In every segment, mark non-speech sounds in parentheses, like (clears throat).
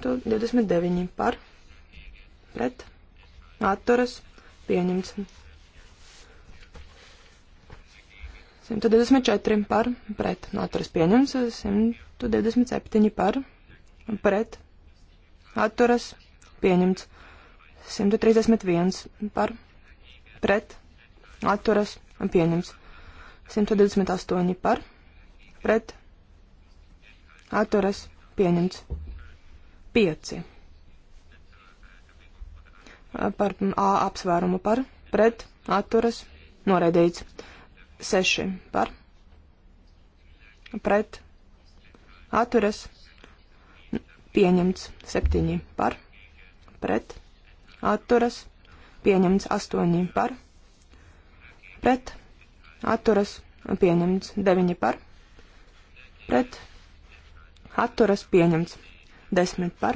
129 par pret atturas pieņemts. 124 par pret atturas pieņemts. 127 par pret atturas pieņemts. 131 par pret atturas pieņemts. 128 par pret atturas pieņemts. 5. Par A apsvērumu par, pret, atturas, noraidīts. 6. Par, pret, atturas, pieņemts. 7. Par, pret, atturas, pieņemts. 8. Par, pret, atturas, pieņemts. 9. Par, pret, atturas, pieņemts. 10 par,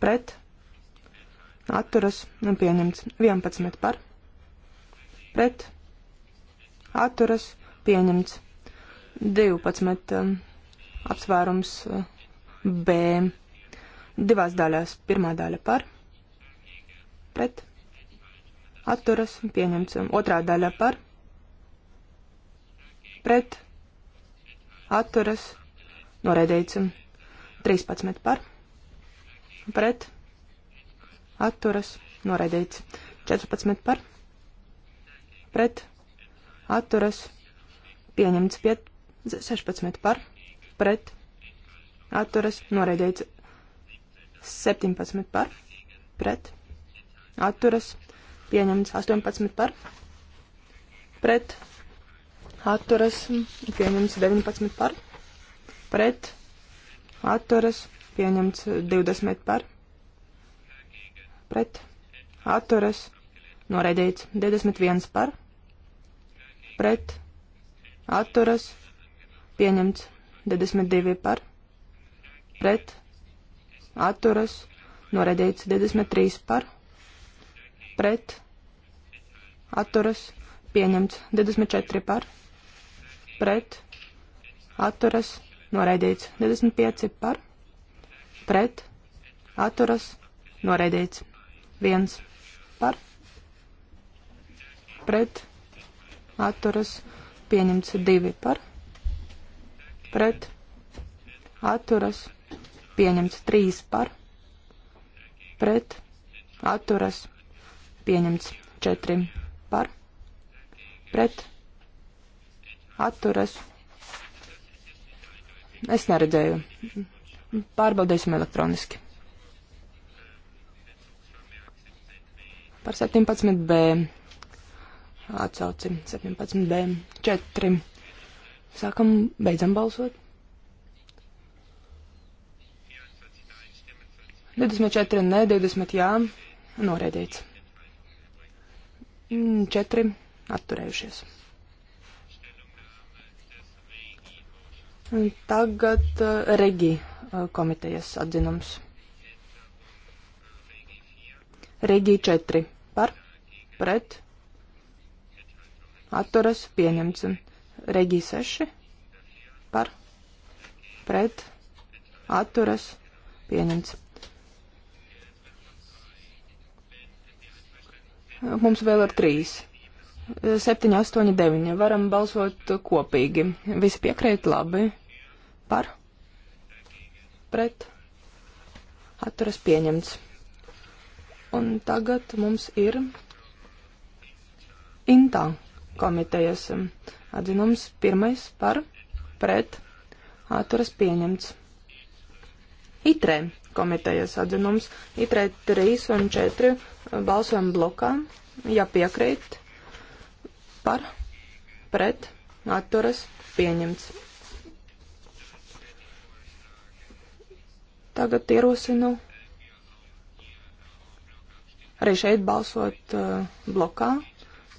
pret, atturas, nu pieņemts 11 par, pret, atturas, pieņemts 12 um, apsvērums uh, B divās daļās. Pirmā daļa par, pret, atturas, pieņemts. Um, otrā daļa par, pret, atturas, noraidīts. Um, 13 par, pret, atturas, noraidīts. 14 par, pret, atturas, pieņemts. 5, 16 par, pret, atturas, noraidīts. 17 par, pret, atturas, pieņemts. 18 par, pret, atturas, pieņemts. 19 par, pret, atturas pieņemts 20 par, pret atturas noraidīts 21 par, pret atturas pieņemts 22 par, pret atturas noraidīts 23 par, pret atturas pieņemts 24 par, pret atturas pieņemts noraidīts. 25 par, pret, atturas, noraidīts. 1 par, pret, atturas, pieņemts. 2 par, pret, atturas, pieņemts. 3 par, pret, atturas, pieņemts. 4 par, pret, atturas, pieņemts Es neredzēju. Pārbaudīsim elektroniski. Par 17B atsauci 17B 4. Sākam, beidzam balsot. 24 nē, 20 jā, noraidīts. 4 atturējušies. Tagad eh, Regi eh, komitejas atzinums. Regi 4 par, pret, atturas pieņemts. Regi 6 par, pret, atturas pieņemts. Mums vēl ir trīs 7, 8, 9. Varam balsot kopīgi. Visi piekrīt labi. Par? Pret? Atturas pieņemts. Un tagad mums ir Intā komitejas atzinums pirmais par pret atturas pieņemts. ITRE komitejas atzinums ITRE 3 un 4 balsojam blokā, ja piekrīt par, pret, atturas, pieņemts. Tagad ierosinu arī šeit balsot uh, blokā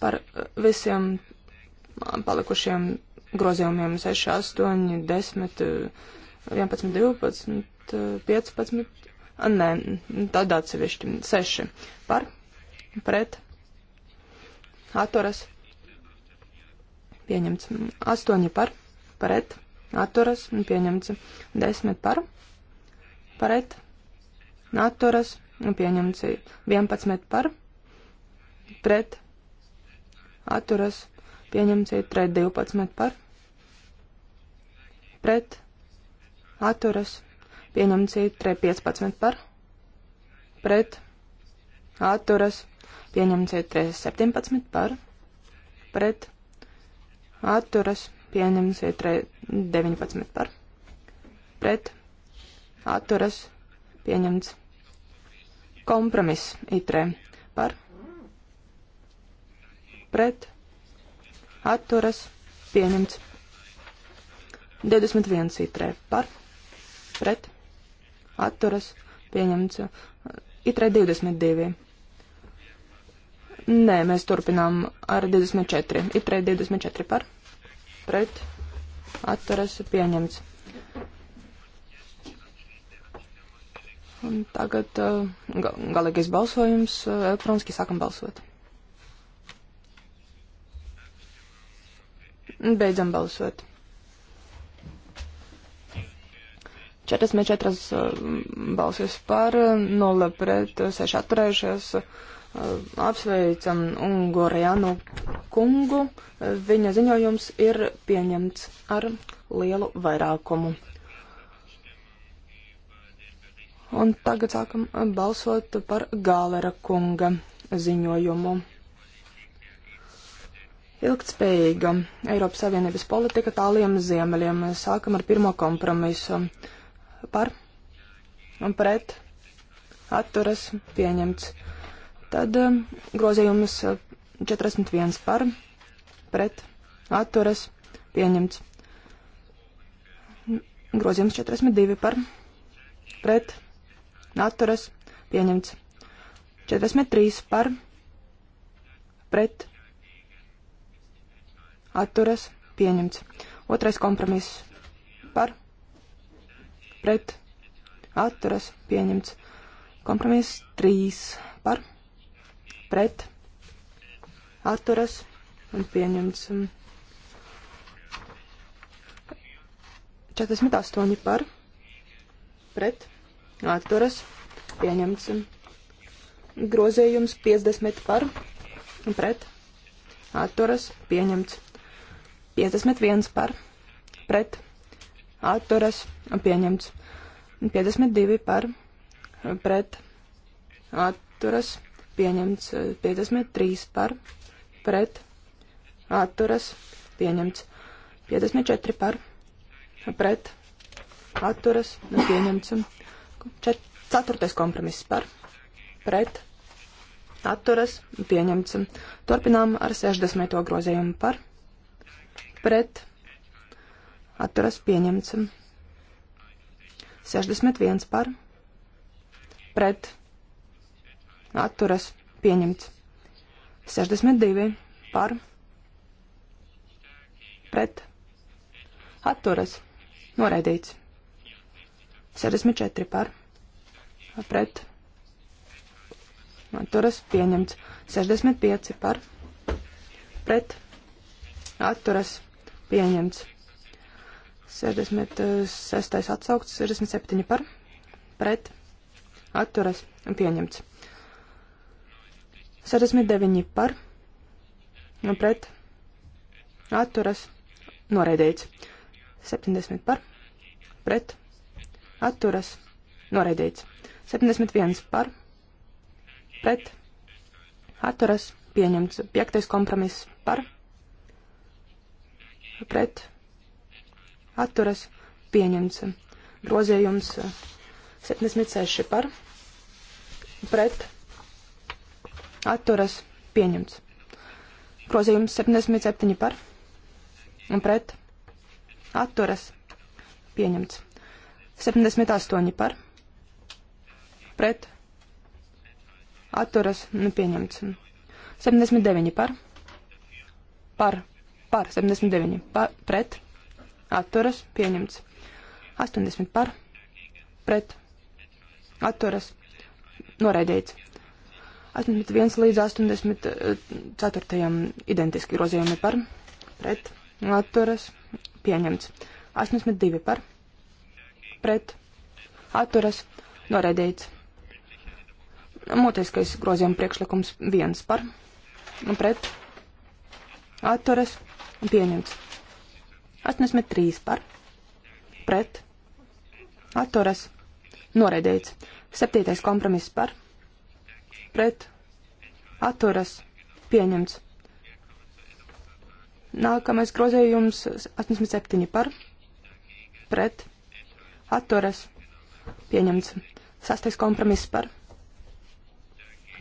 par uh, visiem uh, palikušiem grozījumiem 6, 8, 10, 11, 12, 15, nē, tad atsevišķi 6 par, pret, atturas, pieņemts. 8 par, pret, atturas, pieņemts. 10 par, pret, atturas, pieņemts. 11 par, pret, atturas, pieņemts. 3, 12 par, pret, atturas, pieņemts. 3, 15 par, pret, atturas, pieņemts. 3, 17 par, pret, atturas atturas pieņemts itre 19 par pret atturas pieņemts kompromiss itre par pret atturas pieņemts 21 itre par pret atturas pieņemts itre 22 Nē, mēs turpinām ar 24. Itrei 24 par. Pret. Atturas pieņemts. Un tagad uh, ga galīgais balsojums. Uh, elektroniski sākam balsot. Beidzam balsot. 44 uh, balsis par, 0 pret, 6 atturējušies. Apsveicam Ungorjanu kungu. Viņa ziņojums ir pieņemts ar lielu vairākumu. Un tagad sākam balsot par Gālera kunga ziņojumu. Ilgtspējīga Eiropas Savienības politika tāliem ziemeļiem. Sākam ar pirmo kompromisu. Par un pret atturas pieņemts. Tad um, grozījums 41 uh, par pret atturas pieņemts. Grozījums 42 par pret atturas pieņemts. 43 par pret atturas pieņemts. Otrais kompromiss par pret atturas pieņemts. Kompromiss 3 par pret pret atturas un pieņemts. 48 par pret atturas pieņemts. Grozējums 50 par pret atturas pieņemts. 51 par pret atturas pieņemts. 52 par pret atturas pieņemts pieņemts 53 eh, par, pret, atturas, pieņemts 54 nu, nu, par, pret, atturas, pieņemts 4. kompromiss par, pret, atturas, pieņemts. Turpinām ar 60. grozījumu par, pret, atturas, pieņemts. 61 par, pret, atturas atturas pieņemts. 62 par pret atturas noraidīts. 64 par pret atturas pieņemts. 65 par pret atturas pieņemts. 66 atsaukts, 67 par pret atturas pieņemts. 69 par, pret, atturas, noraidīts. 70 par, pret, atturas, noraidīts. 71 par, pret, atturas, pieņemts. 5. kompromiss par, pret, atturas, pieņemts. Grozījums 76 eh, par, pret, atturas atturas pieņemts. Grozījums 77 par un pret atturas pieņemts. 78 par pret atturas nu, pieņemts. 79 par par par 79 par, pret atturas pieņemts. 80 par pret atturas noraidīts. 81 līdz 84 eh, identiski grozījumi par, pret, atturas, pieņemts. 82 par, pret, atturas, noraidīts. Mutiskais grozījuma priekšlikums 1 par, pret, atturas, pieņemts. 83 par, pret, atturas, noraidīts. Septītais kompromiss par, pret pret atturas pieņemts. Nākamais grozējums 87 par pret atturas pieņemts. Sastais kompromiss par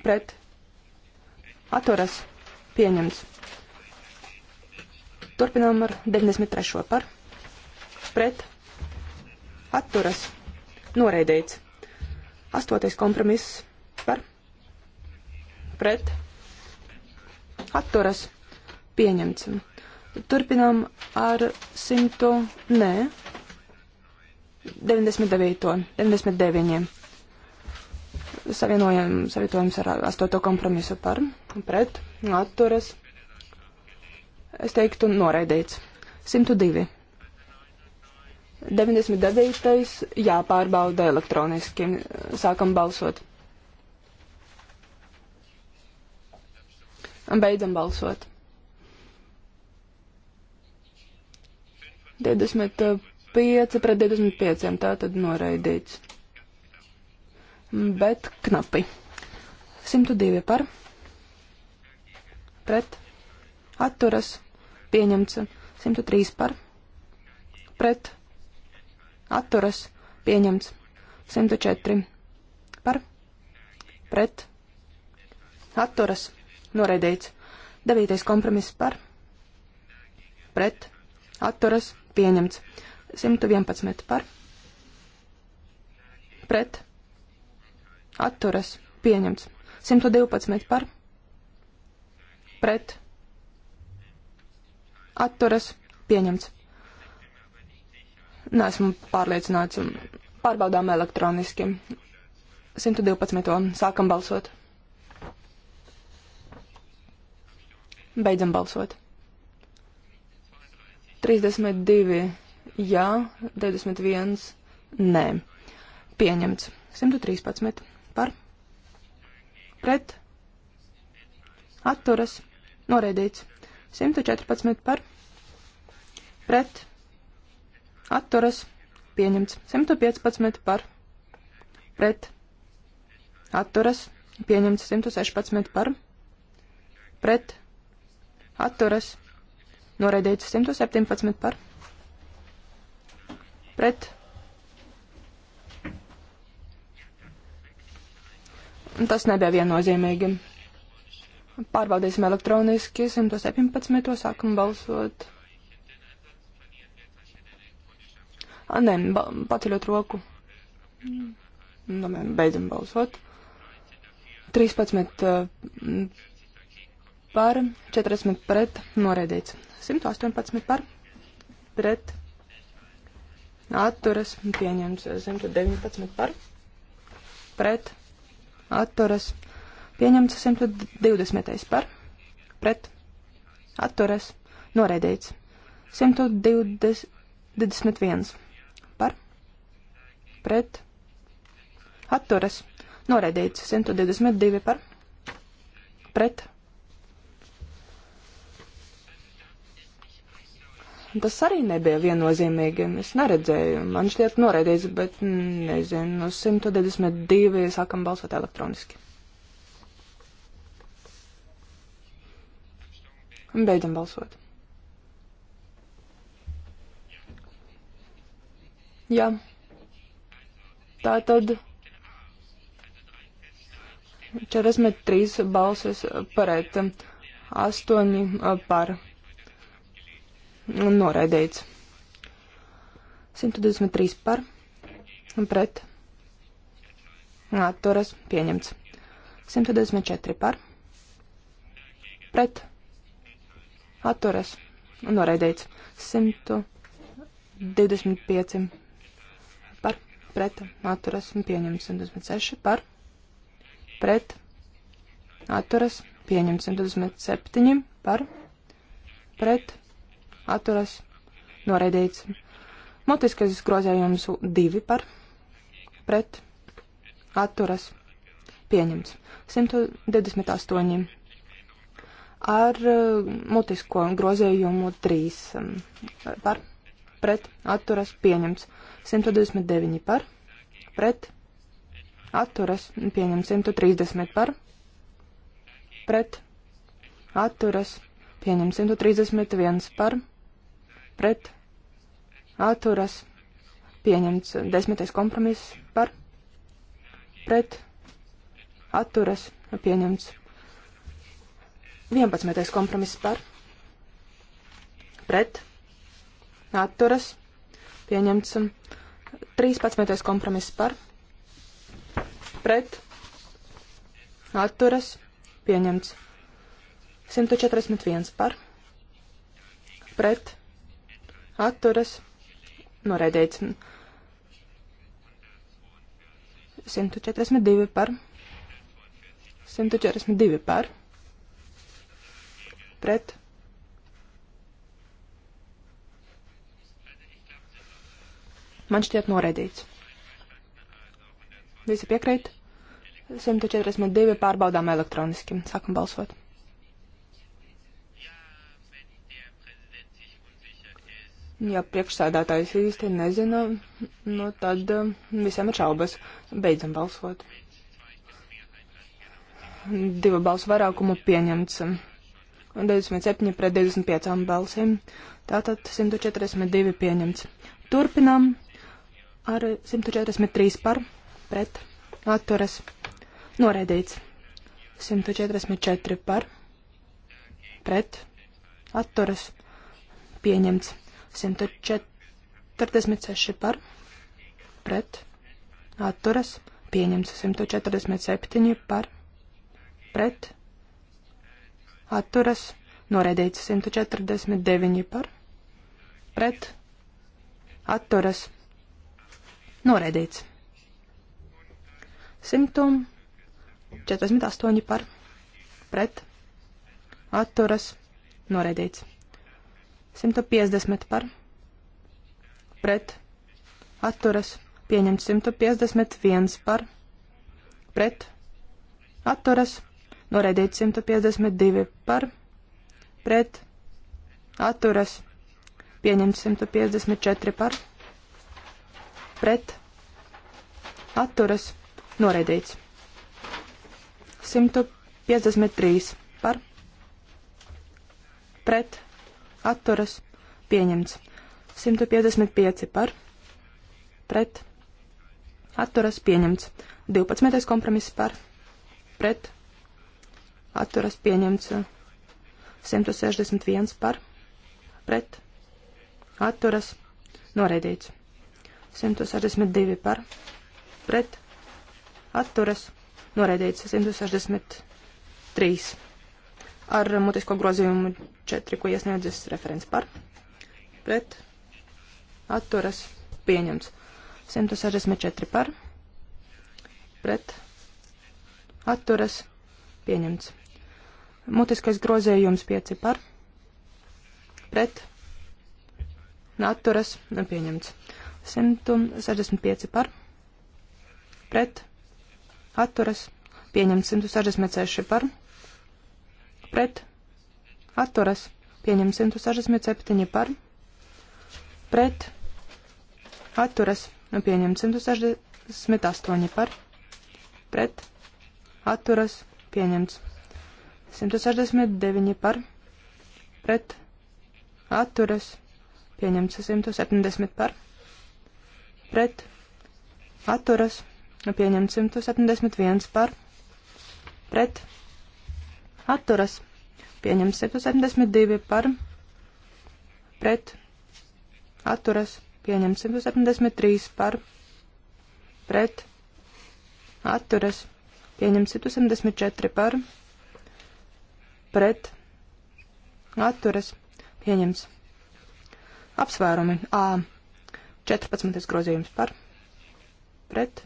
pret atturas pieņemts. Turpinām ar 93 par pret atturas noraidīts. Astotais kompromiss pret atturas pieņemts. Turpinām ar 100, nē, 99, 99. Savienojam, savietojums ar 8. kompromisu par pret atturas. Es teiktu noraidīts. 102. 99. jāpārbauda elektroniski. Sākam balsot. Un beidzam balsot. 25 pret 25, tā tad noraidīts. Bet knapi. 102 par. Pret. Atturas. Pieņemts. 103 par. Pret. Atturas. Pieņemts. 104 par. Pret. Atturas. Noraidīts. Devītais kompromiss par. Pret. Atturas. Pieņemts. 111 par. Pret. Atturas. Pieņemts. 112 par. Pret. Atturas. Pieņemts. Nesmu pārliecināts. Pārbaudām elektroniski. 112. Sākam balsot. Beidzam balsot. 32 jā, 91 nē. Pieņemts. 113 par. Pret. Atturas. Noreidīts. 114 par. Pret. Atturas. Pieņemts. 115 par. Pret. Atturas. Pieņemts. 116 par. Pret atturas, noraidīts 117 par, pret. Tas nebija viennozīmīgi. Pārbaudīsim elektroniski 117. sākam balsot. A, nē, ba paceļot roku. Nu, domāju, beidzam balsot. 13 par 40 pret noraidīts. 118 par pret atturas pieņemts. 119 par pret atturas pieņemts. 120 par pret atturas noraidīts. 121 par pret atturas noraidīts. 122 par pret atturas tas arī nebija viennozīmīgi. Es neredzēju, man šķiet noraidīts, bet mm, nezinu, 192 sākam balsot elektroniski. Un beidzam balsot. Jā. Tā tad 43 balsis pareizi, 8 par un noraidīts. 123 par un pret atturas pieņemts. 124 par pret atturas un noraidīts. 125 par pret atturas un pieņemts. 126 par pret atturas pieņemts. 127 par pret atturas atturas noraidīts. Mutiskais grozējums divi par pret atturas pieņemts. 128 ar uh, mutisko grozējumu 3 um, par pret atturas pieņemts. 129 par pret atturas pieņemts. 130 par pret atturas pieņemts. 131 par pret atturas pieņemts. Desmitais kompromiss par pret atturas pieņemts. Vienpadsmitais kompromiss par pret atturas pieņemts. Trīspadsmitais kompromiss par pret atturas pieņemts. 141 par pret atturas noraidīts. 142 par. 142 par. Pret. Man šķiet noraidīts. Visi piekrīt. 142 pārbaudām elektroniski. Sākam balsot. Ja priekšsēdētājs īsti nezina, nu tad um, visiem ir šaubas. Beidzam balsot. Divu balsu vairākumu pieņemts. 27 pret 25 balsīm. Tātad 142 pieņemts. Turpinām ar 143 par pret atturas. Noraidīts. 144 par pret atturas. Pieņemts. 146 par pret atturas pieņemts 147 par pret atturas noraidīts 149 par pret atturas noraidīts 148 par pret atturas noraidīts. 150 par pret atturas pieņemts 151 par pret atturas noraidīts 152 par pret atturas pieņemts 154 par pret atturas noraidīts 153 par pret atturas pieņemts. 155 par pret atturas pieņemts. 12. kompromiss par pret atturas pieņemts. 161 par pret atturas noraidīts. 162 par pret atturas noraidīts. 163 ar mutisko grozījumu 4, ko iesniedzis referents par. Pret. Atturas. Pieņemts. 164 par. Pret. Atturas. Pieņemts. Mutiskais grozījums 5 par. Pret. Atturas. Pieņemts. 165 par. Pret. Atturas. Pieņemts. 166 par pret atturas pieņem 167 par pret atturas pieņem 168 par pret atturas pieņemts 169 par pret atturas pieņemts 170 par pret atturas pieņemts 171 par pret atturas atturas pieņem 172 par pret atturas pieņem 173 par pret atturas pieņem 174 par pret atturas pieņems apsvērumi A 14 grozījums par pret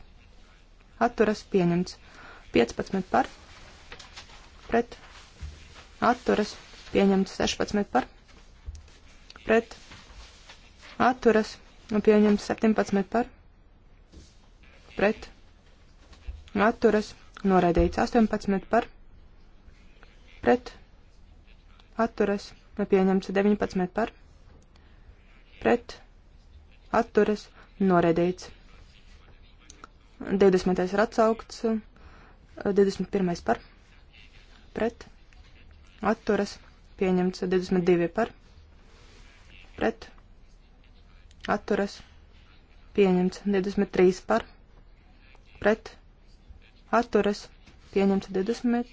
atturas pieņemts 15 par pret atturas pieņemts 16 par pret atturas pieņemts 17 par pret atturas noraidīts 18 par pret atturas pieņemts 19 par pret atturas noraidīts 20. ir atsaukts 21. par pret atturas pieņemts 22 par pret atturas pieņemts 23 par pret atturas pieņemts 25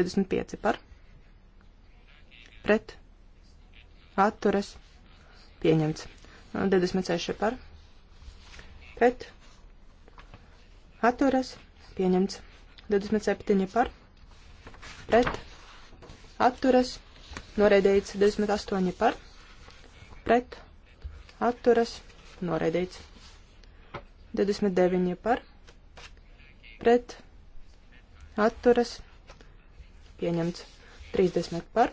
25 par pret atturas pieņemts 26 par pret atturas pieņemts 27 par pret pret, atturas, noraidīts 28 par, pret, atturas, noraidīts 29 par, pret, atturas, pieņemts 30 par,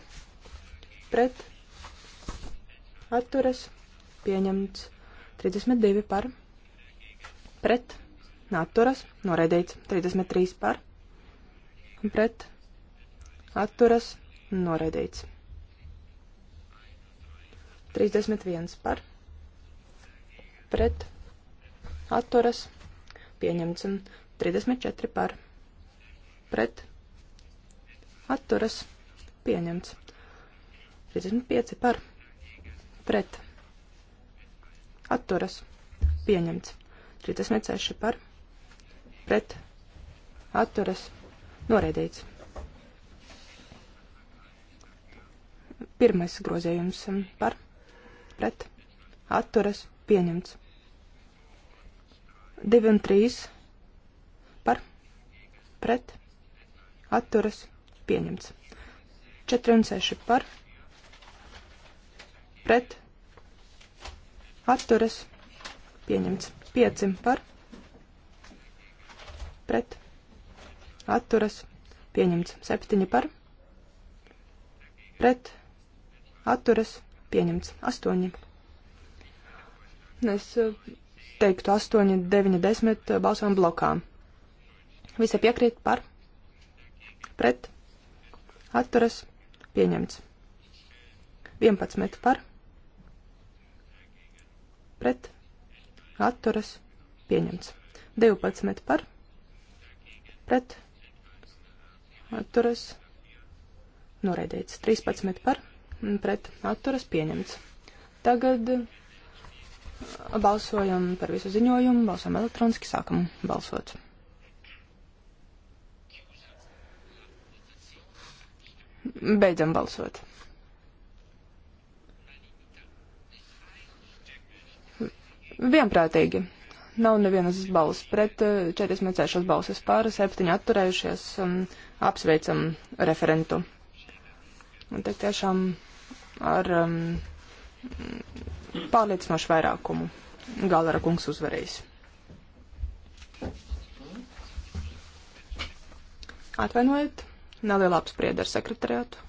pret, atturas, pieņemts 32 par, pret, atturas, noraidīts 33 par, pret, atturas, atturas noraidīts. 31 par pret atturas pieņemts un 34 par pret atturas pieņemts. 35 par pret atturas pieņemts. 36 par pret atturas noraidīts. Pirmais grozījums par pret atturas pieņemts. 2 un 3 par pret atturas pieņemts. 4 un 6 par pret atturas pieņemts. 5 par pret atturas pieņemts. 7 par pret atturas pieņemts. 8. Es eh, teiktu 8, 9, 10 balsojumu blokā. Visi piekrīt par, pret, atturas pieņemts. 11 par, pret, atturas pieņemts. 12 par, pret, atturas noraidīts. 13 par, pret pret atturas pieņemts. Tagad balsojam par visu ziņojumu, balsojam elektroniski, sākam balsot. Beidzam balsot. Vienprātīgi. Nav nevienas balss pret, 46 balsis pār, 7 atturējušies. Apsveicam referentu. Un te tiešām ar um, pārliecinošu vairākumu. Galera kungs uzvarējis. Atvainojiet, neliela apsprieda ar sekretariātu.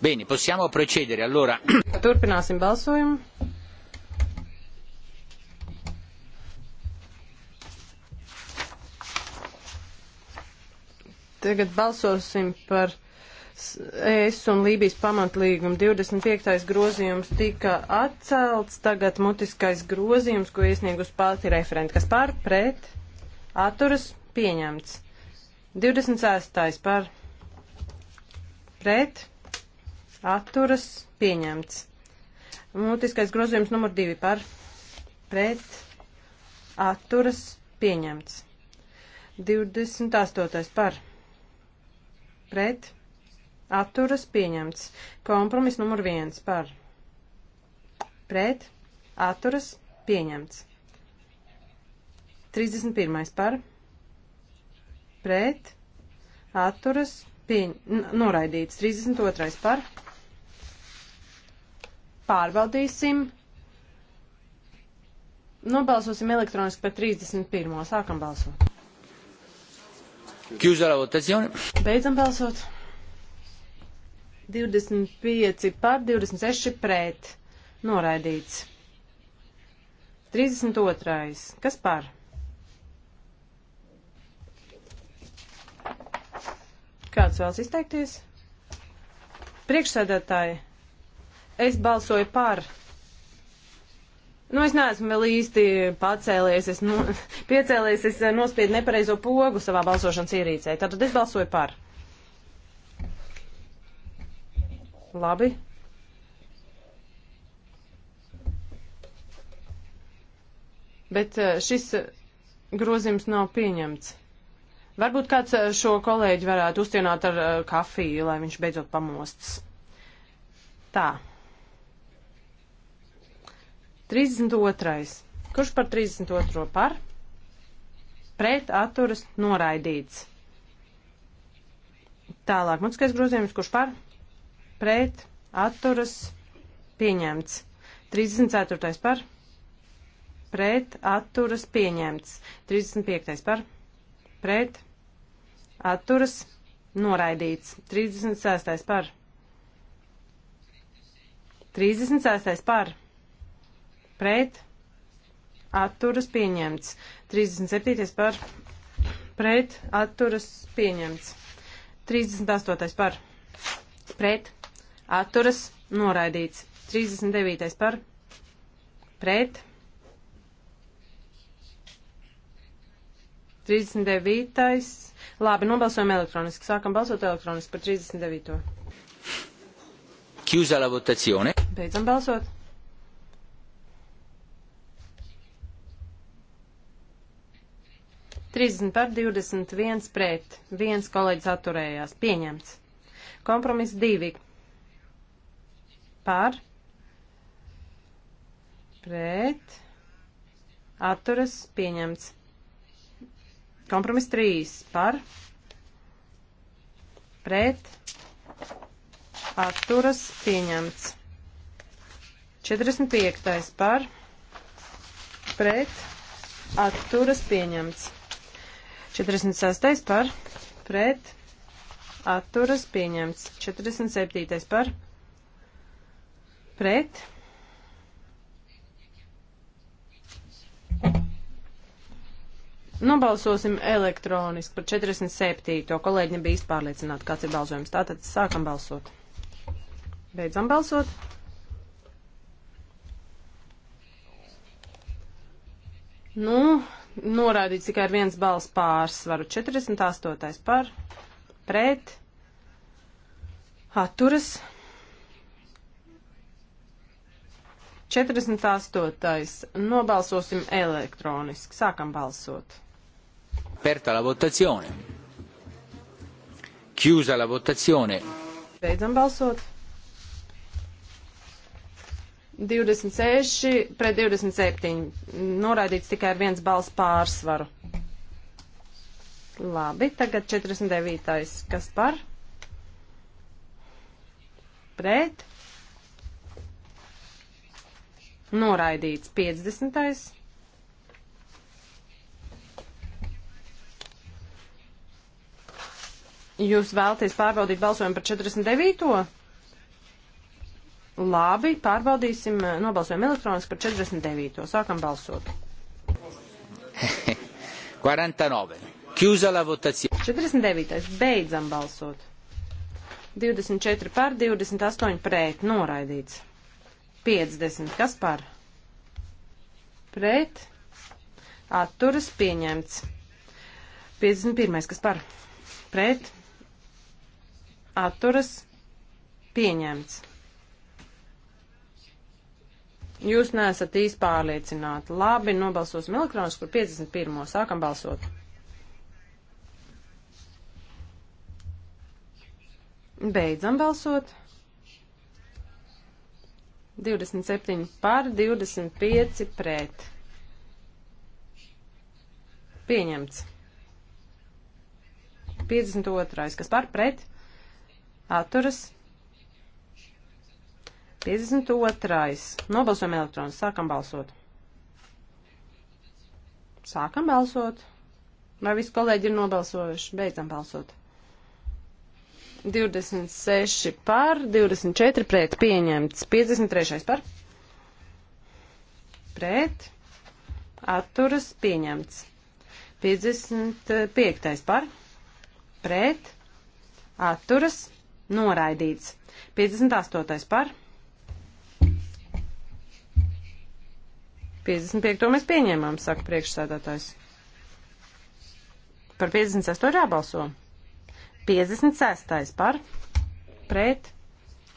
Bene, possiamo procedere allora. Turpināsim balsojumu. Tagad balsosim par ES un Lībijas pamatlīgumu. 25. grozījums tika atcelts, tagad mutiskais grozījums, ko iesniegus pati referenti. Kas par, pret, atturas, pieņemts. 26. par, pret, atturas pieņemts. Mutiskais grozījums numur 2 par pret atturas pieņemts. 28. par pret atturas pieņemts. Kompromis numur 1 par pret atturas pieņemts. 31. par pret atturas pieņemts. Noraidīts. 32. par pret pārbaudīsim. Nobalsosim elektroniski par 31. Sākam balsot. Beidzam balsot. 25 par, 26 pret. Noraidīts. 32. Kas par? Kāds vēlas izteikties? Priekšsēdētāji es balsoju par. Nu, es neesmu vēl īsti pacēlies, es nu, (laughs) piecēlies, es eh, nospiedu nepareizo pogu savā balsošanas ierīcē. Tātad es balsoju par. Labi. Bet eh, šis eh, grozījums nav pieņemts. Varbūt kāds šo kolēģi varētu uztienāt ar kafiju, lai viņš beidzot pamostas. Tā. 32. Kurš par 32. par? Pret atturas noraidīts. Tālāk, mutiskais grozījums, kurš par? Pret atturas pieņemts. 34. par? Pret atturas pieņemts. 35. par? Pret atturas noraidīts. 36. par? 36. par? pret atturas pieņemts. 37. par pret atturas pieņemts. 38. par pret atturas noraidīts. 39. par pret 39. Labi, nobalsojam elektroniski. Sākam balsot elektroniski par 39. Chiusa la votazione. Beidzam balsot. 30 par 21 pret. Viens kolēģis atturējās. Pieņemts. Kompromiss 2 par pret atturas pieņemts. Kompromiss 3 par pret atturas pieņemts. 45. par pret atturas pieņemts. 46. par pret atturas pieņemts. 47. par pret. Nobalsosim elektroniski par 47. To kolēģi nebija īsti pārliecināti, kāds ir balsojums. Tātad sākam balsot. Beidzam balsot. Nu, noraidīts tikai ar viens balss pārsvaru. 48. par, pret, atturas. 48. Nobalsosim elektroniski. Sākam balsot. Aperta la votazione. Chiusa la votazione. Beidzam balsot. 26 pret 27. Noraidīts tikai ar viens balss pārsvaru. Labi, tagad 49. Kas par? Pret. Noraidīts 50. Jūs vēlties pārbaudīt balsojumu par 49. Labi, pārbaudīsim, nobalsojam elektroniski par 49. Sākam balsot. 49. (laughs) Chiusa la votazione. 49. Beidzam balsot. 24 par, 28 pret, noraidīts. 50. Kas par? Pret. Atturas pieņemts. 51. Kas par? Pret. Atturas pieņemts. Jūs neesat īsti pārliecināti. Labi, nobalsosim elektroniski par 51. Sākam balsot. Beidzam balsot. 27 par, 25 pret. Pieņemts. 52. Kas par pret? Atturas 52. Nobalsojam elektroni. Sākam balsot. Sākam balsot. Vai visi kolēģi ir nobalsojuši? Beidzam balsot. 26 par, 24 pret, pieņemts. 53 par. Pret. Atturas pieņemts. 55 par. Pret. Atturas noraidīts. 58 par. 55. To mēs pieņēmām, saka priekšsēdētājs. Par 56. jābalso. 56. par, pret,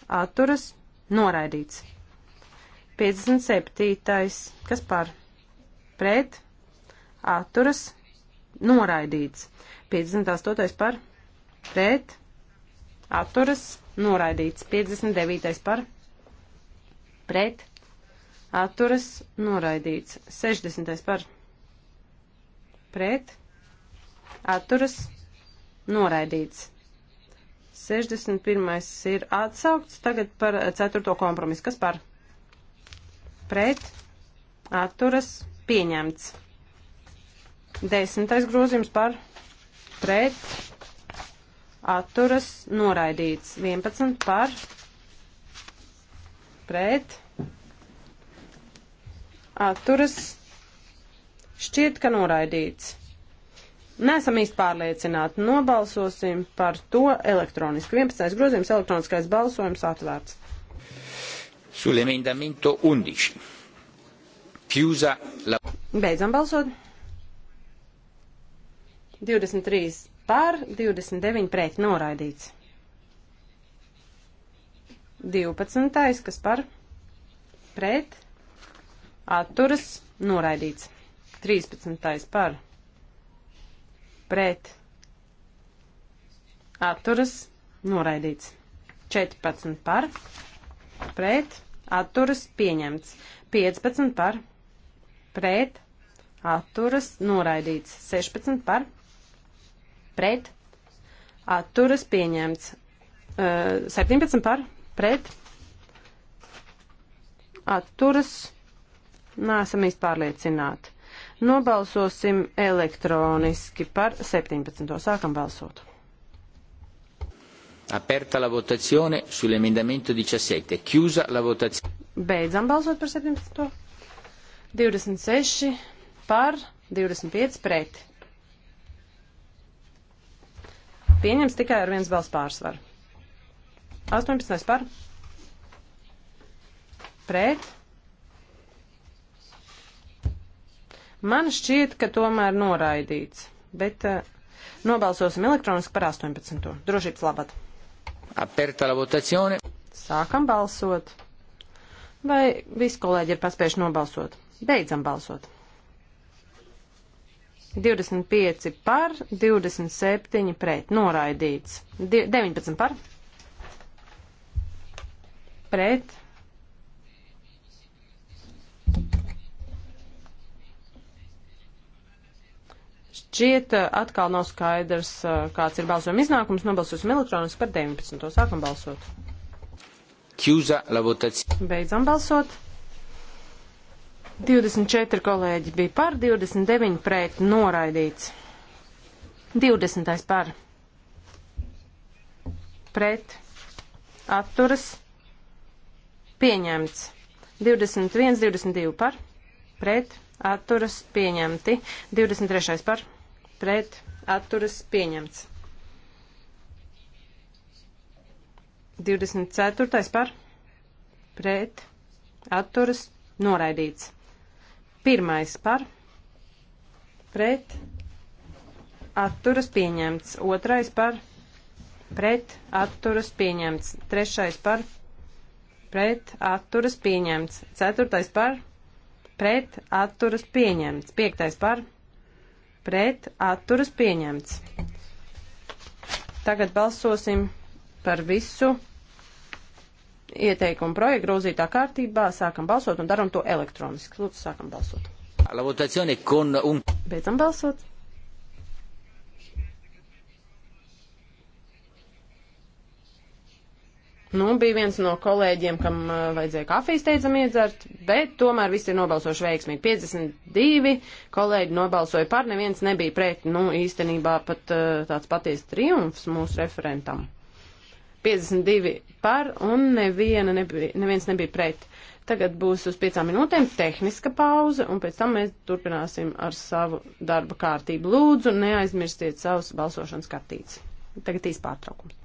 atturas, noraidīts. 57. kas par, pret, atturas, noraidīts. 58. par, pret, atturas, noraidīts. 59. par, pret, atturas noraidīts. 60. par pret atturas noraidīts. 61. ir atsaukts. Tagad par 4. kompromisu. Kas par pret atturas pieņemts. 10. grozījums par pret atturas noraidīts. 11. par pret atturas noraidīts atturas šķiet, ka noraidīts. Nesam īsti pārliecināti. Nobalsosim par to elektroniski. 11. grozījums elektroniskais balsojums atvērts. Sull'emendamento 11. Chiusa la... Beidzam balsot. 23 pār, 29 pret noraidīts. 12. kas par pret atturas noraidīts. 13. par pret atturas noraidīts. 14 par pret atturas pieņemts. 15 par pret atturas noraidīts. 16 par pret atturas pieņemts. 17 uh, par pret atturas noraidīts Nāsam īsti pārliecināti. Nobalsosim elektroniski par 17. Sākam balsot. Aperta la votazione sull'emendamento 17. Chiusa la votazione. Beidzam balsot par 17. 26 par, 25 pret. Pieņems tikai ar viens balss pārsvaru. 18 par. Pret. Man šķiet, ka tomēr noraidīts, bet uh, nobalsosim elektroniski par 18. Drošības labad. Aperta la votazione. Sākam balsot. Vai visi kolēģi ir paspējuši nobalsot? Beidzam balsot. 25 par, 27 pret, noraidīts. 19 par, pret, Šķiet, eh, atkal nav skaidrs, eh, kāds ir balsojuma iznākums. Nobalsosim elektroniski par 19. Sākam balsot. Beidzam balsot. 24 kolēģi bija par, 29 pret, noraidīts. 20. par. Pret. Atturas. Pieņemts. 21, 22 par. Pret. Atturas. Pieņemti. 23. par pret atturas pieņemts. 24. par pret atturas noraidīts. Pirmais par pret atturas pieņemts. Otrais par pret atturas pieņemts. Trešais par pret atturas pieņemts. Ceturtais par pret atturas pieņemts. Piektais par pret pret atturas pieņemts. Tagad balsosim par visu ieteikumu projektu grozītā kārtībā. Sākam balsot un daram to elektroniski. Lūdzu, sākam balsot. La votazione con un... Beidzam balsot. Nu, bija viens no kolēģiem, kam uh, vajadzēja kafijas teicam iedzert, bet tomēr visi ir nobalsojuši veiksmīgi. 52 kolēģi nobalsoja par, neviens nebija pret. Nu, īstenībā pat uh, tāds paties triumfs mūsu referentam. 52 par un neviena nebija, neviens nebija pret. Tagad būs uz piecām minūtēm tehniska pauze, un pēc tam mēs turpināsim ar savu darba kārtību. Lūdzu, neaizmirstiet savus balsošanas kartītes. Tagad īsts pārtraukums.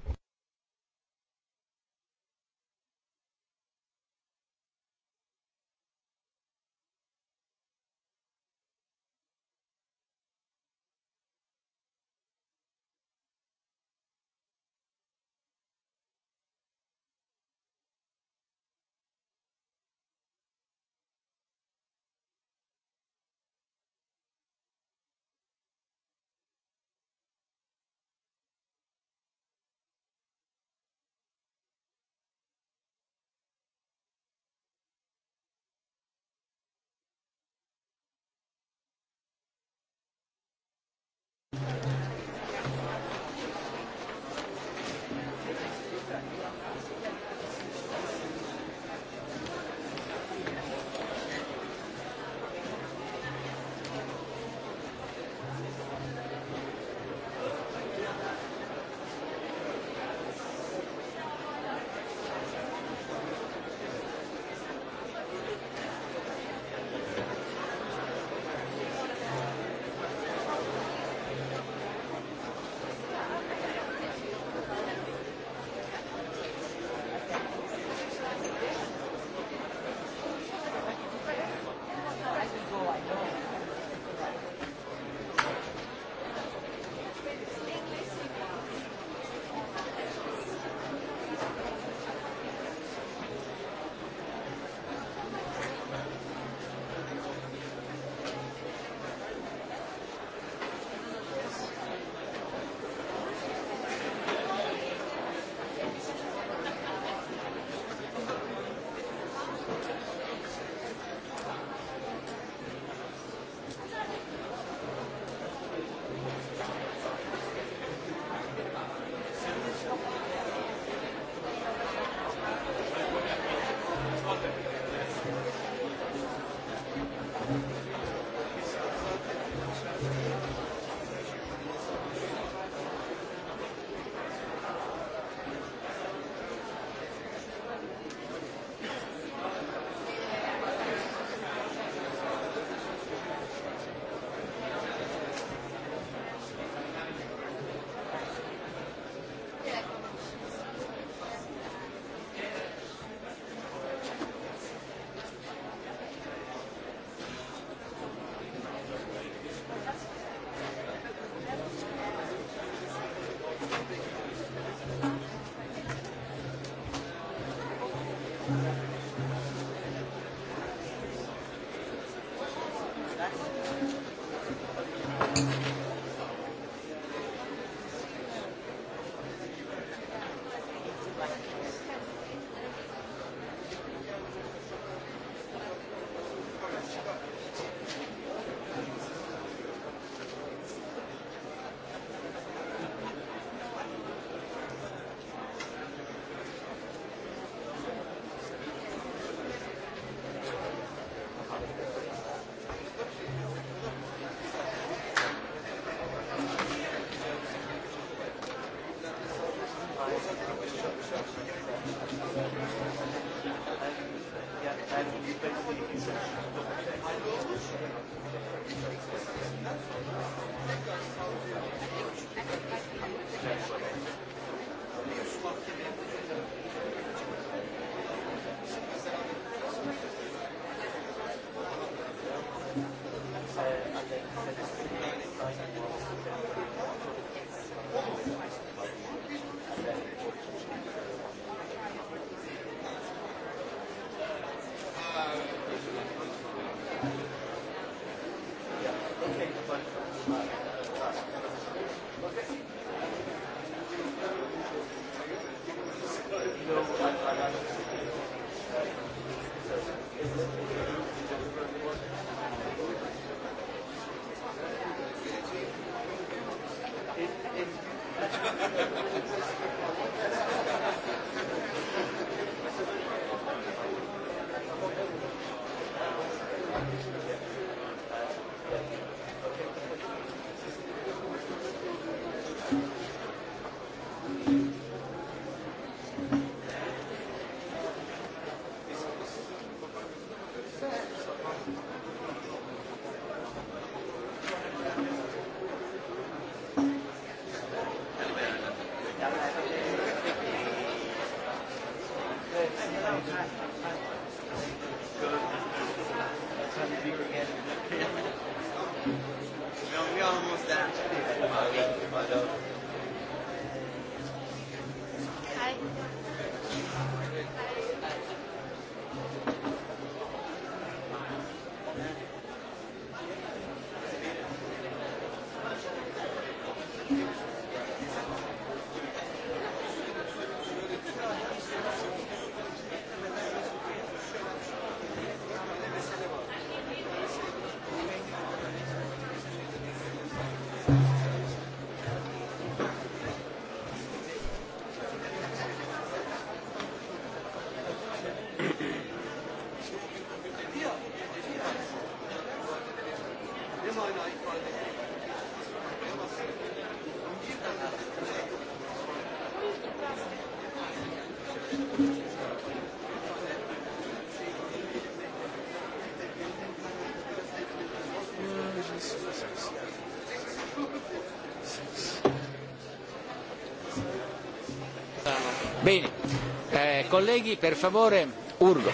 Kolēģi, eh, per favore, urgo.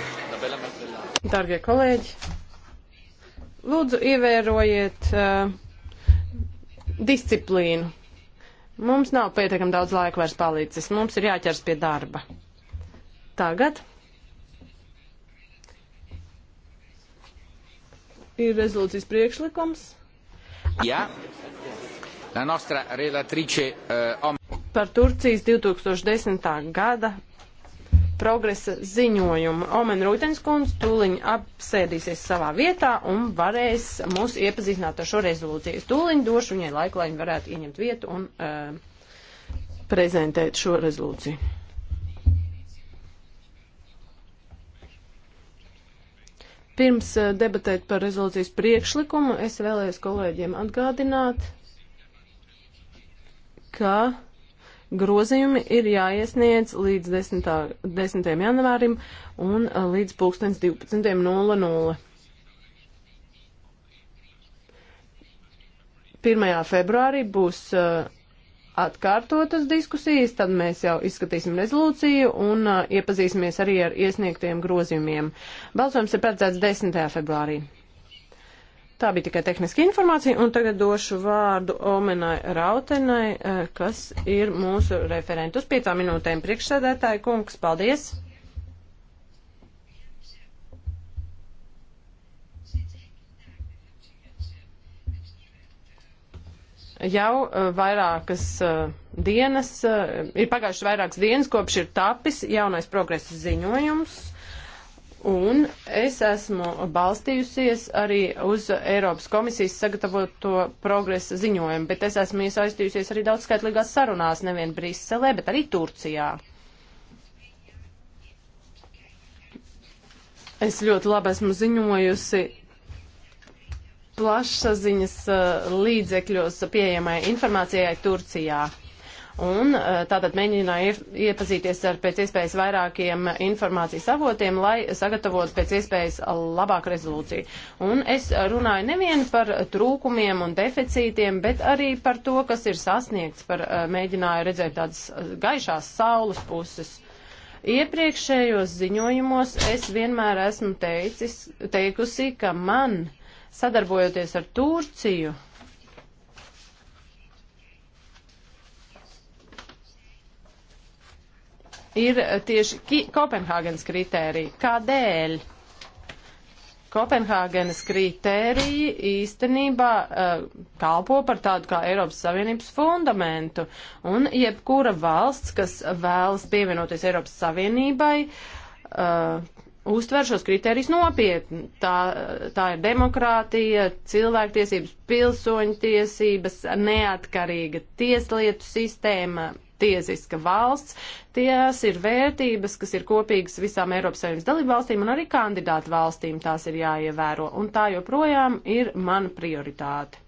Dargie kolēģi, lūdzu ievērojiet uh, disciplīnu. Mums nav pietiekami daudz laika vairs palicis. Mums ir jāķers pie darba. Tagad ir rezolūcijas priekšlikums. Jā. La nostra relatrice uh, Om par Turcijas 2010. gada progresa ziņojumu. Omen Rūtenskundze tūliņ apsēdīsies savā vietā un varēs mūs iepazīstināt ar šo rezolūciju. Es tūliņ došu viņai laiku, lai viņa varētu ieņemt vietu un uh, prezentēt šo rezolūciju. Pirms eh, debatēt par rezolūcijas priekšlikumu, es vēlējos kolēģiem atgādināt, ka Grozījumi ir jāiesniedz līdz 10. 10. janvārim un uh, līdz 12.00. 1. februārī būs uh, atkārtotas diskusijas, tad mēs jau izskatīsim rezolūciju un uh, iepazīsimies arī ar iesniegtiem grozījumiem. Balsojums ir paredzēts 10. februārī. Tā bija tikai tehniska informācija, un tagad došu vārdu Omenai Rautenai, eh, kas ir mūsu referenta. Uz piecām minūtēm priekšsēdētāja kungs, paldies! Jau eh, vairākas eh, dienas, ir pagājušas vairākas dienas, kopš ir tapis jaunais progresa ziņojums Un es esmu balstījusies arī uz Eiropas komisijas sagatavoto progresa ziņojumu, bet es esmu iesaistījusies arī daudzskaitlīgās sarunās, nevien Brīselē, bet arī Turcijā. Es ļoti labi esmu ziņojusi plašsaziņas uh, līdzekļos pieejamai informācijai Turcijā un eh, tātad mēģināja iepazīties ar pēc iespējas vairākiem informācijas avotiem, lai sagatavotu pēc iespējas labāku rezolūciju. Un es runāju nevien par trūkumiem un deficītiem, bet arī par to, kas ir sasniegts, par eh, mēģināju redzēt tādas eh, gaišās saules puses. Iepriekšējos ziņojumos es vienmēr esmu teicis, teikusi, ka man, sadarbojoties ar Turciju, ir tieši Kopenhāgenes kritērija. Kādēļ? Kopenhāgenes kritēriji īstenībā uh, kalpo par tādu kā Eiropas Savienības fundamentu, un jebkura valsts, kas vēlas pievienoties Eiropas Savienībai, uh, uztver šos kritērijus nopietni. Tā, tā ir demokrātija, cilvēktiesības, pilsoņu tiesības, neatkarīga tieslietu sistēma, tiesiska valsts. Tās ir vērtības, kas ir kopīgas visām Eiropas Savienības dalībvalstīm un arī kandidātu valstīm tās ir jāievēro. Un tā joprojām ir mana prioritāte.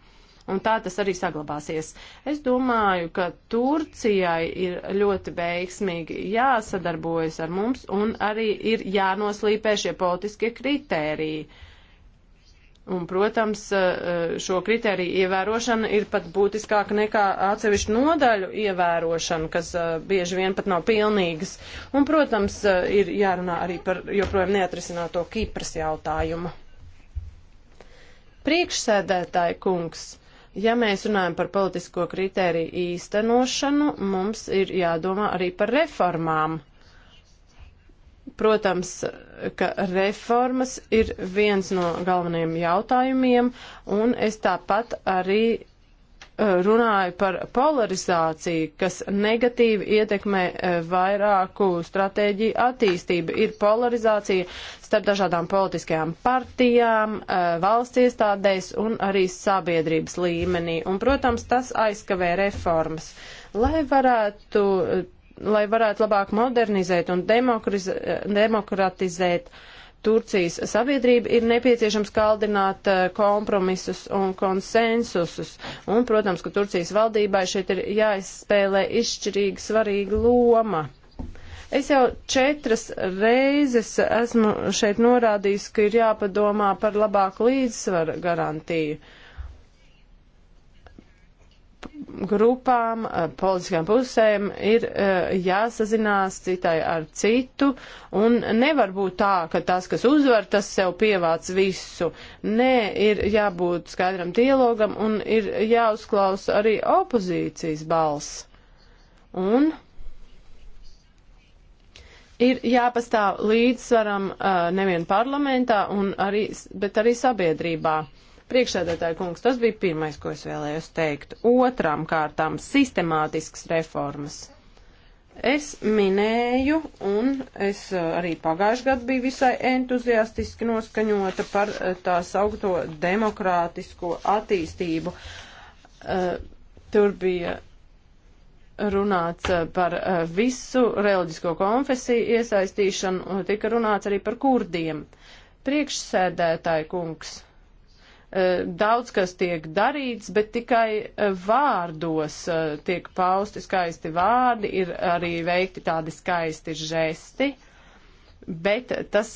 Un tā tas arī saglabāsies. Es domāju, ka Turcijai ir ļoti veiksmīgi jāsadarbojas ar mums un arī ir jānoslīpē šie politiskie kritēriji. Uh, Un, protams, eh, eh, šo kriteriju ievērošana ir pat būtiskāka nekā atsevišķu nodaļu ievērošana, kas eh, bieži vien pat nav pilnīgas. Un, protams, ir jārunā arī par joprojām neatrisināto Kipras jautājumu. Priekšsēdētāji kungs, ja mēs runājam par politisko kriteriju īstenošanu, mums ir jādomā arī par reformām. Uh, Protams, ka reformas ir viens no galvenajiem jautājumiem, un es tāpat arī eh, runāju par polarizāciju, kas negatīvi ietekmē eh, vairāku stratēģiju attīstību. Ir polarizācija starp dažādām politiskajām partijām, eh, valsts iestādēs un arī sabiedrības līmenī. Un, protams, tas aizkavē reformas. Lai varētu lai varētu labāk modernizēt un demokratizēt Turcijas sabiedrību, ir nepieciešams kaldināt eh, kompromisus un konsensusus. Un, protams, ka Turcijas valdībai šeit ir jāizspēlē izšķirīga svarīga loma. Es jau četras reizes esmu šeit norādījis, ka ir jāpadomā par labāku līdzsvaru garantiju. Uh, grupām, eh, politiskām pusēm ir eh, jāsazinās citai ar citu, un nevar būt tā, ka tas, kas uzvar, tas sev pievāc visu. Nē, ir jābūt skaidram dialogam, un ir jāuzklaus arī opozīcijas balss. Un ir jāpastāv līdzsvaram eh, nevien parlamentā, arī, bet arī sabiedrībā. Priekšsēdētāja kungs, tas bija pirmais, ko es vēlējos teikt. Otram kārtām sistemātisks reformas. Es minēju, un es eh, arī pagājuši gadu biju visai entuziastiski noskaņota par eh, tā saukto demokrātisko attīstību. Eh, tur bija runāts par visu reliģisko konfesiju iesaistīšanu, tika runāts arī par kurdiem. Priekšsēdētāji kungs, Eh, daudz kas tiek darīts, bet tikai eh, vārdos eh, tiek pausti skaisti vārdi, ir arī veikti tādi skaisti žesti, bet tas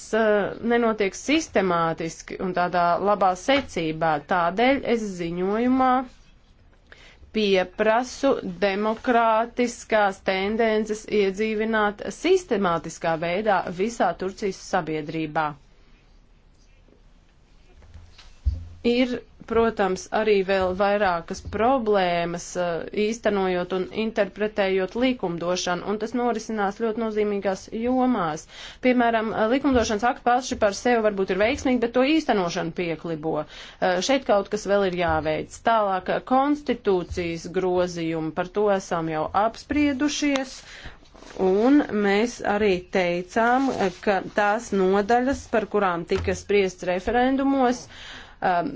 nenotiek sistemātiski un tādā labā secībā. Tādēļ es ziņojumā pieprasu demokrātiskās tendences iedzīvināt sistemātiskā veidā visā Turcijas sabiedrībā. Ir, protams, arī vēl vairākas problēmas uh, īstenojot un interpretējot likumdošanu, un tas norisinās ļoti nozīmīgās jomās. Piemēram, uh, likumdošanas akti paši par sevi varbūt ir veiksmīgi, bet to īstenošanu pieklibo. Uh, šeit kaut kas vēl ir jāveic. Tālāk, konstitūcijas grozījumi, par to esam jau apspriedušies, Un mēs arī teicām, ka tās nodaļas, par kurām tika spriests referendumos, uh, Um,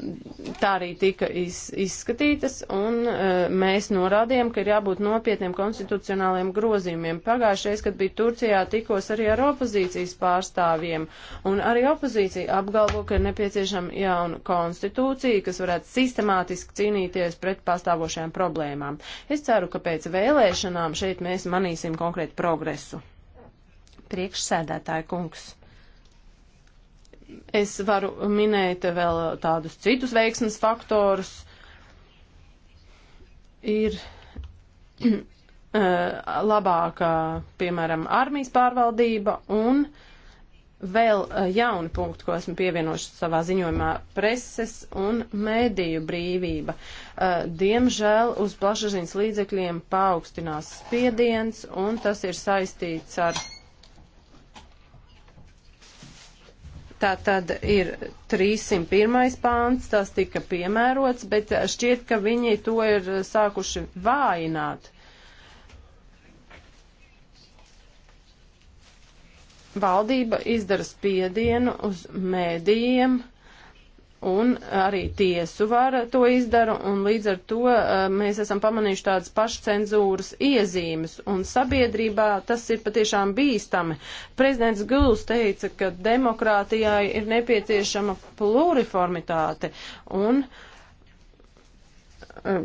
tā arī tika iz, izskatītas, un uh, mēs norādījām, ka ir jābūt nopietniem konstitucionāliem grozījumiem. Pagājušais, kad bija Turcijā, tikos arī ar opozīcijas pārstāvjiem, un arī opozīcija apgalvo, ka ir nepieciešama jauna konstitūcija, kas varētu sistemātiski cīnīties pret pastāvošajām problēmām. Es ceru, ka pēc vēlēšanām šeit mēs manīsim konkrētu progresu. Priekšsēdētāja kungs. Es varu minēt vēl tādus citus veiksmes faktorus. Ir (clears throat) eh, labāka, piemēram, armijas pārvaldība un vēl eh, jauni punkti, ko esmu pievienojuši savā ziņojumā - preses un mēdīju brīvība. Eh, diemžēl uz plašsaziņas līdzekļiem paaugstinās spiediens, un tas ir saistīts ar Tā tad ir 301. pāns, tas tika piemērots, bet šķiet, ka viņi to ir sākuši vājināt. Valdība izdara spiedienu uz mēdījiem un arī tiesu vara to izdara, un līdz ar to uh, mēs esam pamanījuši tādas pašcenzūras iezīmes, un sabiedrībā tas ir patiešām bīstami. Prezidents Guls teica, ka demokrātijai ir nepieciešama pluriformitāte, un uh,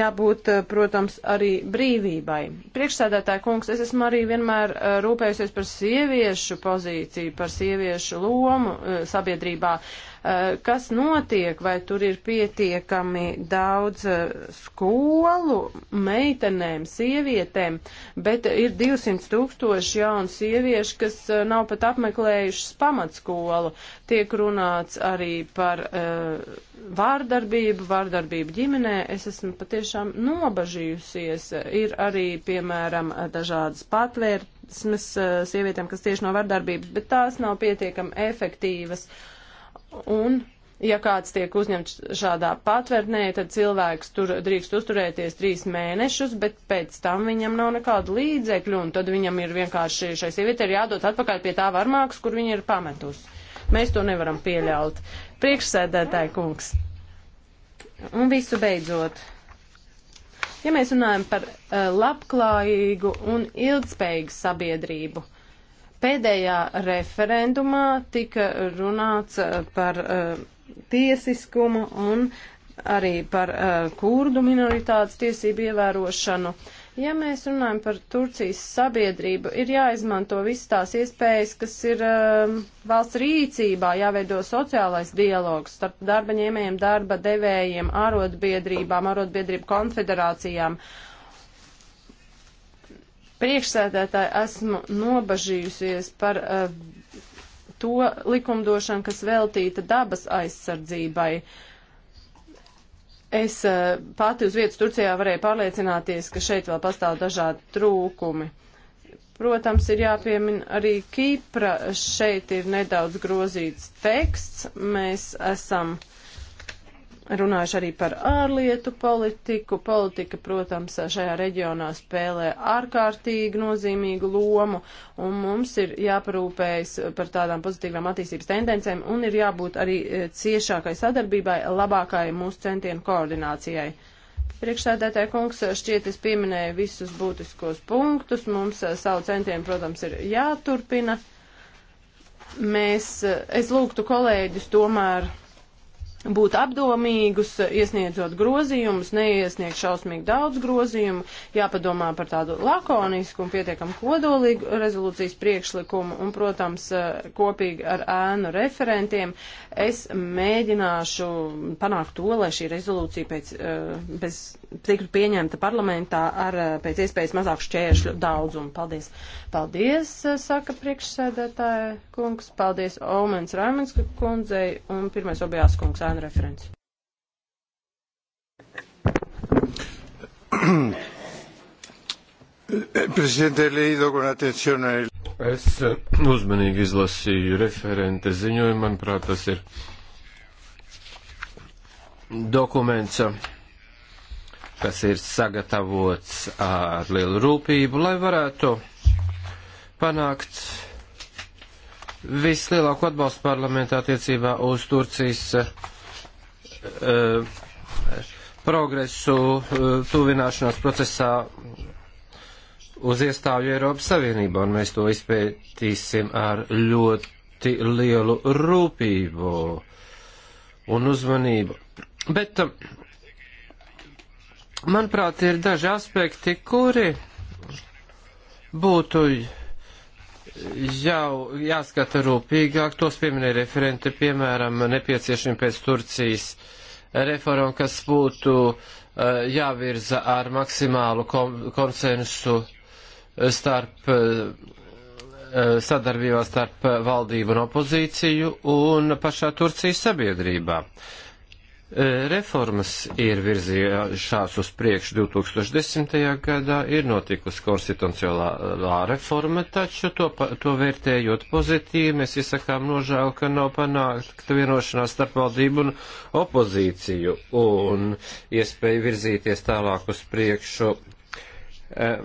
jābūt, uh, protams, arī brīvībai. Priekšsēdētāja kungs, es esmu arī vienmēr rūpējusies par sieviešu pozīciju, par sieviešu lomu sabiedrībā. Uh, Eh, kas notiek, vai tur ir pietiekami daudz eh, skolu meitenēm, sievietēm, bet ir 200 tūkstoši jaunu sieviešu, kas eh, nav pat apmeklējušas pamatskolu. Tiek runāts arī par uh, vārdarbību, vārdarbību ģimenē. Es esmu patiešām nobažījusies. Ir arī, piemēram, dažādas patvērsmes sievietēm, kas tieši no vardarbības, bet tās nav pietiekami efektīvas. Uh, Un, ja kāds tiek uzņemts šādā patvērnē, tad cilvēks tur drīkst uzturēties trīs mēnešus, bet pēc tam viņam nav nekādu līdzekļu, un tad viņam ir vienkārši šai sievietei jādod atpakaļ pie tā varmākas, kur viņa ir pametusi. Mēs to nevaram pieļaut. Priekšsēdētāji kungs. Un visu beidzot. Ja mēs runājam par uh, labklājīgu un ilgspējīgu sabiedrību, uh, Pēdējā referendumā tika runāts eh, par uh, tiesiskumu un arī par uh, kurdu minoritātes tiesību ievērošanu. Ja mēs runājam par Turcijas sabiedrību, ir jāizmanto visas tās iespējas, kas ir um, valsts rīcībā, jāveido sociālais dialogs starp darba ņēmējiem, darba devējiem, arotbiedrībām, arotbiedrību konfederācijām. Uh, Priekšsēdētāji esmu nobažījusies par uh, to likumdošanu, kas veltīta dabas aizsardzībai. Es uh, pati uz vietas Turcijā varēju pārliecināties, ka šeit vēl pastāv dažādi trūkumi. Protams, ir jāpiemina arī Kīpra. Šeit ir nedaudz grozīts teksts. Mēs esam uh, runājuši arī par ārlietu politiku. Politika, protams, šajā reģionā spēlē ārkārtīgi nozīmīgu lomu, un mums ir jāparūpējas par tādām pozitīvām attīstības tendencēm, un ir jābūt arī eh, ciešākai sadarbībai, labākai mūsu centienu koordinācijai. Priekšsēdētāja kungs, šķiet, es pieminēju visus būtiskos punktus. Mums eh, savu centienu, protams, ir jāturpina. Mēs, eh, es lūgtu kolēģus tomēr būt apdomīgus, iesniedzot grozījumus, neiesniegt šausmīgi daudz grozījumu, jāpadomā par tādu lakonisku un pietiekam kodolīgu rezolūcijas priekšlikumu un, protams, kopīgi ar ēnu referentiem es mēģināšu panākt to, lai šī rezolūcija pēc, eh, bez, tiktu pieņemta parlamentā ar eh, pēc iespējas mazāku šķēršļu daudzumu. Paldies! Paldies, eh, saka priekšsēdētāja kungs, paldies Omens Raimens kundzei un pirmais objās kungs ēnu referents. Es eh, uzmanīgi izlasīju referente ziņojumu, manuprāt, tas ir dokuments, eh, kas ir sagatavots ar lielu rūpību, lai varētu panākt vislielāko atbalstu parlamentā attiecībā uz Turcijas eh, Eh, progresu eh, tuvināšanās procesā uz iestāju Eiropas Savienībā, un mēs to izpētīsim ar ļoti lielu rūpību un uzmanību. Bet, eh, manuprāt, ir daži aspekti, kuri būtu jau jāskata rūpīgāk, tos pieminēja referente, piemēram, nepieciešami pēc Turcijas uh, reformām, kas būtu eh, jāvirza ar maksimālu konsensu starp eh, sadarbībā starp valdību un opozīciju un pašā Turcijas sabiedrībā. Uh, E, reformas ir virzījušās uz priekšu 2010. gadā, ir notikusi konstitucionālā reforma, taču to, to vērtējot pozitīvi, mēs izsakām nožēlu, ka nav panākta vienošanās starp valdību un opozīciju un iespēju virzīties tālāk uz priekšu eh,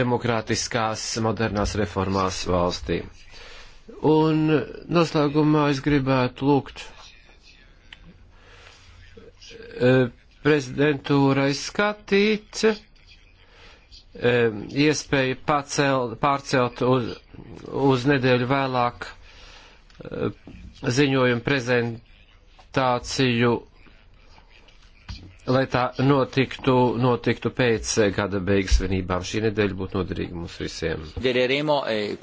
demokrātiskās modernās reformās valstī. Un noslēgumā es gribētu lūgt E, prezidentūrai skatīt e, iespēju pacelt, pārcelt uz, uz nedēļu vēlāk e, ziņojumu prezentāciju, lai tā notiktu, notiktu pēc gada beigas svinībām. Šī nedēļa būtu noderīga mums visiem. Eh,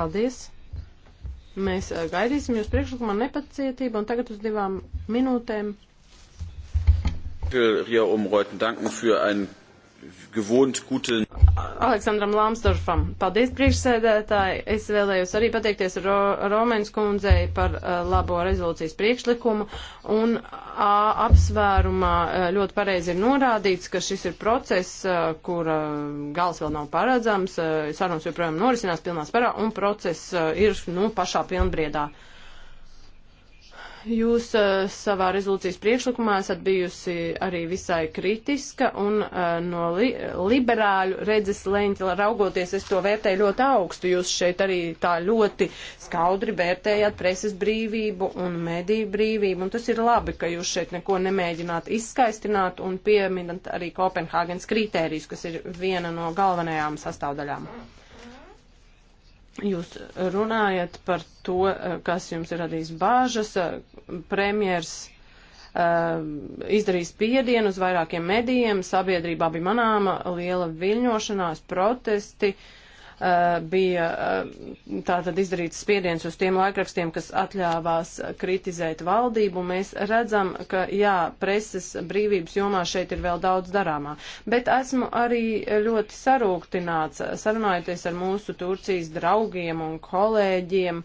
Paldies! Mēs gaidīsim jūs priekšlikumā nepacietību un tagad uz divām minūtēm. Rio umreuten danken für ein gewohnt gute. Aleksandram Lamsdorfam. Paldies, priekšsēdētāji. Es vēlējos arī pateikties Ro Romēnas kundzei par uh, labo rezolūcijas priekšlikumu. Un a, uh, apsvērumā uh, ļoti pareizi ir norādīts, ka šis ir process, uh, kura gals vēl nav paredzams. Uh, sarunas joprojām norisinās pilnā spērā un process uh, ir nu, pašā pilnbriedā. Uh, Jūs uh, savā rezolūcijas priekšlikumā esat bijusi arī visai kritiska un uh, no li liberāļu redzes leņķa raugoties, es to vērtēju ļoti augstu. Jūs šeit arī tā ļoti skaudri vērtējat preses brīvību un mediju brīvību, un tas ir labi, ka jūs šeit neko nemēģināt izskaistināt un pieminat arī Kopenhāgenes kritērijus, kas ir viena no galvenajām sastāvdaļām. Mm. Jūs runājat par to, eh, kas jums ir radījis bāžas. Eh, premjers uh, izdarīja spiedienu uz vairākiem medijiem, sabiedrībā bija manāma liela viļņošanās, protesti. Uh, Eh, bija eh, tātad izdarīts spiediens uz tiem laikrakstiem, kas atļāvās eh, kritizēt valdību. Mēs redzam, ka jā, preses brīvības jomā šeit ir vēl daudz darāmā. Bet esmu arī ļoti sarūktināts, sarunājoties ar mūsu Turcijas draugiem un kolēģiem.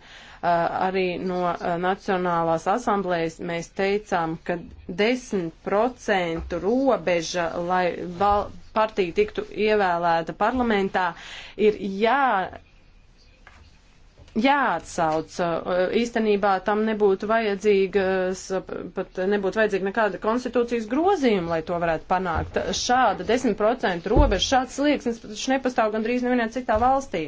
Arī no Nacionālās asamblējas mēs teicām, ka 10% robeža, lai val partija tiktu ievēlēta parlamentā, ir jā. Jāatsauc, uh, īstenībā tam nebūtu vajadzīgas, uh, pat nebūtu vajadzīga nekāda konstitūcijas grozījuma, lai to varētu panākt. Šāda 10% robeža, šāds slieksnis taču nepastāv gandrīz nevienā citā valstī.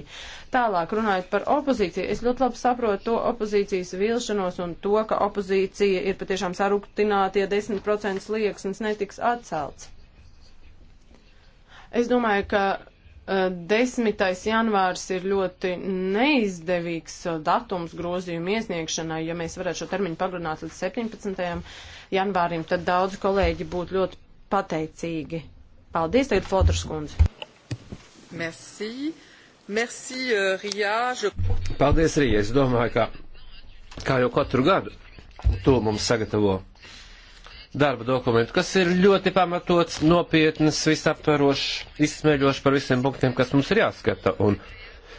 Tālāk runājot par opozīciju, es ļoti labi saprotu to opozīcijas vilšanos un to, ka opozīcija ir patiešām sarūktinātie 10% slieksnis netiks atcelts. Es domāju, ka 10. E, janvārs ir ļoti neizdevīgs e, datums grozījuma iesniegšanai. Ja mēs varētu šo termiņu pagarināt līdz 17. janvārim, tad daudz kolēģi būtu ļoti pateicīgi. Paldies, tagad Flotras kundze. Merci. Merci, uh, e, Rijā. Je... Paldies, Rijā. Es domāju, ka kā jau katru gadu to mums sagatavo darba dokumentu, kas ir ļoti pamatots, nopietns, visaptverošs, izsmeļošs par visiem punktiem, kas mums ir jāskata. Un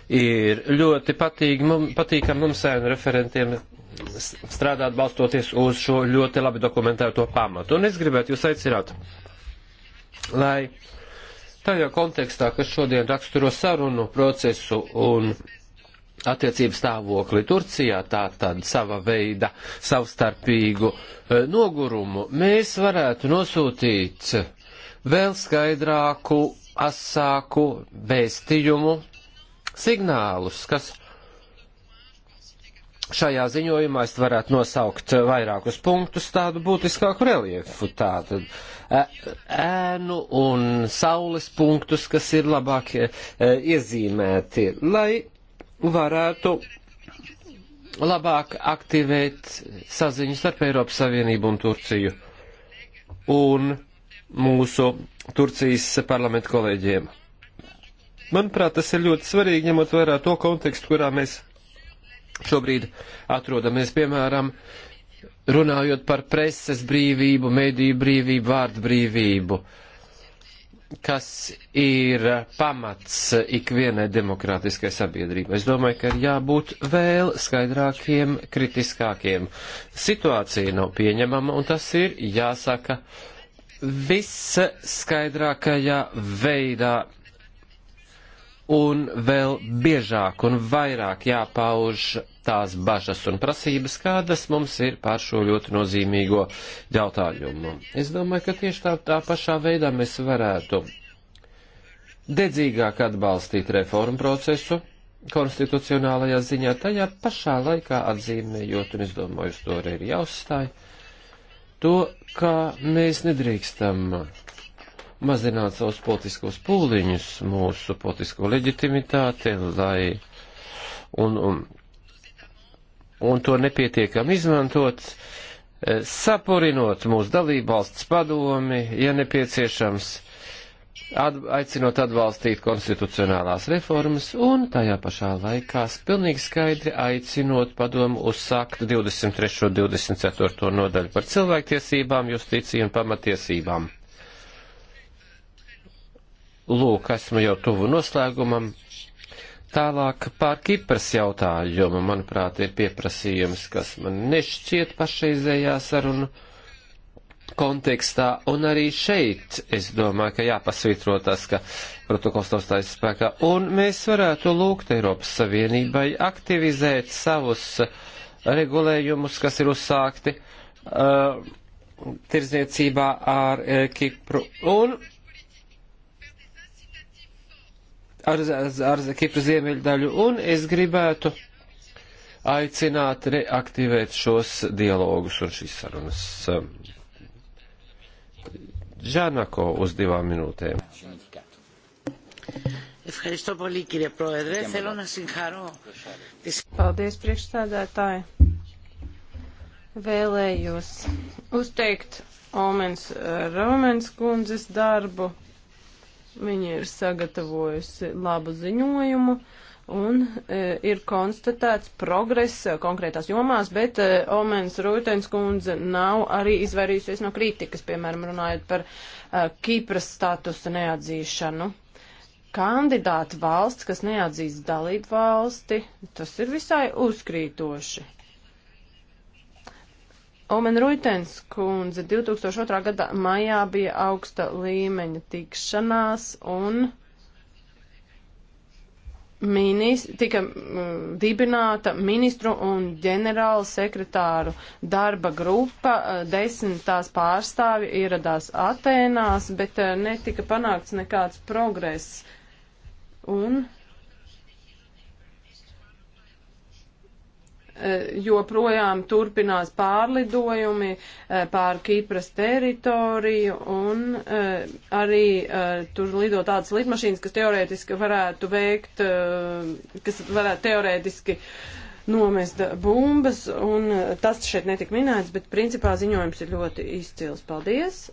ir ļoti patīk, mum, patīkam mums sēnu referentiem strādāt balstoties uz šo ļoti labi dokumentēto pamatu. Un es gribētu jūs aicināt, lai tajā kontekstā, kas šodien raksturo sarunu procesu un attiecību stāvokli Turcijā, tā tad sava veida savstarpīgu eh, nogurumu, mēs varētu nosūtīt vēl skaidrāku, asāku vēstījumu signālus, kas šajā ziņojumā es varētu nosaukt vairākus punktus tādu būtiskāku reliefu, tātad ēnu un saules punktus, kas ir labāk iezīmēti, lai varētu labāk aktivēt saziņu starp Eiropas Savienību un Turciju un mūsu Turcijas parlamentu kolēģiem. Manuprāt, tas ir ļoti svarīgi, ņemot vērā to kontekstu, kurā mēs šobrīd atrodamies, piemēram, runājot par preses brīvību, mediju brīvību, vārdu brīvību. Uh, kas ir pamats ikvienai demokrātiskai sabiedrībai. Es domāju, ka ir jābūt vēl skaidrākiem, kritiskākiem. Situācija nav pieņemama, un tas ir jāsaka viss skaidrākajā veidā un vēl biežāk un vairāk jāpauž tās bažas un prasības, kādas mums ir pār šo ļoti nozīmīgo jautājumu. Es domāju, ka tieši tā, tā pašā veidā mēs varētu dedzīgāk atbalstīt reformu procesu konstitucionālajā ziņā, tajā pašā laikā atzīmējot, un es domāju, uz to arī ir jāuzstāj, to, kā mēs nedrīkstam mazināt savus politiskos pūliņus, mūsu politisko leģitimitāti, lai un, un, un to nepietiekam izmantot, e, sapurinot mūsu dalībvalsts padomi, ja nepieciešams, at, aicinot atbalstīt konstitucionālās reformas un tajā pašā laikā pilnīgi skaidri aicinot padomu uzsākt 23. un 24. nodaļu par cilvēktiesībām, justīciju un pamatiesībām Lūk, esmu jau tuvu noslēgumam. Tālāk pār Kipras jautājumu, manuprāt, ir pieprasījums, kas man nešķiet pašreizējā saruna kontekstā, un arī šeit es domāju, ka jāpasvītro tas, ka protokols nav stājas spēkā, un mēs varētu lūgt Eiropas Savienībai aktivizēt savus regulējumus, kas ir uzsākti uh, tirzniecībā ar uh, Kipru, un ar, ar Kipras ziemeļdaļu, un es gribētu aicināt reaktivēt šos dialogus un šīs sarunas. Žanako uz divām minūtēm. Paldies, priekšstādātāji. Vēlējos uzteikt Omens eh, Romens kundzes darbu Viņa ir sagatavojusi labu ziņojumu un e, ir konstatēts progress e, konkrētās jomās, bet e, Omens Rūtens kundze nav arī izvairījusies no kritikas, piemēram, runājot par e, Kīpras statusu neatzīšanu. Kandidāta valsts, kas neatzīst dalību valsti, tas ir visai uzkrītoši. Omen Ruitens kundze 2002. gada maijā bija augsta līmeņa tikšanās un minis, tika dibināta ministru un ģenerāla sekretāru darba grupa, desmit tās pārstāvi ieradās Atēnās, bet eh, netika panākts nekāds progress. Un E, joprojām turpinās pārlidojumi e, pār Kīpras teritoriju un e, arī tur lido tādas lidmašīnas, kas teorētiski varētu veikt, kas varētu teorētiski nomest bumbas, un tas šeit netika minēts, bet principā ziņojums ir ļoti izcils. Paldies!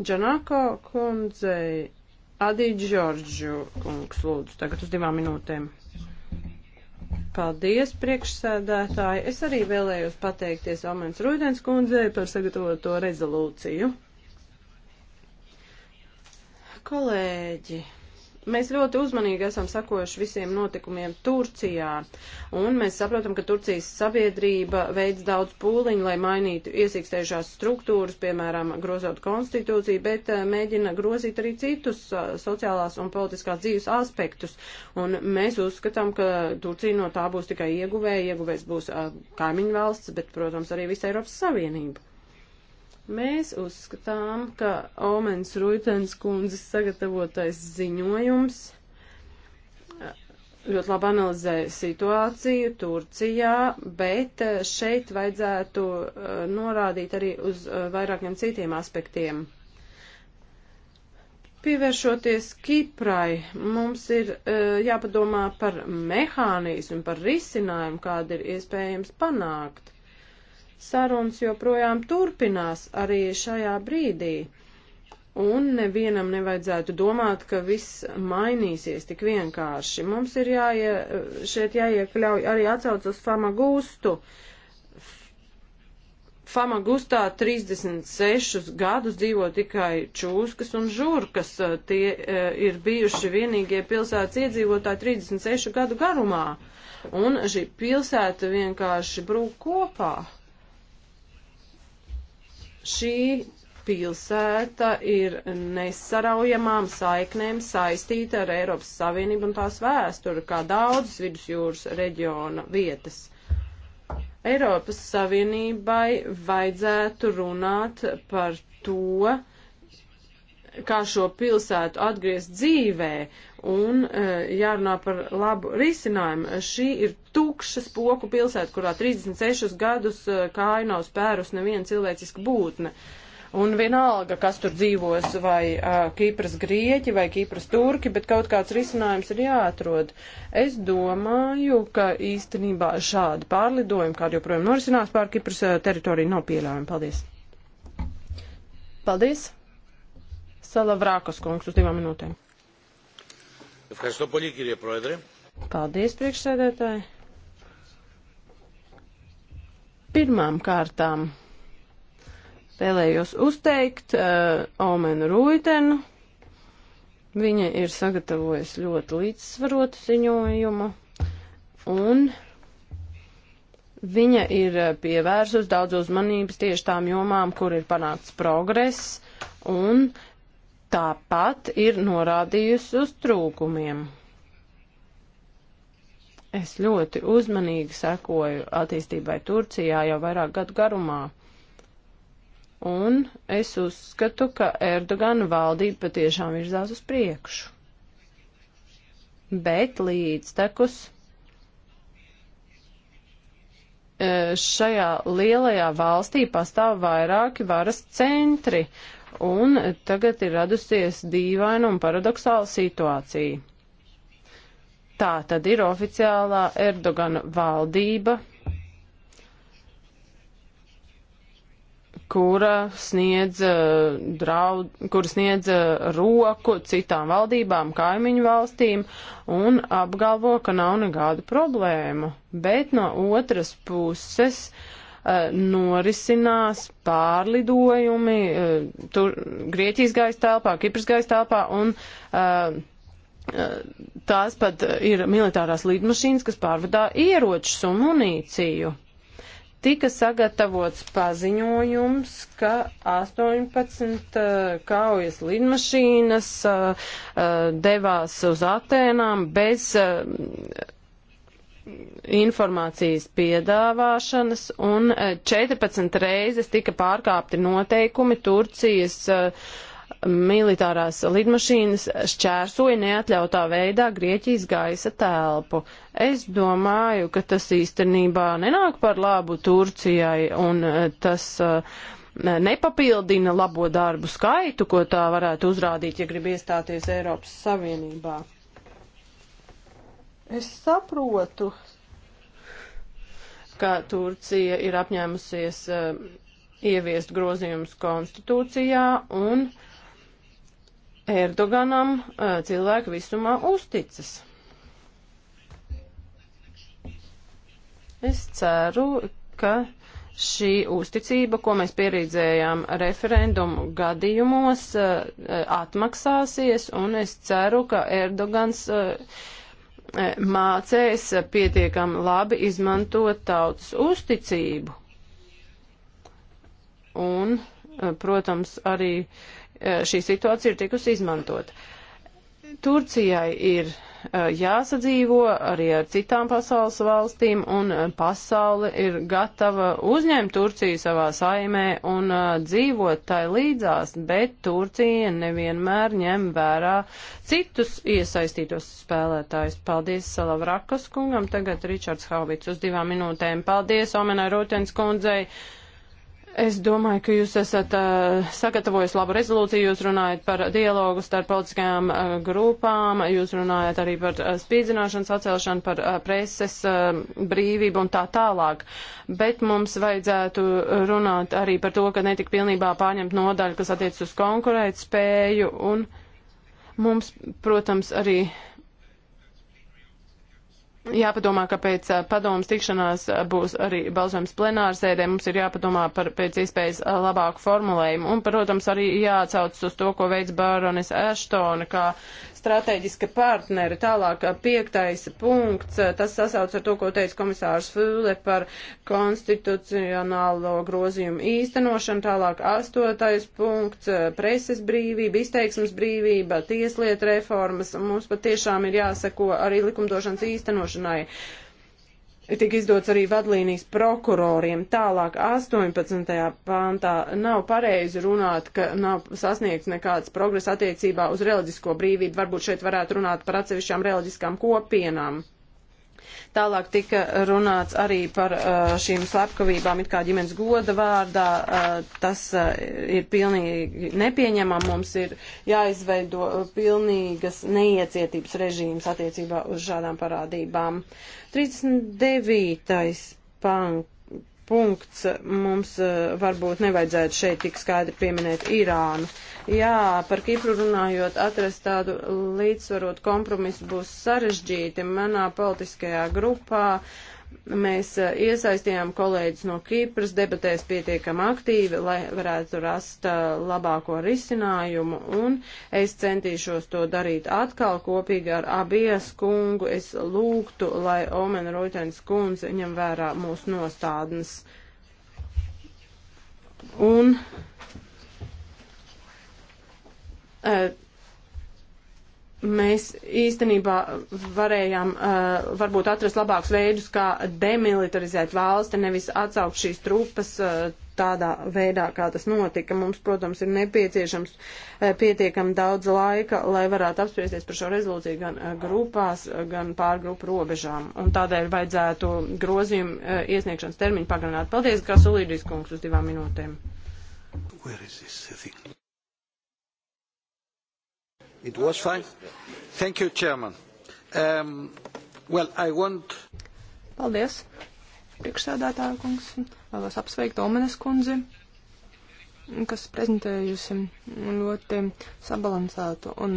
Džanako kundzei Adī Džordžu kungs lūdzu tagad uz divām minūtēm. Paldies, priekšsēdētāji. Es arī vēlējos pateikties Omens Rūdens kundzei par sagatavoto rezolūciju. Kolēģi, Mēs ļoti uzmanīgi esam sakojuši visiem notikumiem Turcijā, un mēs saprotam, ka Turcijas sabiedrība veids daudz pūliņu, lai mainītu iesīkstējušās struktūras, piemēram, grozot konstitūciju, bet eh, mēģina grozīt arī citus eh, sociālās un politiskās dzīves aspektus. Un mēs uzskatām, ka Turcija no tā būs tikai ieguvēja, ieguvējs būs eh, kaimiņu valsts, bet, protams, arī visa Eiropas Savienība. Mēs uzskatām, ka Omens Rūtens kundzes sagatavotais ziņojums eh, ļoti labi analizē situāciju Turcijā, bet eh, šeit vajadzētu eh, norādīt arī uz vairākiem citiem aspektiem. Pievēršoties Kiprai, mums ir jāpadomā par mehānismu, par risinājumu, kādu ir iespējams panākt sarunas joprojām turpinās arī šajā brīdī. Un nevienam nevajadzētu domāt, ka viss mainīsies tik vienkārši. Mums ir jāie, šeit jāiekļauj arī atsauc uz Famagustu. Famagustā 36 gadus dzīvo tikai čūskas un žurkas. Tie e, ir bijuši vienīgie pilsētas iedzīvotāji 36 gadu garumā. Un šī pilsēta vienkārši brūk kopā. Šī pilsēta ir nesaraujamām saiknēm saistīta ar Eiropas Savienību un tās vēsturi, kā daudzas vidusjūras reģiona vietas. Eiropas Savienībai vajadzētu runāt par to, kā šo pilsētu atgriezt dzīvē un e, jārunā par labu risinājumu. Šī ir tukša spoku pilsēta, kurā 36 gadus e, kāju nav spērus neviena cilvēciska būtne. Un vienalga, kas tur dzīvos, vai uh, e, Kīpras grieķi, vai Kīpras turki, bet kaut kāds risinājums ir jāatrod. Es domāju, ka īstenībā šādi pārlidojumi, kādi joprojām norisinās pār Kīpras teritoriju, nav pieļaujami. Paldies! Paldies! Salavrākas kungs uz divām minūtēm. Paldies, priekšsēdētāji. Pirmām kārtām vēlējos uzteikt uh, Omenu Rūitenu. Viņa ir sagatavojusi ļoti līdzsvarotu ziņojumu, un viņa ir pievērsus daudz uzmanības tieši tām jomām, kur ir panākts progress, un tāpat ir norādījusi uz trūkumiem. Es ļoti uzmanīgi sekoju attīstībai Turcijā jau vairāk gadu garumā. Un es uzskatu, ka Erdogana valdība patiešām virzās uz priekšu. Bet līdztekus e, šajā lielajā valstī pastāv vairāki varas centri, Un tagad ir radusies dīvaina un paradoxāla situācija. Tā tad ir oficiālā Erdogana valdība, kura sniedz, eh, draud, kura sniedz eh, roku citām valdībām, kaimiņu valstīm un apgalvo, ka nav nekādu problēmu. Bet no otras puses uh, E, norisinās pārlidojumi e, tur, Grieķijas gaisa telpā, Kipras gaisa telpā un e, tās pat ir militārās lidmašīnas, kas pārvadā ieročus un munīciju tika sagatavots paziņojums, ka 18 uh, kaujas lidmašīnas uh, uh, devās uz Atēnām bez. Uh, informācijas piedāvāšanas un 14 eh, reizes tika pārkāpti noteikumi Turcijas uh, militārās lidmašīnas šķērsoja neatļautā veidā Grieķijas gaisa telpu. Es domāju, ka tas īstenībā nenāk par labu Turcijai un eh, tas uh, nepapildina labo darbu skaitu, ko tā varētu uzrādīt, ja grib iestāties Eiropas Savienībā. Es saprotu, ka Turcija ir apņēmusies uh, ieviest grozījumus konstitūcijā un Erdoganam uh, cilvēki visumā uzticas. Es ceru, ka šī uzticība, ko mēs pieredzējām referendumu gadījumos, eh, atmaksāsies, un es ceru, ka Erdogans mācēs pietiekami labi izmantot tautas uzticību. Un, protams, arī eh, šī situācija ir tikusi izmantota. Turcijai ir Eh, jāsadzīvo arī ar citām pasaules valstīm, un eh, pasaule ir gatava uzņemt Turciju savā saimē un eh, dzīvot tai līdzās, bet Turcija nevienmēr ņem vērā citus iesaistītos spēlētājus. Paldies Salavrakas kungam, tagad Ričards Haubits uz divām minūtēm. Paldies Omenai Rūtens kundzei. Uh, Es domāju, ka jūs esat uh, sagatavojis labu rezolūciju, jūs runājat par dialogu starp politiskajām uh, grupām, jūs runājat arī par uh, spīdzināšanas atcelšanu, par uh, preses uh, brīvību un tā tālāk. Bet mums vajadzētu runāt arī par to, ka netika pilnībā pārņemt nodaļu, kas attiec uz konkurētspēju un mums, protams, arī. Uh, Jāpadomā, ka pēc padomas tikšanās būs arī balsojums plenārsēdē. Mums ir jāpadomā par pēc iespējas labāku formulējumu. Un, protams, arī jāatsaucas uz to, ko veids Bāronis Ashtona, kā strateģiska partneri. Tālāk piektais punkts, tas sasauc ar to, ko teica komisārs Fūle par konstitucionālo grozījumu īstenošanu. Tālāk astotais punkts, preses brīvība, izteiksmes brīvība, tieslietu reformas. Mums patiešām ir jāseko arī likumdošanas īstenošanai. Uh, Tik izdots arī vadlīnijas prokuroriem. Tālāk 18. pāntā nav pareizi runāt, ka nav sasniegts nekāds progress attiecībā uz reliģisko brīvību. Varbūt šeit varētu runāt par atsevišķām reliģiskām kopienām. Tālāk tika runāts arī par uh, šīm slepkavībām, it kā ģimenes goda vārdā. Uh, tas uh, ir pilnīgi nepieņemam. Mums ir jāizveido pilnīgas neiecietības režīms attiecībā uz šādām parādībām. 39. pank punkts. Mums eh, varbūt nevajadzētu šeit tik skaidri pieminēt Irānu. Jā, par Kipru runājot, atrast tādu līdzsvarot kompromisu būs sarežģīti. Manā politiskajā grupā uh, Mēs eh, iesaistījām kolēģis no Kīpras debatēs pietiekam aktīvi, lai varētu rast eh, labāko risinājumu, un es centīšos to darīt atkal kopīgi ar abies kungu. Es lūgtu, lai Omen Roitens kundze ņem vērā mūsu nostādnes. Un, uh, mēs īstenībā varējām uh, varbūt atrast labākus veidus, kā demilitarizēt valsti, nevis atsaukt šīs trupas uh, tādā veidā, kā tas notika. Mums, protams, ir nepieciešams uh, pietiekami daudz laika, lai varētu apspriesties par šo rezolūciju gan uh, grupās, gan pārgrupu robežām. Un tādēļ vajadzētu grozījumu uh, iesniegšanas termiņu pagarināt. Paldies, kā Solīdijas kungs, uz divām minūtēm. Where is this thing? It was fine? Thank you, Chairman. Um, well, I want... Paldies, priekšsēdētāja kungs. Vēlos apsveikt Omenes kundzi, kas prezentējusi ļoti sabalansētu un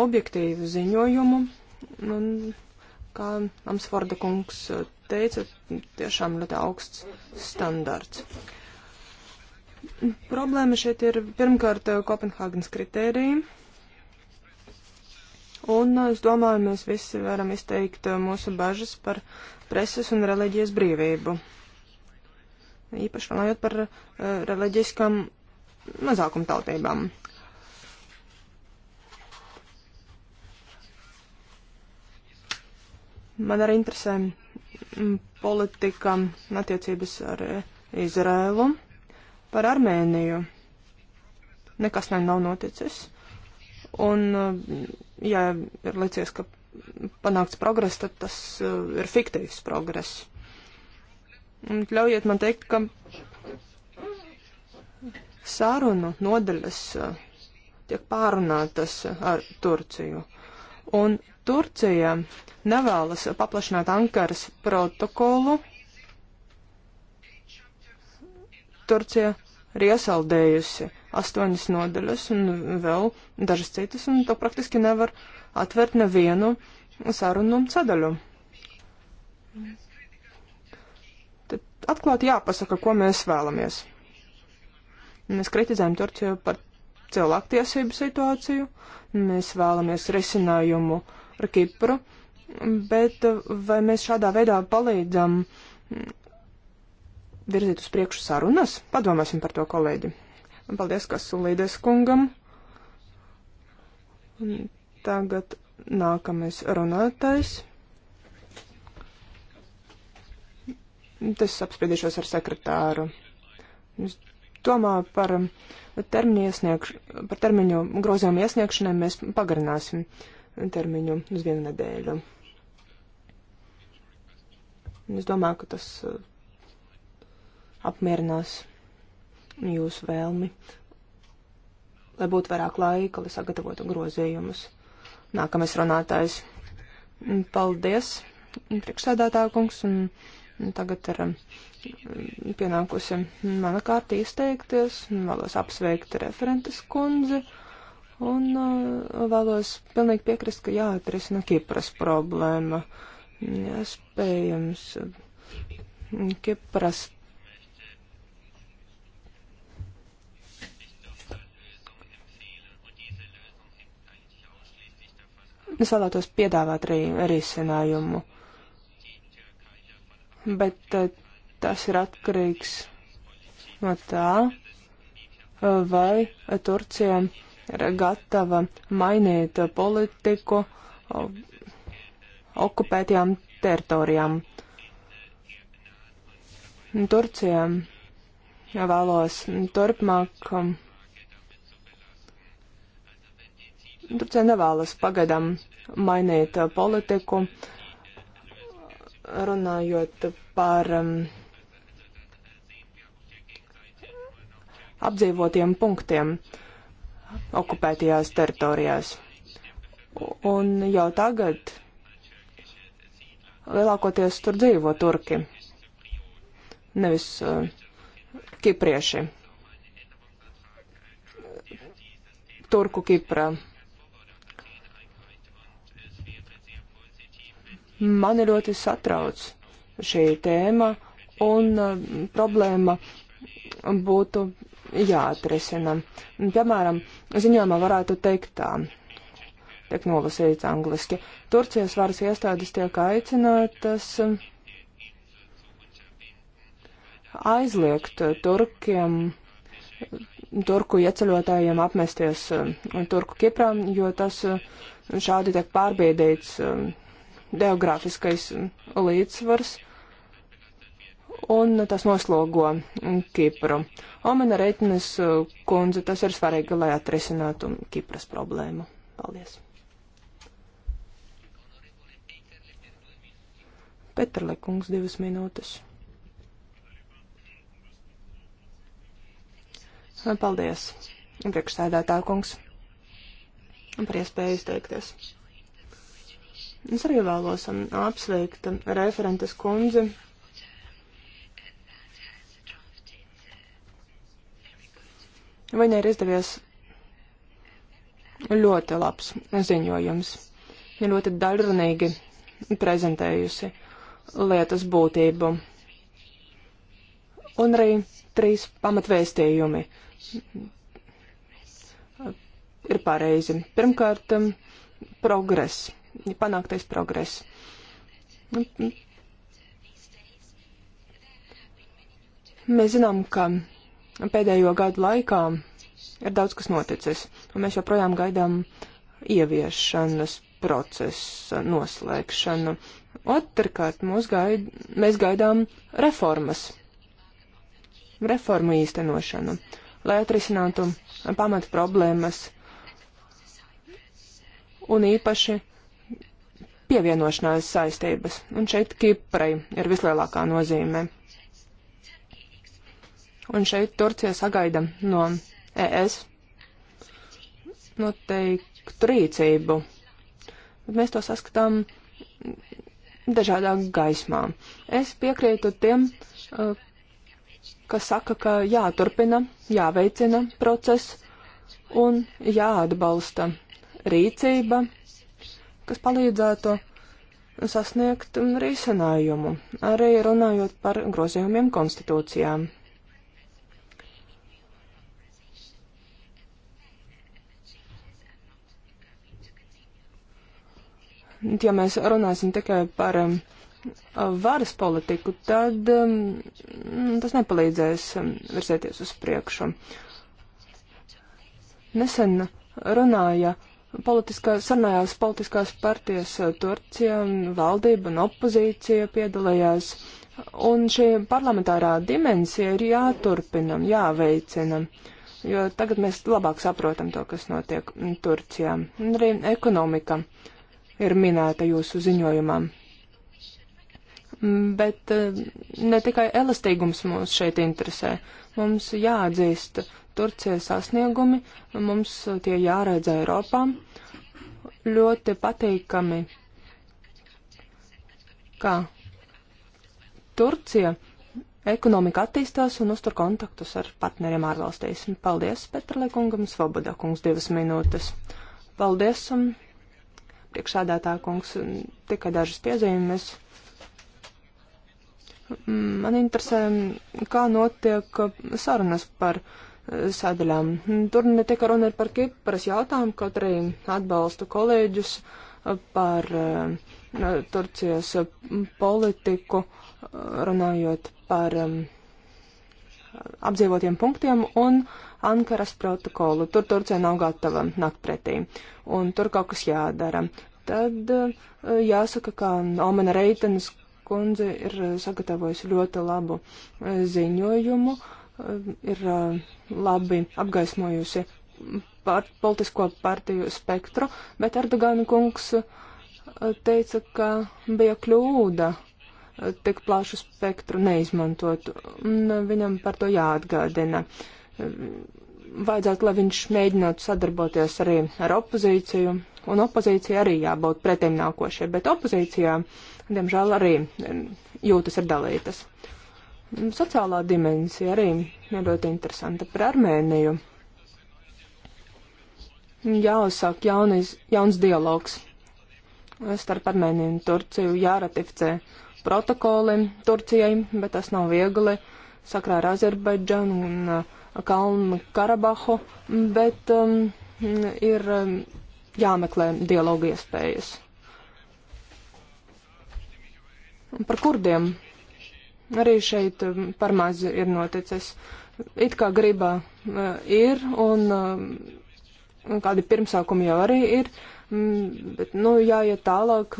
objektīvu ziņojumu. Un, kā Amsforda kungs teica, tiešām ļoti augsts standarts. Problēma šeit ir pirmkārt Kopenhāgenes kritērija Un uh, es domāju, mēs visi varam izteikt uh, mūsu bažas par preses un reliģijas brīvību. Īpaši runājot par uh, reliģiskām mazākumtautībām. Man arī interesē mm, politika attiecības ar uh, Izrēlu par Armēniju. Nekas nav noticis. Un uh, ja ir licies, ka panākts progress, tad tas uh, ir fiktīvs progress. Un ļaujiet man teikt, ka sārunu nodaļas uh, tiek pārunātas uh, ar Turciju. Un Turcija nevēlas paplašināt Ankaras protokolu. Turcija ir iesaldējusi astoņas nodaļas un vēl dažas citas, un to praktiski nevar atvērt nevienu sarunu sadaļu. Tad atklāti jāpasaka, ko mēs vēlamies. Mēs kritizējam Turciju par cilvēktiesību situāciju, mēs vēlamies risinājumu ar Kipru, bet vai mēs šādā veidā palīdzam virzīt uz priekšu sarunas? Padomāsim par to, kolēģi. Paldies, kas līdies kungam. Un tagad nākamais runātais. Es apspriedīšos ar sekretāru. Es domāju par termiņu, iesniegš... par termiņu grozījumu iesniegšanai. Mēs pagarināsim termiņu uz vienu nedēļu. Es domāju, ka tas eh, apmierinās jūsu vēlmi, lai būtu vairāk laika, lai sagatavotu grozījumus. Nākamais runātājs. Paldies, priekšsēdētā kungs, un tagad ir mm, pienākusi mana kārta izteikties, vēlos apsveikt referentes kundzi, un uh, vēlos pilnīgi piekrist, ka jāatrisina Kipras problēma. Iespējams, Kipras Es vēlētos piedāvāt arī risinājumu, bet e, tas ir atkarīgs no tā, e, vai Turcija ir gatava mainīt politiku okupētajām teritorijām. Turcija vēlos turpmāk Turcija nevēlas pagaidām mainīt uh, politiku, runājot par um, apdzīvotiem punktiem okupētajās teritorijās. Un jau tagad lielākoties tur dzīvo turki, nevis uh, kiprieši. Turku Kipra Mani ļoti satrauc šī tēma un uh, problēma būtu jāatrisina. Piemēram, ziņojumā varētu teikt tā, tiek nolasīts angliski. Turcijas varas iestādes tiek aicinātas aizliegt turkiem, turku ieceļotājiem apmesties uh, turku Kiprā, jo tas uh, šādi tiek pārbīdīts geogrāfiskais līdzsvars, un tas noslogo Kipru. Omena Reitinas uh, kundze, tas ir svarīgi, lai atrisinātu Kipras problēmu. Paldies. Petrle kungs, divas minūtes. Paldies, priekšsēdētā kungs, par iespēju izteikties. Es arī vēlos um, apsveikt um, referentes kundzi. Viņai ir izdevies ļoti labs ziņojums. Viņa ļoti daļrunīgi prezentējusi lietas būtību. Un arī trīs pamatvēstījumi ir pareizi. Pirmkārt, um, progress panāktais progress. Nu, mēs zinām, ka pēdējo gadu laikā ir daudz kas noticis, un mēs joprojām gaidām ieviešanas procesa noslēgšanu. Otrkārt, gaid, mēs gaidām reformas, reformu īstenošanu, lai atrisinātu pamata problēmas un īpaši pievienošanās saistības, un šeit Kiprai ir vislielākā nozīme. Un šeit Turcija sagaida no ES noteiktu rīcību, bet mēs to saskatām dažādā gaismā. Es piekrītu tiem, uh, kas saka, ka jāturpina, jāveicina process un jāatbalsta rīcība kas palīdzētu sasniegt risinājumu, arī runājot par grozījumiem konstitūcijām. Ja mēs runāsim tikai par um, varas politiku, tad um, tas nepalīdzēs um, virzēties uz priekšu. Nesen runāja uh, Politiskā, sanājās politiskās partijas eh, Turcijā, valdība un opozīcija piedalījās. Un šī parlamentārā dimensija ir jāturpina, jāveicina, jo tagad mēs labāk saprotam to, kas notiek Turcijā. Un arī ekonomika ir minēta jūsu ziņojumā. Bet eh, ne tikai elastīgums mūs šeit interesē. Mums jāatzīst Turcijas sasniegumi, mums tie jāredz Eiropā. Ļoti patīkami, ka Turcija ekonomika attīstās un uztur kontaktus ar partneriem ārvalstīs. Paldies, Petrle kungam, Svoboda kungs, divas minūtes. Paldies, um, priekšādātā kungs, tikai dažas piezīmes. Man interesē, kā notiek uh, sarunas par sadaļām. Tur ne tikai runa ir par Kipras jautājumu, kaut arī atbalstu kolēģus par eh, Turcijas politiku, runājot par eh, apdzīvotiem punktiem un Ankaras protokolu. Tur Turcija nav gatava nakt pretī, un tur kaut kas jādara. Tad eh, jāsaka, ka Omena Reitenes kundze ir sagatavojusi ļoti labu ziņojumu. Uh, ir labi apgaismojusi par politisko partiju spektru, bet Erdogana kungs teica, ka bija kļūda tik plašu spektru neizmantot, un viņam par to jāatgādina. Vajadzētu, lai viņš mēģinātu sadarboties arī ar opozīciju, un opozīcija arī jābūt pretim nākošie, bet opozīcijā, diemžēl, arī jūtas ir dalītas. Sociālā dimensija arī ir ļoti interesanta par Armēniju. Jāuzsāk jaunis, jauns dialogs starp Armēniju un Turciju, jāratificē protokoli Turcijai, bet tas nav viegli sakrā ar Azerbaidžanu un uh, Kalnu Karabahu, bet um, ir um, jāmeklē dialogu iespējas. Par kurdiem Arī šeit um, par maz ir noticis. It kā gribā uh, ir, um, un kādi pirmsākumi jau arī ir, mm, bet, nu, jāiet tālāk,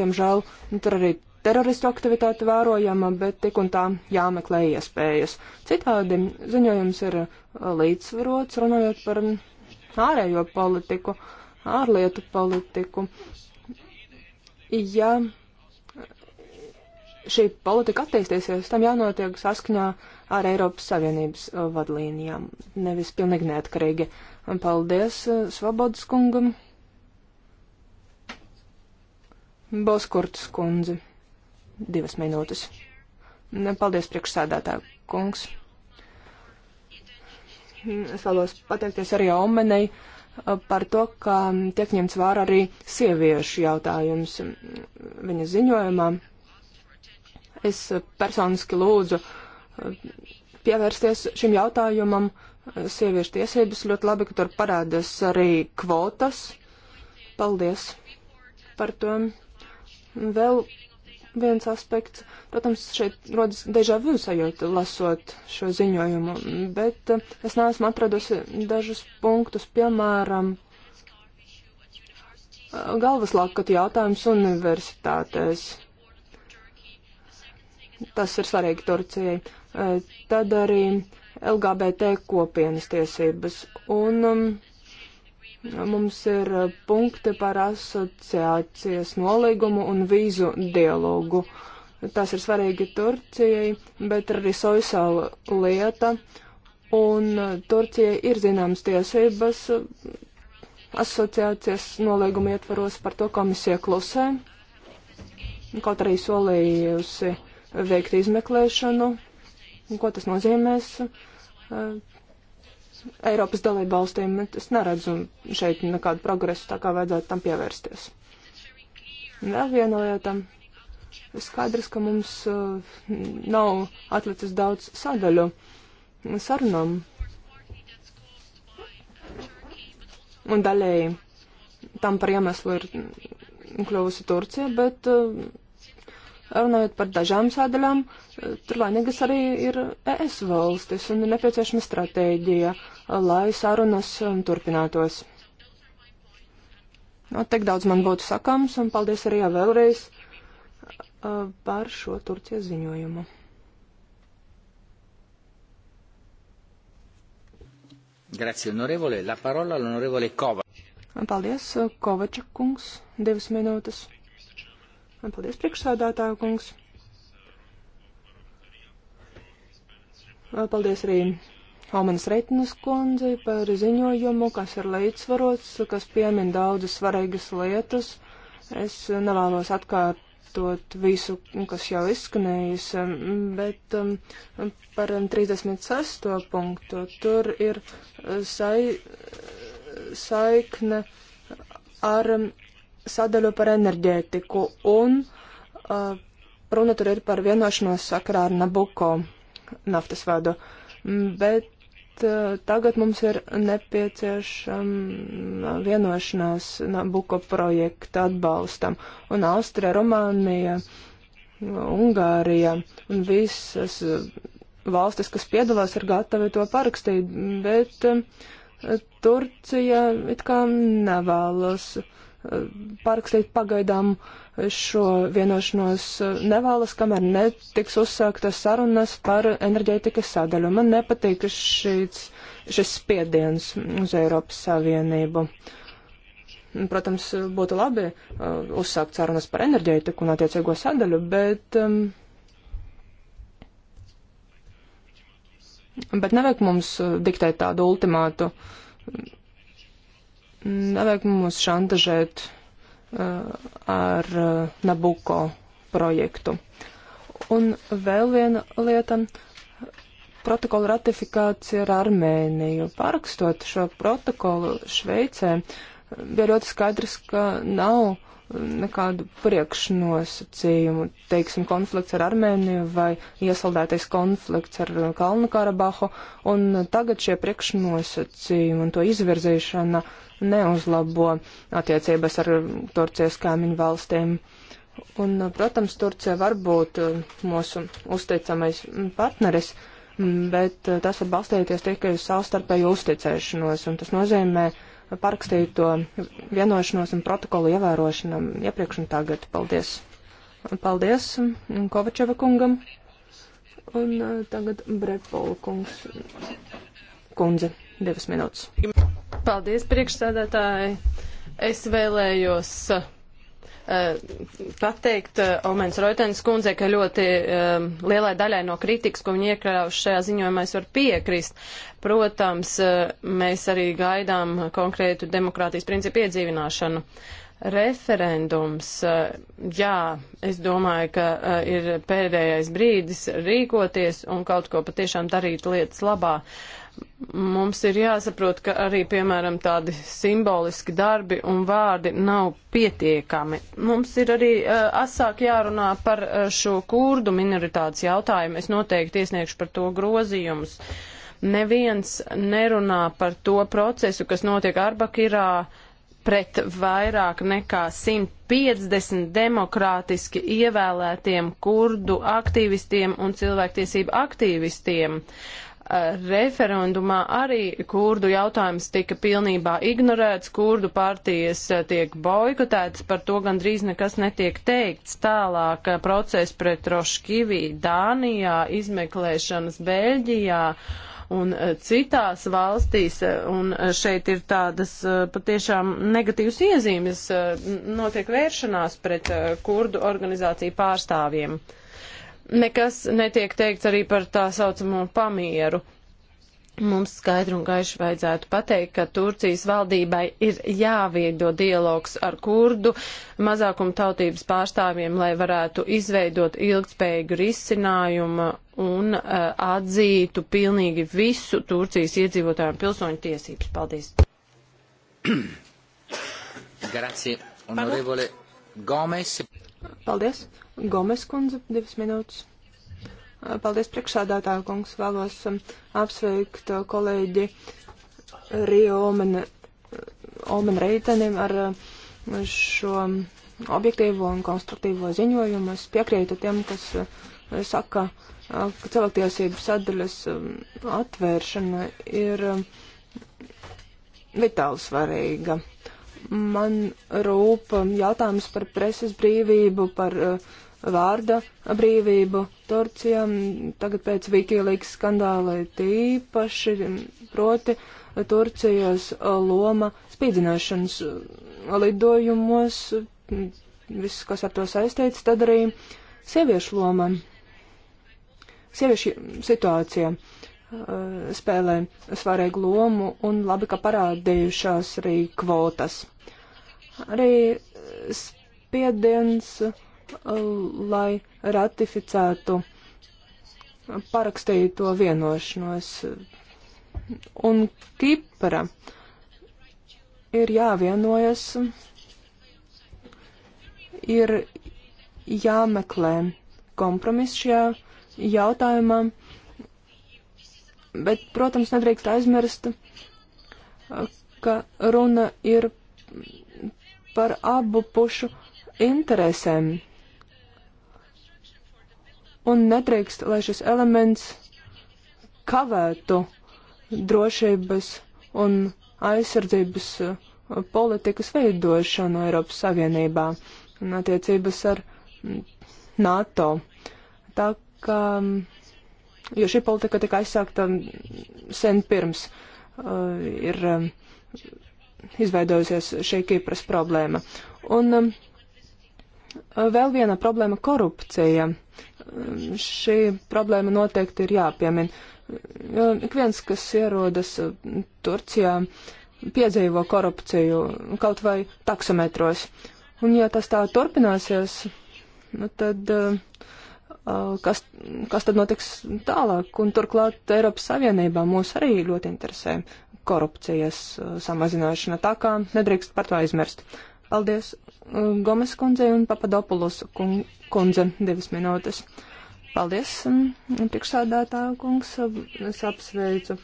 diemžēl, nu, tur arī teroristu aktivitāte vērojama, bet tik un tā jāmeklē iespējas. Citādi ziņojums ir uh, līdzsvarots, runājot par ārējo politiku, ārlietu politiku. Ja šī politika attīstīsies, tam jānotiek saskaņā ar Eiropas Savienības uh, vadlīnijām, nevis pilnīgi neatkarīgi. Un paldies uh, Svobodas kungam. Boskurts kundze. Divas minūtes. Paldies priekšsēdētā kungs. Es vēlos pateikties arī Omenei uh, par to, ka tiek ņemts vērā arī sieviešu jautājums viņa ziņojumā. Es personiski lūdzu eh, pievērsties šim jautājumam. Sieviešu tiesības ļoti labi, ka tur parādās arī kvotas. Paldies par to. Vēl viens aspekts. Protams, šeit rodas deja vu sajūta, lasot šo ziņojumu, bet eh, es neesmu atradusi dažus punktus, piemēram, eh, galvaslākatu jautājums universitātēs. Tas ir svarīgi Turcijai. Eh, tad arī LGBT kopienas tiesības. Un um, mums ir punkti par asociācijas nolīgumu un vīzu dialogu. Tas ir svarīgi Turcijai, bet arī Soisala lieta. Un eh, Turcijai ir zināmas tiesības eh, asociācijas nolīguma ietvaros par to komisija klusē, kaut arī solījusi veikt izmeklēšanu, ko tas nozīmēs eh, Eiropas dalību valstīm. Es neredzu šeit nekādu progresu, tā kā vajadzētu tam pievērsties. Vēl viena lieta. Skaidrs, ka mums eh, nav atlicis daudz sadaļu sarunām. Un daļēji tam par iemeslu ir kļuvusi Turcija, bet uh, Runājot par dažām sādaļām, eh, tur laimīgas arī ir ES valstis un ir nepieciešama stratēģija, eh, lai sarunas eh, turpinātos. No, nu, tik daudz man būtu sakāms un paldies arī vēlreiz par šo Turcijas ziņojumu. Grazie, onorevole. La parola all'onorevole Kovač. Paldies, Kovača kungs, divas minūtes. Un paldies priekšsādātāju kungs. Paldies arī Almanas Reitinas kundzi par ziņojumu, kas ir līdzsvarots, kas piemin daudzas svarīgas lietas. Es nevēlos atkārtot visu, kas jau izskanējis, bet um, par 36. punktu tur ir sai, saikne ar um, sadaļu par enerģētiku, un uh, runa tur ir par vienošanos sakarā ar Nabuko naftas vadu. Mm, bet uh, tagad mums ir nepieciešama vienošanās Nabuko projekta atbalstam, un Austrija, Rumānija, Ungārija un visas valstis, kas piedalās, ir gatavi to parakstīt, bet uh, Turcija it kā nevēlas. Uh, pārrakstīt pagaidām šo vienošanos nevēlas, kamēr netiks uzsāktas sarunas par enerģētikas sadaļu. Man nepatīk šis, šis spiediens uz Eiropas Savienību. Protams, būtu labi uh, uzsākt sarunas par enerģētiku un attiecīgo sadaļu, bet. Um, Bet nevajag mums uh, diktēt tādu ultimātu Nevajag mūs šantažēt uh, ar uh, Nabuko projektu. Un vēl viena lieta - protokola ratifikācija ar Armēniju. Pārakstot šo protokolu Šveicē, bija ļoti skaidrs, ka nav nekādu priekšnosacījumu, teiksim, konflikts ar Armēniju vai iesaldētais konflikts ar Kalnu Karabahu, un tagad šie priekšnosacījumi un to izvirzīšana uh, neuzlabo attiecības ar Turcijas kaimiņu valstīm. Un, protams, Turcija var būt uh, mūsu uzticamais partneris, bet uh, tas var balstīties tikai uz savstarpēju uzticēšanos, un tas nozīmē parakstīto vienošanos un protokolu ievērošanam iepriekš un tagad. Paldies! Paldies Kovačeva kungam! Un uh, tagad Brepola kungs. Kundze, divas minūtes. Paldies, priekšsēdētāji. Es vēlējos eh, pateikt eh, Omens Roitens kundzei, ka ļoti um, lielai daļai no kritikas, ko viņi iekrāvuši šajā ziņojumā, es varu piekrist. Protams, mēs arī gaidām konkrētu demokrātijas principu iedzīvināšanu. Referendums, jā, es domāju, ka ir pēdējais brīdis rīkoties un kaut ko patiešām darīt lietas labā. Uh, mums ir jāsaprot, ka arī, piemēram, tādi simboliski darbi un vārdi nav pietiekami. Mums ir arī uh, asāk jārunā par uh, šo kurdu minoritātes jautājumu. Es noteikti iesniegšu par to grozījumus. Neviens nerunā par to procesu, kas notiek Arbakirā pret vairāk nekā 150 demokrātiski ievēlētiem kurdu aktīvistiem un cilvēktiesību aktīvistiem. Uh, referendumā arī kurdu jautājums tika pilnībā ignorēts, kurdu partijas eh, tiek boikotētas, par to gandrīz nekas netiek teikts. Tālāk eh, process pret Roškivī Dānijā, izmeklēšanas Beļģijā un eh, citās valstīs, un šeit ir tādas patiešām negatīvas iezīmes, notiek vēršanās pret kurdu organizāciju pārstāvjiem. Uh, Nekas netiek teikts arī par tā saucamo pamieru. Mums skaidri un gaiši vajadzētu pateikt, ka Turcijas valdībai ir jāveido dialogs ar kurdu mazākumu tautības pārstāvjiem, lai varētu izveidot ilgspējīgu risinājumu un uh, atzītu pilnīgi visu Turcijas iedzīvotāju un pilsoņu tiesības. Paldies! Grazie, onorevole Gomes. Paldies. Gomes kundze, divas minūtes. Paldies priekšsādātā kungs. Vēlos um, apsveikt uh, kolēģi Rio Omen, Omen Reitenim ar uh, šo objektīvo un konstruktīvo ziņojumu. Es piekrītu tiem, kas uh, saka, ka cilvēktiesību sadaļas um, atvēršana ir um, vitāli svarīga man rūp um, jautājums par preses brīvību, par uh, vārda brīvību Turcijā. Mm, tagad pēc Wikileaks skandāla tīpaši mm, proti Turcijas uh, loma spīdzināšanas uh, lidojumos, mm, viss, kas ar to saistīts, tad arī sieviešu loma, sieviešu situācija. Uh, Eh, spēlē svarīgu lomu un labi, ka parādījušās arī kvotas. Arī spiediens, eh, lai ratificētu parakstīto vienošanos. Un Kipra ir jāvienojas, ir jāmeklē kompromiss šajā jautājumā Bet, protams, nedrīkst aizmirst, ka runa ir par abu pušu interesēm. Un nedrīkst, lai šis elements kavētu drošības un aizsardzības politikas veidošanu Eiropas Savienībā un attiecības ar NATO. Tā kā jo šī politika tika aizsākta um, sen pirms uh, ir um, izveidojusies šī Kipras problēma. Un um, vēl viena problēma - korupcija. Um, šī problēma noteikti ir jāpiemina. Jo ik viens, kas ierodas uh, Turcijā, piedzīvo korupciju kaut vai taksometros. Un ja tas tā turpināsies, nu, tad uh, Eh, kas, kas tad notiks tālāk. Un turklāt Eiropas Savienībā mūs arī ļoti interesē korupcijas eh, samazināšana, tā kā nedrīkst par to aizmirst. Paldies eh, Gomes kundzei un Papadopulus kundze divas minūtes. Paldies, mm, priekšsādātā kungs, es apsveicu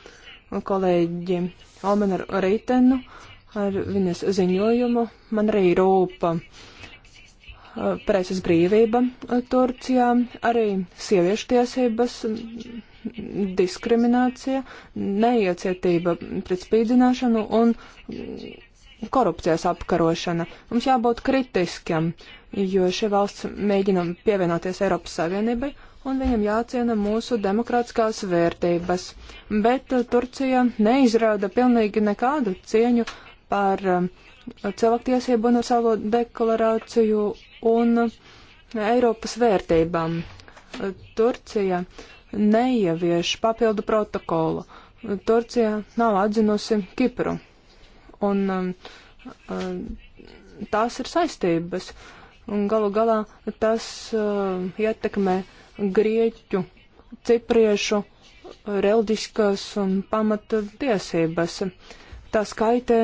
kolēģi Almenaru Reitenu ar viņas ziņojumu. Man arī rūpa uh, preses brīvība eh, Turcijā, arī sieviešu tiesības, diskriminācija, neiecietība pret spīdzināšanu un korupcijas apkarošana. Mums jābūt kritiskiem, jo šī valsts mēģina pievienoties Eiropas Savienībai un viņam jāciena mūsu demokrātiskās vērtības. Bet eh, Turcija neizrāda pilnīgi nekādu cieņu par eh, cilvēktiesību universālo deklarāciju un Eiropas vērtībām. Turcija neievieš papildu protokolu. Turcija nav atzinusi Kipru. Un um, uh, tās ir saistības. Un galu galā tas uh, ietekmē grieķu, cipriešu reliģiskās un pamata tiesības. Tas kaitē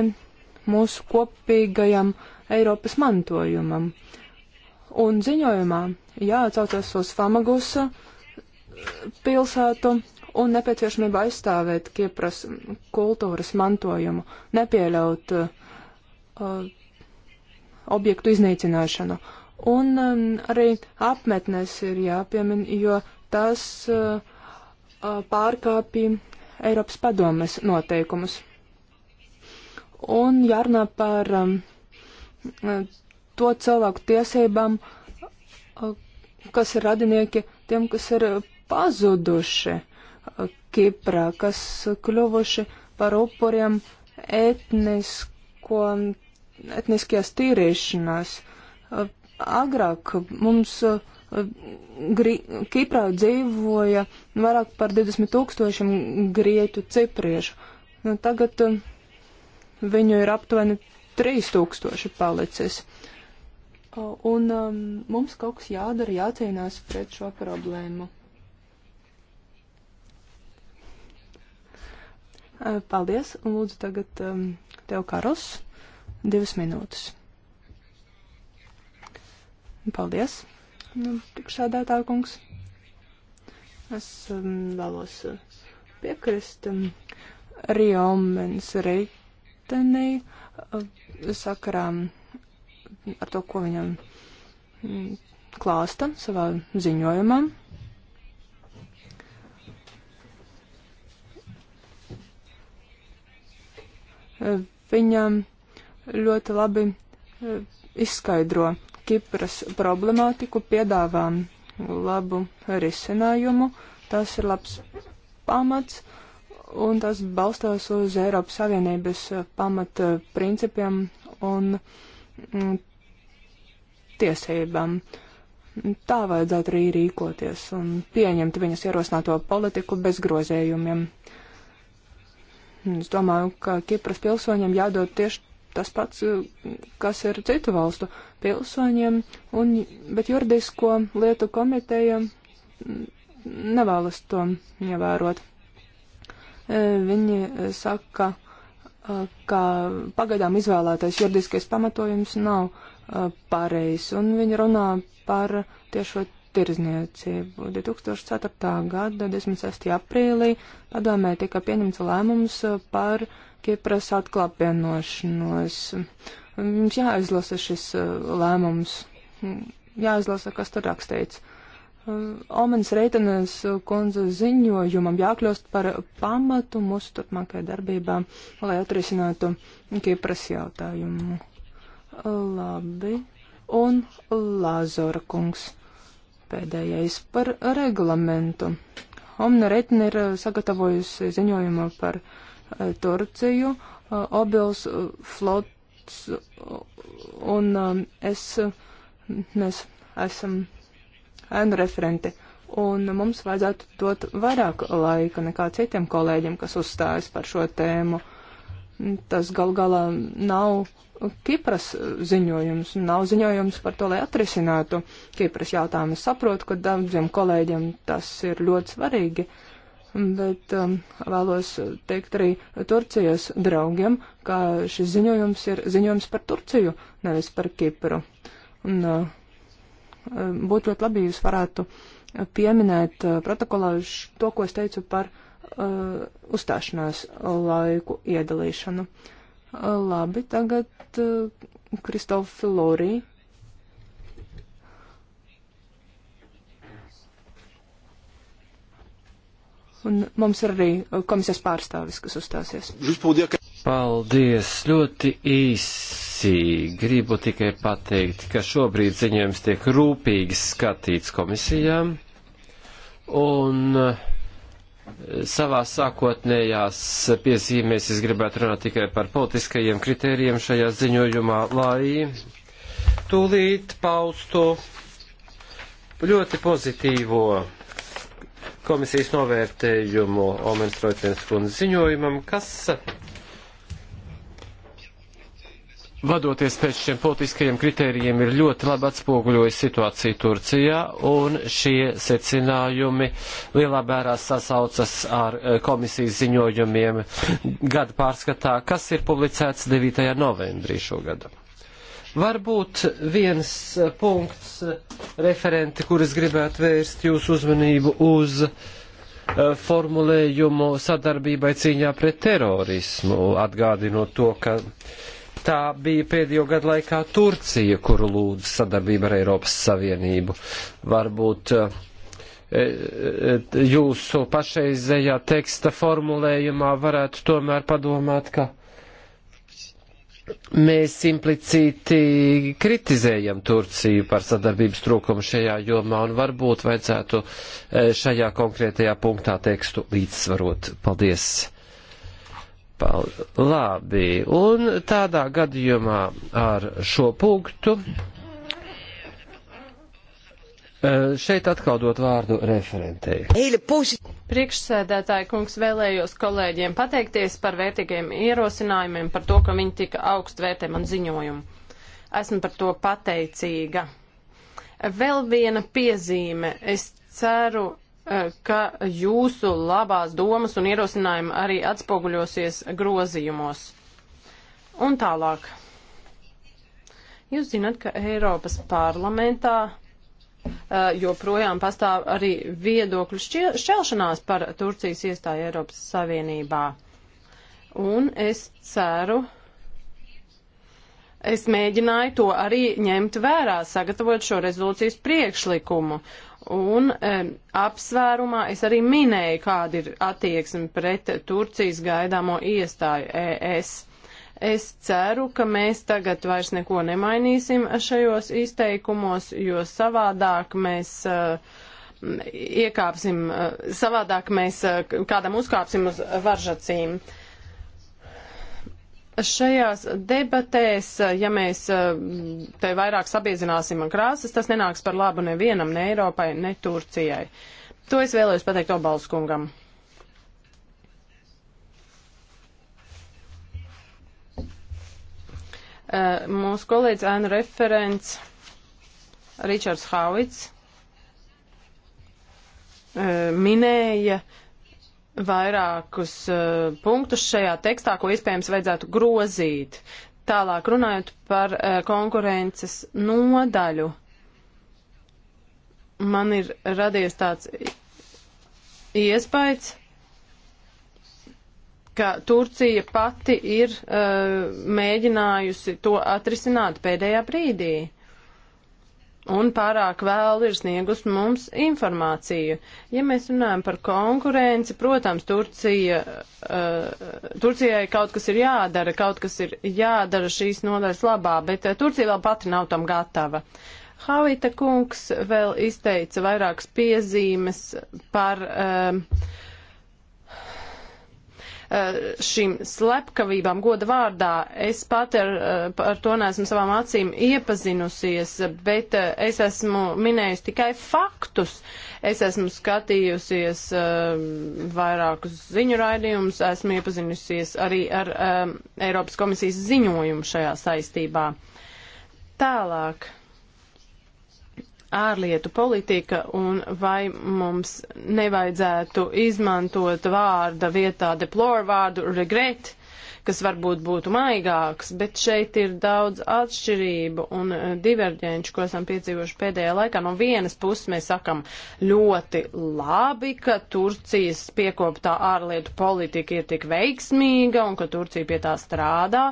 mūsu kopīgajam Eiropas mantojumam. Uh, Un ziņojumā jāatcaucas uz Famagusa pilsētu un nepieciešamību aizstāvēt Kipras kultūras mantojumu, nepieļaut uh, objektu iznīcināšanu. Un um, arī apmetnes ir jāpiemin, jo tas uh, uh pārkāpja Eiropas padomes noteikumus. Un jārunā par um, to cilvēku tiesībām, kas ir radinieki tiem, kas ir pazuduši Kiprā, kas kļuvuši par upuriem etnisko, etniskajās tīrīšanās. Agrāk mums Gri Kiprā dzīvoja vairāk par 20 tūkstošiem grieķu cipriešu. Nu, tagad viņu ir aptuveni 3000 palicis. Uh, Un um, mums kaut kas jādara, jācīnās pret šo problēmu. Uh, paldies, un lūdzu tagad um, tev, Karos, divas minūtes. Paldies, nu, priekšādātā kungs. Es um, vēlos uh, piekrist um, Riomens Reitenei uh, sakarām ar to, ko viņam mm, klāsta savā ziņojumā. Viņam ļoti labi e, izskaidro Kipras problemātiku, piedāvā labu risinājumu. Tas ir labs pamats, un tas balstās uz Eiropas Savienības e, pamata principiem un mm, tiesībām. Tā vajadzētu arī rīkoties un pieņemt viņas ierosināto politiku bez grozējumiem. Es domāju, ka Kipras pilsoņiem jādod tieši tas pats, kas ir citu valstu pilsoņiem, un, bet juridisko lietu komiteja nevēlas to ievērot. E, viņi saka, ka pagaidām izvēlētais juridiskais pamatojums nav pareizs, un viņi runā par tiešo tirzniecību. 2004. gada 16. aprīlī padomē tika pieņemts lēmums par Kipras atklāpienošanos. Mums jāizlasa šis lēmums, jāizlasa, kas tur rakstīts. Omenas Reitenes kundze ziņojumam jākļūst par pamatu mūsu turpmākajai darbībā, lai atrisinātu Kipras jautājumu. Labi. Un Lāzora kungs pēdējais par reglamentu. Omna Reitne ir eh, sagatavojusi ziņojumu par eh, Turciju, eh, Obils flots un es, mēs esam ēnu referenti. Un mums vajadzētu dot vairāk laika nekā citiem kolēģiem, kas uzstājas par šo tēmu. Tas gal galā nav Kipras ziņojums, nav ziņojums par to, lai atrisinātu Kipras jautājumu. Es saprotu, ka daudziem kolēģiem tas ir ļoti svarīgi, bet um, vēlos teikt arī Turcijas draugiem, ka šis ziņojums ir ziņojums par Turciju, nevis par Kipru. Un, uh, um, būtu ļoti labi, jūs varētu pieminēt uh, protokolā to, ko es teicu par uh, uzstāšanās laiku iedalīšanu. Uh, Labi, tagad eh, Kristof Filori. Un mums ir arī eh, komisijas pārstāvis, kas uzstāsies. Paldies! Ļoti īsi gribu tikai pateikt, ka šobrīd ziņojums tiek rūpīgi skatīts komisijām. Un uh, savā sākotnējās piezīmēs es gribētu runāt tikai par politiskajiem kritērijiem šajā ziņojumā, lai tūlīt paustu ļoti pozitīvo komisijas novērtējumu Omenas Roitens kundzes ziņojumam, kas vadoties pēc šiem politiskajiem kritērijiem, ir ļoti labi atspoguļojis situāciju Turcijā, un šie secinājumi lielā mērā sasaucas ar eh, komisijas ziņojumiem gada pārskatā, kas ir publicēts 9. novembrī šogad. Varbūt viens eh, punkts, eh, referenti, kuris gribētu vērst jūsu uzmanību uz formulējumu sadarbībai cīņā pret terorismu, atgādinot to, ka uh, tā bija pēdējo gadu laikā Turcija, kuru lūdz sadarbība ar Eiropas Savienību. Varbūt eh, eh, eh, jūsu pašreizējā teksta formulējumā varētu tomēr padomāt, ka mēs implicīti kritizējam Turciju par sadarbības trūkumu šajā jomā un varbūt vajadzētu šajā konkrētajā punktā tekstu līdzsvarot. Paldies! Pal labi, un tādā gadījumā ar šo punktu eh, Šeit atkal dot vārdu referentei. Priekšsēdētāji kungs vēlējos kolēģiem pateikties par vērtīgiem ierosinājumiem, par to, ka viņi tika augstu vērtē man ziņojumu. Esmu par to pateicīga. Vēl viena piezīme. Es ceru, ka jūsu labās domas un ierosinājumi arī atspoguļosies grozījumos. Un tālāk. Jūs zinat, ka Eiropas parlamentā joprojām pastāv arī viedokļu šķelšanās par Turcijas iestāju Eiropas Savienībā. Un es ceru, es mēģināju to arī ņemt vērā, sagatavot šo rezolūcijas priekšlikumu. Uh, Un e, apsvērumā es arī minēju, kāda ir attieksme pret Turcijas gaidāmo iestāju ES. Es ceru, ka mēs tagad vairs neko nemainīsim šajos izteikumos, jo savādāk mēs uh, iekāpsim, uh, savādāk mēs uh, kādam uzkāpsim uz varžacīm. Uh, šajās debatēs, ja mēs eh, te vairāk sabiezināsim krāsas, tas nenāks par labu nevienam, ne Eiropai, ne Turcijai. To es vēlējos pateikt Obalskungam. Eh, mūsu kolēģis ēnu referents Ričards Havits eh, minēja uh, vairākus uh, punktus šajā tekstā, ko iespējams vajadzētu grozīt. Tālāk runājot par uh, konkurences nodaļu, man ir radies tāds iespējas, ka Turcija pati ir uh, mēģinājusi to atrisināt pēdējā brīdī un pārāk vēl ir sniegus mums informāciju. Ja mēs runājam par konkurenci, protams, Turcija, uh, Turcijai kaut kas ir jādara, kaut kas ir jādara šīs nodaļas labā, bet uh, Turcija vēl pati nav tam gatava. Havita kungs vēl izteica vairākas piezīmes par. Uh, Eh, šīm slepkavībām goda vārdā. Es pat ar, eh, ar to neesmu savām acīm iepazinusies, bet eh, es esmu minējusi tikai faktus. Es esmu skatījusies vairākus ziņu raidījumus, esmu iepazinusies arī ar Eiropas komisijas ziņojumu šajā saistībā. Tālāk ārlietu politika un vai mums nevajadzētu izmantot vārda vietā deplore vārdu regret, kas varbūt būtu maigāks, bet šeit ir daudz atšķirību un diverģenču, ko esam piedzīvojuši pēdējā laikā. No vienas puses mēs sakam ļoti labi, ka Turcijas piekoptā ārlietu politika ir tik veiksmīga un ka Turcija pie tā strādā,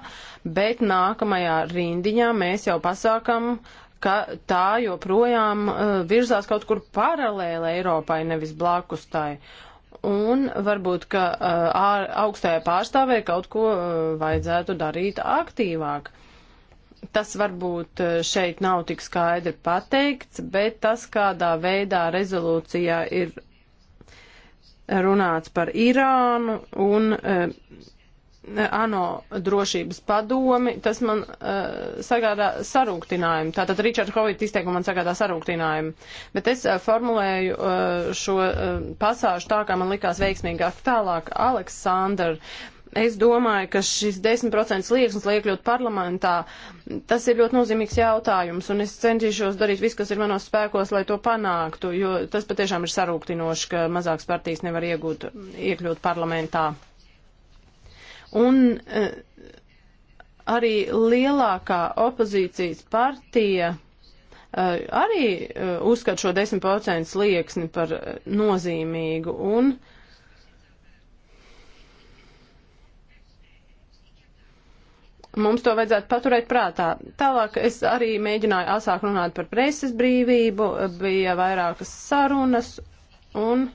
bet nākamajā rindiņā mēs jau pasākam, uh, ka tā joprojām uh, virzās kaut kur paralēli Eiropai, nevis blakus tai. Un varbūt, ka uh, augstajai pārstāvē kaut ko uh, vajadzētu darīt aktīvāk. Tas varbūt šeit nav tik skaidri pateikts, bet tas, kādā veidā rezolūcijā ir runāts par Irānu un uh, ANO drošības padomi, tas man uh, sagādā sarūktinājumu. Tātad Richard Hovita izteikuma man sagādā sarūktinājumu. Bet es uh, formulēju uh, šo uh, pasāžu tā, kā man likās veiksmīgāk. Tālāk, Aleksandra. Es domāju, ka šis 10% liekas liekļūt parlamentā, tas ir ļoti nozīmīgs jautājums, un es centīšos darīt visu, kas ir manos spēkos, lai to panāktu, jo tas patiešām ir sarūktinoši, ka mazāks partijas nevar iegūt, iekļūt parlamentā. Un e, arī lielākā opozīcijas partija e, arī e, uzskata šo 10% slieksni par nozīmīgu un uh, mums to vajadzētu paturēt prātā. Tālāk es arī mēģināju asāk runāt par preses brīvību, bija vairākas sarunas, un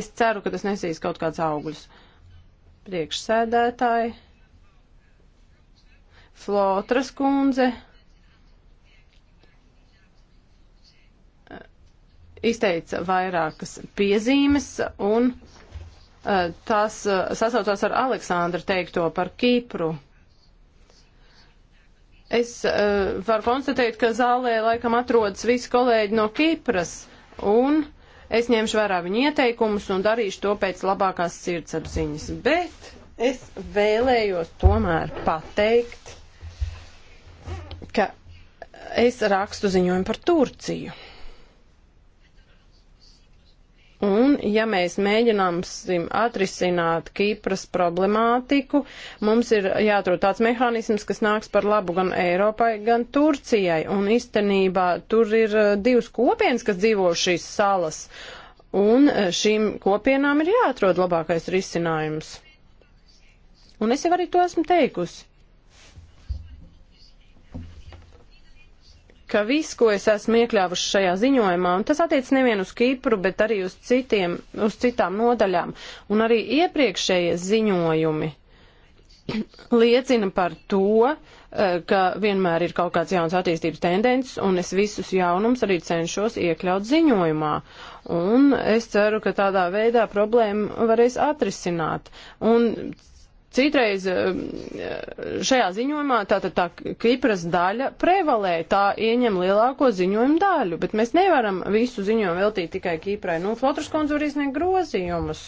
es ceru, ka tas nesīs kaut kāds augļus. Uh, priekšsēdētāji, Flotras kundze, izteica vairākas piezīmes un e, tas e, sasaucās ar Aleksandra teikto par Kipru. Es uh, varu konstatēt, ka zālē laikam atrodas visi kolēģi no Kipras un Es ņemšu vērā viņa ieteikumus un darīšu to pēc labākās sirdsapziņas. Bet es vēlējos tomēr pateikt, ka es rakstu ziņojumu par Turciju. Un, ja mēs mēģināsim atrisināt Kīpras problemātiku, mums ir jāatrod tāds mehānisms, kas nāks par labu gan Eiropai, gan Turcijai. Un īstenībā tur ir eh, divas kopienas, kas dzīvo šīs salas. Un eh, šīm kopienām ir jāatrod labākais risinājums. Un es jau arī to esmu teikusi. ka viss, ko es esmu iekļāvuši šajā ziņojumā, un tas attiec nevien uz Kipru, bet arī uz, citiem, uz citām nodaļām, un arī iepriekšējie ziņojumi (clears throat) liecina par to, eh, ka vienmēr ir kaut kāds jauns attīstības tendences, un es visus jaunums arī cenšos iekļaut ziņojumā. Un es ceru, ka tādā veidā problēmu varēs atrisināt. Un Citreiz eh, šajā ziņojumā tātad tā, tā Kipras daļa prevalē, tā ieņem lielāko ziņojumu daļu, bet mēs nevaram visu ziņojumu veltīt tikai Kiprai. Nu, Flotras kundze var izniegt grozījumus.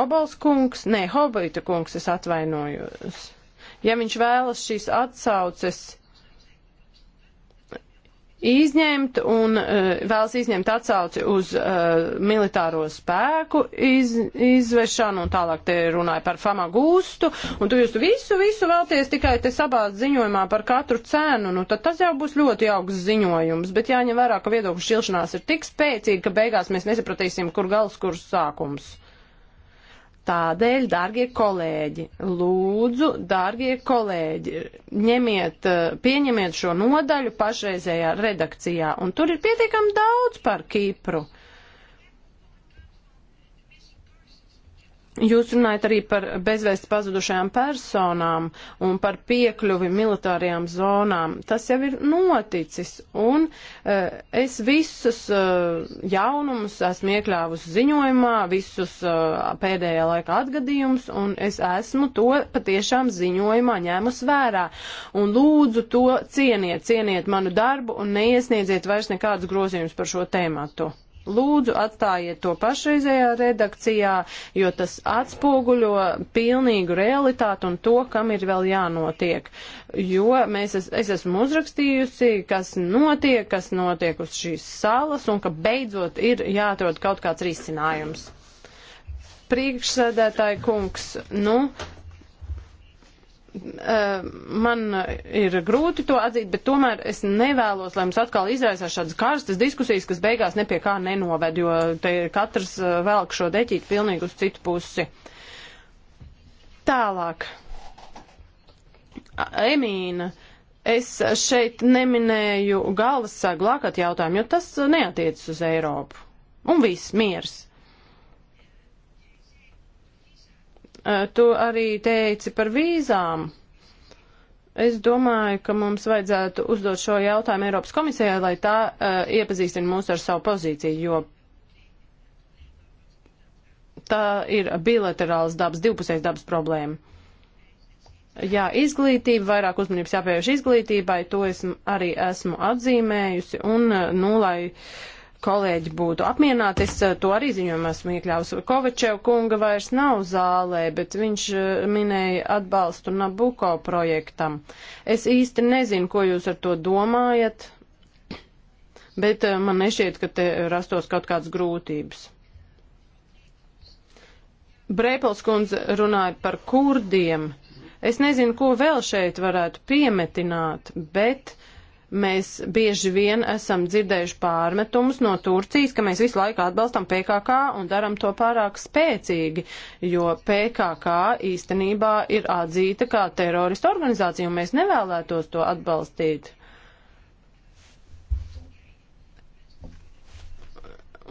Obals kungs, nē, Hobita kungs, es atvainojos. Ja viņš vēlas šīs atsauces izņemt un e, vēlas izņemt atsauci uz e, militāro spēku iz, izvešanu un tālāk te runāja par famagūstu un tu jūs visu, visu vēlties tikai te sabāzt ziņojumā par katru cenu, nu tad tas jau būs ļoti augsts ziņojums, bet jāņem vērā, ka viedokļu šķilšanās ir tik spēcīga, ka beigās mēs nesapratīsim, kur gals, kur sākums. Tādēļ, dārgie kolēģi, lūdzu, dārgie kolēģi, ņemiet, eh, pieņemiet šo nodaļu pašreizējā redakcijā, un tur ir pietiekami daudz par Kipru. Uh, Jūs runājat arī par bezvēsti pazudušajām personām un par piekļuvi militārajām zonām. Tas jau ir noticis, un uh, es visus uh, jaunumus esmu iekļāvusi ziņojumā, visus uh, pēdējā laika atgadījumus, un es esmu to patiešām ziņojumā ņēmus vērā. Un lūdzu to cieniet, cieniet manu darbu un neiesniedziet vairs nekādus grozījumus par šo tēmatu. Lūdzu, atstājiet to pašreizējā redakcijā, jo tas atspoguļo pilnīgu realitāti un to, kam ir vēl jānotiek. Jo mēs, es, es esmu uzrakstījusi, kas notiek, kas notiek uz šīs salas un ka beidzot ir jāatrod kaut kāds risinājums. Priekšsēdētāji kungs, nu, man ir grūti to atzīt, bet tomēr es nevēlos, lai mums atkal izraisās šādas karstas diskusijas, kas beigās nepie kā nenoved, jo te ir katrs velk šo deķīti pilnīgi uz citu pusi. Tālāk. Emīna. Es šeit neminēju galvas saglākat jautājumu, jo tas neatiecas uz Eiropu. Un viss miers. Tu arī teici par vīzām. Es domāju, ka mums vajadzētu uzdot šo jautājumu Eiropas komisijai, lai tā uh, iepazīstina mūs ar savu pozīciju, jo tā ir bilaterāls dabas, divpusējs dabas problēma. Jā, izglītība, vairāk uzmanības jāpievērš izglītībai, to es arī esmu atzīmējusi, un, nu, lai uh, kolēģi būtu apmierināti. Es eh, to arī ziņojumā esmu iekļāvusi. Kovačev kunga vairs nav zālē, bet viņš eh, minēja atbalstu Nabuko projektam. Es īsti nezinu, ko jūs ar to domājat, bet eh, man nešķiet, ka te rastos kaut kādas grūtības. Brēpels kundze runāja par kurdiem. Es nezinu, ko vēl šeit varētu piemetināt, bet uh, Mēs bieži vien esam dzirdējuši pārmetumus no Turcijas, ka mēs visu laiku atbalstam PKK un daram to pārāk spēcīgi, jo PKK īstenībā ir atzīta kā terorista organizācija un mēs nevēlētos to atbalstīt.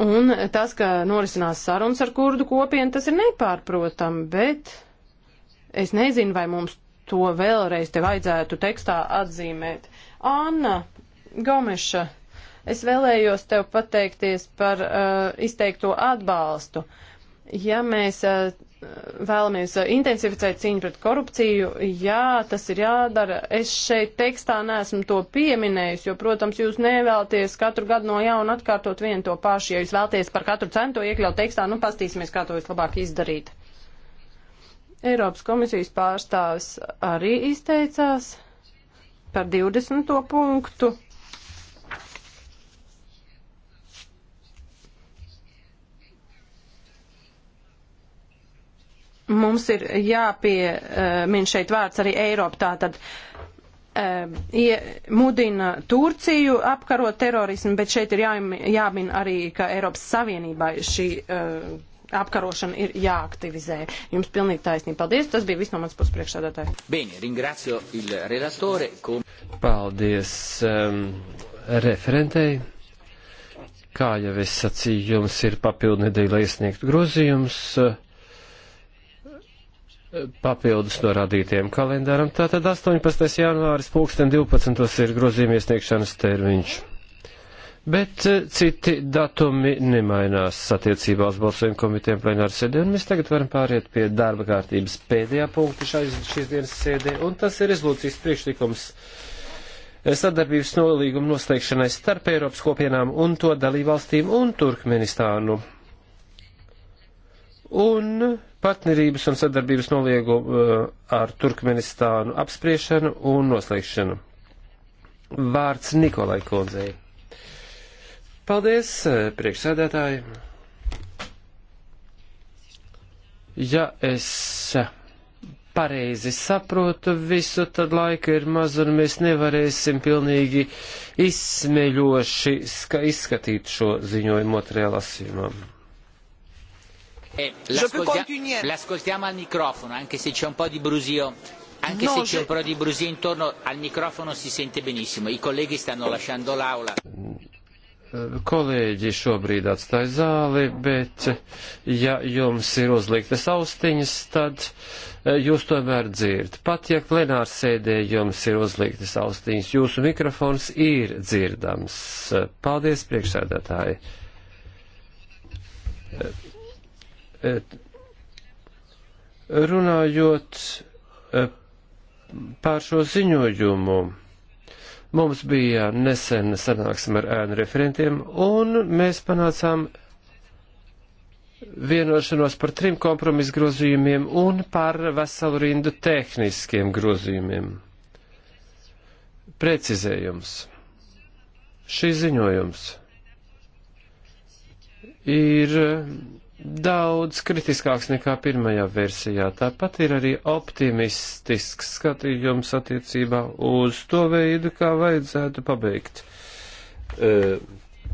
Un tas, ka norisinās sarunas ar kurdu kopienu, tas ir nepārprotam, bet es nezinu, vai mums to vēlreiz te vajadzētu tekstā atzīmēt. Anna Gomeša, es vēlējos tev pateikties par uh, izteikto atbalstu. Ja mēs uh, vēlamies uh, intensificēt cīņu pret korupciju, jā, tas ir jādara. Es šeit tekstā neesmu to pieminējis, jo, protams, jūs nevēlaties katru gadu no jauna atkārtot vienu to pašu. Ja jūs vēlaties par katru centu iekļaut tekstā, nu pastīsimies, kā to vislabāk izdarīt. Eiropas komisijas pārstāvis arī izteicās par 20. punktu. Mums ir jāpiemin šeit vārds arī Eiropa. Tātad ehm, mudina Turciju apkarot terorismu, bet šeit ir jāmin arī, ka Eiropas Savienībai šī ehm, apkarošana ir jāaktivizē. Jums pilnīgi taisnība. Paldies, tas bija viss no mans puses priekšsādātāji. Bene, ringrazio il relatore. Kum... Paldies um, referentei. Kā jau es sacīju, jums ir papildu nedēļa, lai iesniegtu grozījums papildus no radītiem kalendāram. Tātad 18. janvāris pulksten 12. ir grozījuma iesniegšanas termiņš bet eh, citi datumi nemainās attiecībā uz balsojumu komitēm plenāru sēdē, un mēs tagad varam pāriet pie darba kārtības pēdējā punkta šais, šīs dienas sēdē, un tas ir rezolūcijas priekšlikums eh, sadarbības nolīguma noslēgšanai starp Eiropas kopienām un to dalībvalstīm un Turkmenistānu. Un partnerības un sadarbības noliegumu eh, ar Turkmenistānu apspriešanu un noslēgšanu. Vārds Nikolai Kundzei. Paldies, eh, priekšsēdētāji. Ja es eh, pareizi saprotu visu, tad laika ir maz un mēs nevarēsim pilnīgi izsmeļoši izskatīt šo ziņojumu otrajā lasījumā. L'ascoltiamo al microfono, anche se c'è un po' di brusio. Anche no, se c'è un po' di brusio intorno al microfono si sente benissimo. I colleghi stanno lasciando l'aula kolēģi šobrīd atstāja zāli, bet ja jums ir uzliktas austiņas, tad eh, jūs tomēr dzird. Pat ja plenārs sēdē jums ir uzliktas austiņas, jūsu mikrofons ir dzirdams. Paldies, priekšsēdētāji. Eh, eh, runājot par šo ziņojumu Mums bija nesen sanāksme ar ēnu referentiem, un mēs panācām vienošanos par trim kompromisu grozījumiem un par veselu rindu tehniskiem grozījumiem. Precizējums. Šis ziņojums ir daudz kritiskāks nekā pirmajā versijā. Tāpat ir arī optimistisks skatījums attiecībā uz to veidu, kā vajadzētu pabeigt e, eh,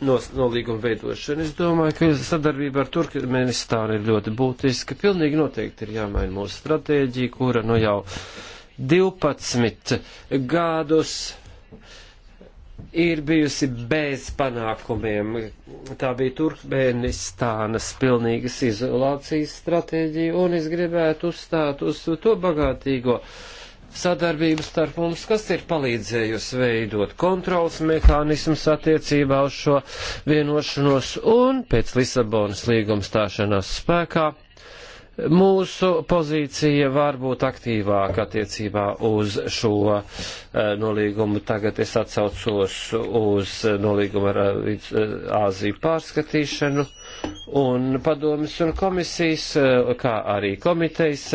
no, no līguma veidošanu. Es domāju, ka sadarbība ar Turkmenistānu ir ļoti būtiska. Pilnīgi noteikti ir jāmaina mūsu stratēģija, kura no nu jau 12 gadus ir bijusi bez panākumiem. Tā bija Turkmenistānas pilnīgas izolācijas stratēģija, un es gribētu uzstāt uz to bagātīgo sadarbību starp mums, kas ir palīdzējusi veidot kontrols mehānismus attiecībā uz šo vienošanos, un pēc Lisabonas līguma stāšanās spēkā mūsu pozīcija var būt aktīvāka attiecībā uz šo eh, nolīgumu. Tagad es atsaucos uz nolīgumu ar eh, Āziju pārskatīšanu un padomis un komisijas, eh, kā arī komitejas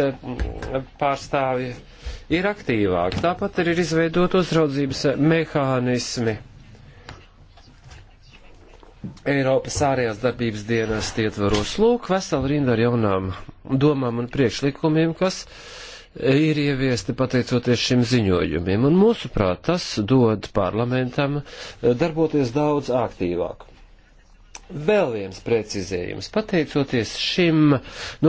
pārstāvji ir aktīvāki. Tāpat arī ir izveidot uzraudzības mehānismi Eiropas ārējās darbības dienas ietvaros lūk veselu rindu ar jaunām domām un priekšlikumiem, kas ir ieviesti pateicoties šim ziņojumiem. Un mūsuprāt, tas dod parlamentam darboties daudz aktīvāk. Vēl viens precizējums. Pateicoties šim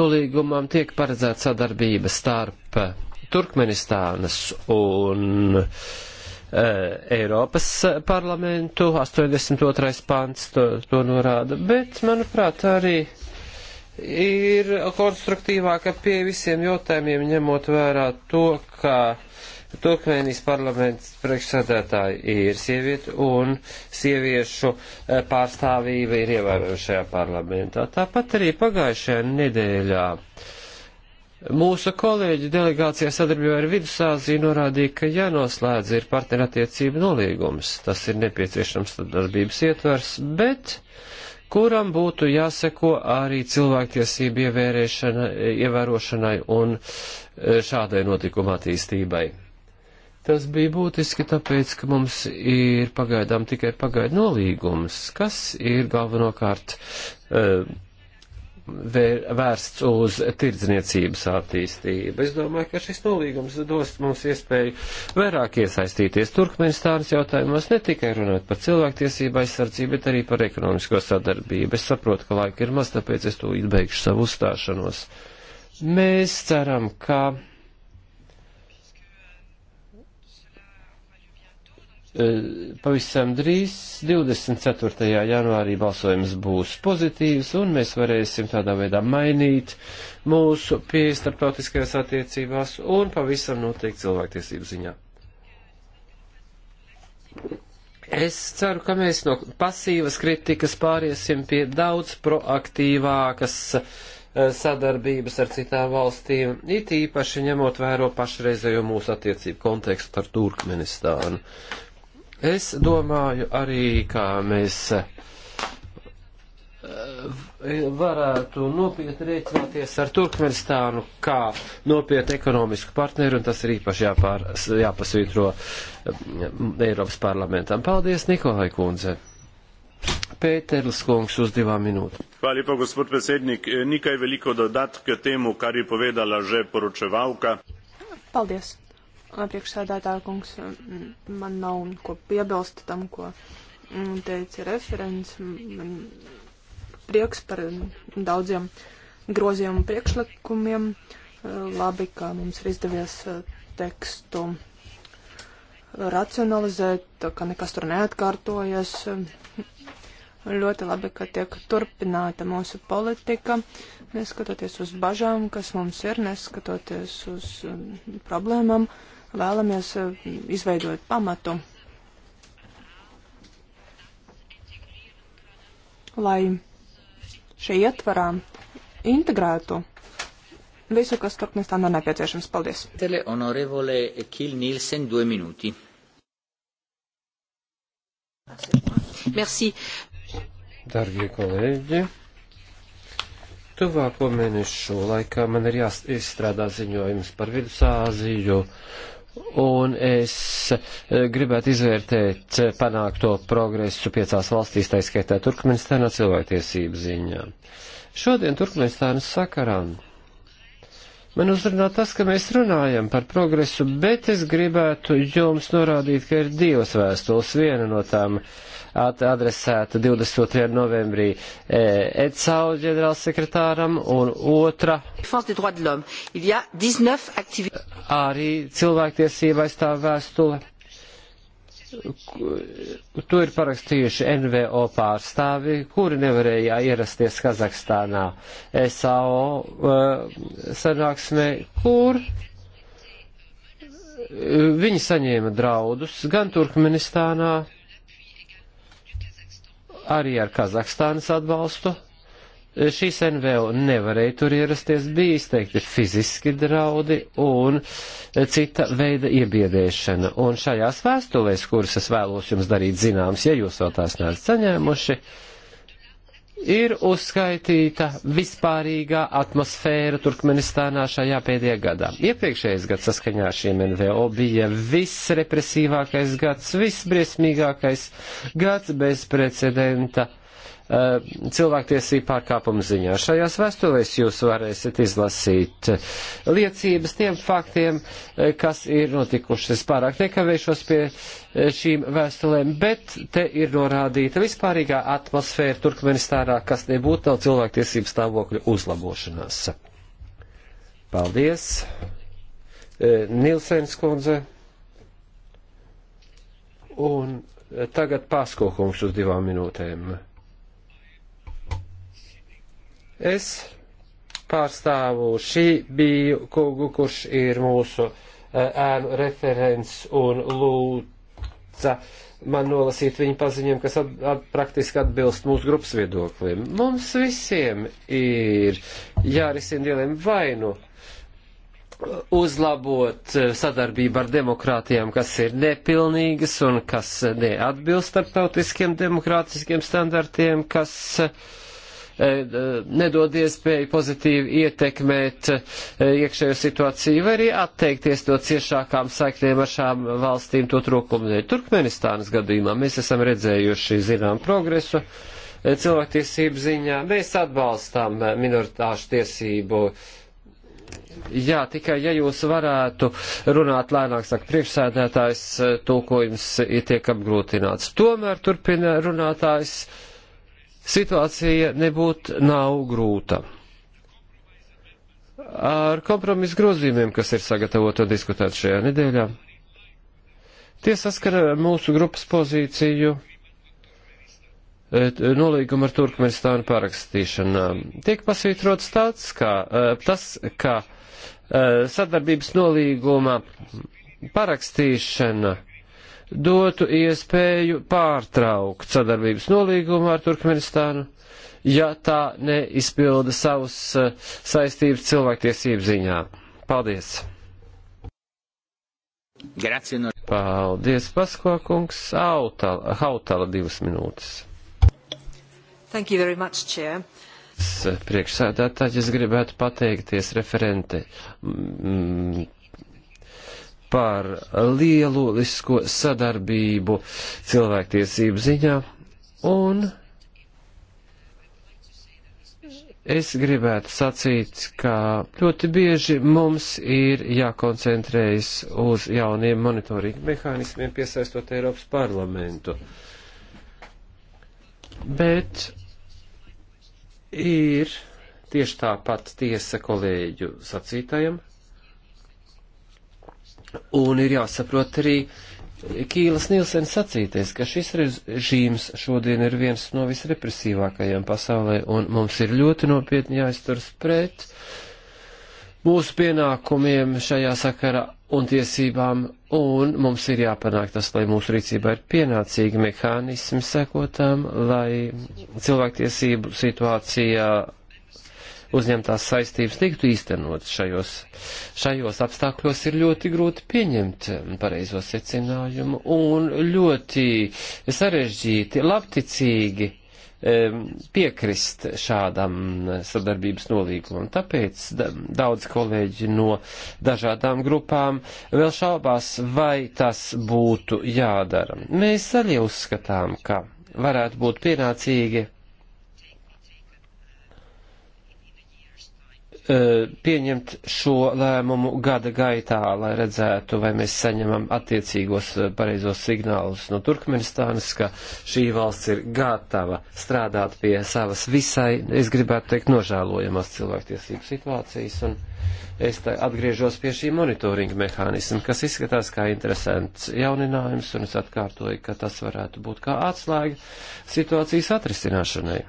nolīgumam tiek paredzēta sadarbība starp Turkmenistānas un uh, Eh, Eiropas parlamentu, 82. pants to, to norāda, bet, manuprāt, arī ir konstruktīvāka pie visiem jautājumiem, ņemot vērā to, ka Turkmēnijas parlaments priekšsēdētāji ir sieviete un sieviešu eh, pārstāvība ir ievērojama šajā parlamentā. Tāpat arī pagājušajā nedēļā uh, Mūsu kolēģi delegācijā sadarbībā ar Vidusāziju norādīja, ka jānoslēdz ir partnerattiecību nolīgums. Tas ir nepieciešams sadarbības ietvers, bet kuram būtu jāseko arī cilvēktiesību ievērošanai un e, šādai notikuma attīstībai. Tas bija būtiski tāpēc, ka mums ir pagaidām tikai pagaidu nolīgums, kas ir galvenokārt uh, vērsts uz tirdzniecības attīstību. Es domāju, ka šis nolīgums dos mums iespēju vairāk iesaistīties Turkmenistānas jautājumos, ne tikai runāt par cilvēktiesību aizsardzību, bet arī par ekonomisko sadarbību. Es saprotu, ka laika ir maz, tāpēc es tūlīt beigšu savu uzstāšanos. Mēs ceram, ka E, pavisam drīz, 24. janvārī balsojums būs pozitīvs, un mēs varēsim tādā veidā mainīt mūsu pieeja starptautiskajās attiecībās un pavisam noteikti cilvēktiesību ziņā. Es ceru, ka mēs no pasīvas kritikas pāriesim pie daudz proaktīvākas e, sadarbības ar citām valstīm, it īpaši ņemot vēro pašreizējo mūsu attiecību kontekstu ar Turkmenistānu Es domāju arī, kā mēs eh, varētu nopietni rēķināties ar Turkmenistānu kā nopietnu ekonomisku partneri, un tas ir īpaši jāpār, jāpasvītro eh, Eiropas parlamentam. Paldies, Nikolai Kundze! Pēterlis kungs uz divām minūtēm. Hvala lepa, gospod predsednik. Eh, nekaj veliko dodat k temu, kar je povedala že poročevalka. Paldies. Priekšsēdētā kungs, man nav ko piebilst tam, ko mm, teica referents. Man prieks par daudziem grozījumu priekšlikumiem. Labi, ka mums ir izdevies tekstu racionalizēt, ka nekas tur neatkārtojas. Ļoti labi, ka tiek turpināta mūsu politika, neskatoties uz bažām, kas mums ir, neskatoties uz problēmām, vēlamies eh, izveidot pamatu, lai šī ietvarā integrētu visu, kas Turkmenistānā nepieciešams. Paldies. Tele honorevole Kil Nielsen, divi minūti. Merci. Dargie kolēģi, tuvāko mēnešu laikā man ir jāizstrādā ziņojums par Vidusāziju un es eh, gribētu izvērtēt eh, panākto progresu piecās valstīs, tā skaitā Turkmenistānā cilvēktiesību ziņā. Šodien Turkmenistānas sakarām Man uzrunā tas, ka mēs runājam par progresu, bet es gribētu jums norādīt, ka ir divas vēstules. Viena no tām adresēta 22. novembrī e, ECAU ģenerālsekretāram un otra arī cilvēktiesība aizstāv vēstule To ir parakstījuši NVO pārstāvi, kuri nevarēja ierasties Kazahstānā SAO eh, sanāksmē, kur eh, viņi saņēma draudus gan Turkmenistānā, arī ar Kazahstānas atbalstu šīs NVO nevarēja tur ierasties, bija izteikti fiziski draudi un cita veida iebiedēšana. Un šajās vēstulēs, kuras es vēlos jums darīt zināmas, ja jūs vēl tās neesat saņēmuši, ir uzskaitīta vispārīgā atmosfēra Turkmenistānā šajā pēdējā gadā. Iepriekšējais gads saskaņā ar šiem NVO bija visrepresīvākais gads, visbriesmīgākais gads bez precedenta Eh, cilvēktiesību pārkāpumu ziņā. Šajās vēstulēs jūs varēsiet izlasīt eh, liecības tiem faktiem, eh, kas ir notikuši. Es pārāk nekavēšos pie šīm vēstulēm, bet te ir norādīta vispārīgā atmosfēra Turkmenistānā, kas nebūtu nav cilvēktiesību stāvokļa uzlabošanās. Paldies! Nilsens kundze. Un tagad paskokungs uz divām minūtēm. Es pārstāvu šī biju kungu, kurš ir mūsu eh, ēnu referents un lūdza man nolasīt viņu paziņojumu, kas at, at, praktiski atbilst mūsu grupas viedoklim. Mums visiem ir jārisina dieliem vainu uzlabot eh, sadarbību ar demokrātijām, kas ir nepilnīgas un kas neatbilst starptautiskiem demokrātiskiem standartiem, kas uh, E, nedod iespēju pozitīvi ietekmēt e, iekšējo situāciju, vai arī atteikties no ciešākām saiknēm ar šām valstīm to trūkumu dēļ. Turkmenistānas gadījumā mēs esam redzējuši zinām progresu e, cilvēktiesību ziņā. Mēs atbalstām minoritāšu tiesību Jā, tikai ja jūs varētu runāt lēnāk, saka priekšsēdētājs, tulkojums tiek apgrūtināts. Tomēr turpina runātājs situācija nebūtu nav grūta. Ar kompromisu grozījumiem, kas ir sagatavot un diskutēt šajā nedēļā, tie saskara ar mūsu grupas pozīciju nolīguma ar Turkmenistānu parakstīšanā. Tiek pasvītrots tāds, ka e, tas, ka e, sadarbības nolīguma parakstīšana dotu iespēju pārtraukt sadarbības nolīgumu ar Turkmenistānu, ja tā neizpilda savus eh, saistības cilvēktiesību ziņā. Paldies! No... Paldies, Pasko kungs. Autala, hautala divas minūtes. Thank you very much, Chair. Priekšsēdētāji, es gribētu pateikties referente par lielisko sadarbību cilvēktiesību ziņā, un es gribētu sacīt, ka ļoti bieži mums ir jākoncentrējas uz jauniem monitoringa mehānismiem, piesaistot Eiropas parlamentu. Bet ir tieši tāpat tiesa kolēģu sacītajam, Un ir jāsaprot arī Kīlas Nilsen sacītais, ka šis režīms šodien ir viens no visrepresīvākajiem pasaulē, un mums ir ļoti nopietni jāizturas pret mūsu pienākumiem šajā sakarā un tiesībām, un mums ir jāpanāk tas, lai mūsu rīcībā ir pienācīgi mehānismi sekotām, lai cilvēktiesību situācijā uzņemtās saistības tiktu īstenotas šajos, šajos apstākļos, ir ļoti grūti pieņemt um, pareizo secinājumu un ļoti sarežģīti, labticīgi um, piekrist šādam um, sadarbības nolīgumam. Tāpēc daudz kolēģi no dažādām grupām vēl šaubās, vai tas būtu jādara. Mēs arī uzskatām, ka varētu būt pienācīgi Eh, pieņemt šo lēmumu gada gaitā, lai redzētu, vai mēs saņemam attiecīgos eh, pareizos signālus no Turkmenistānas, ka šī valsts ir gatava strādāt pie savas visai, es gribētu teikt, nožēlojamās cilvēktiesību situācijas. Un es atgriežos pie šī monitoringa mehānisma, kas izskatās kā interesants jauninājums, un es atkārtoju, ka tas varētu būt kā atslēga situācijas atrisināšanai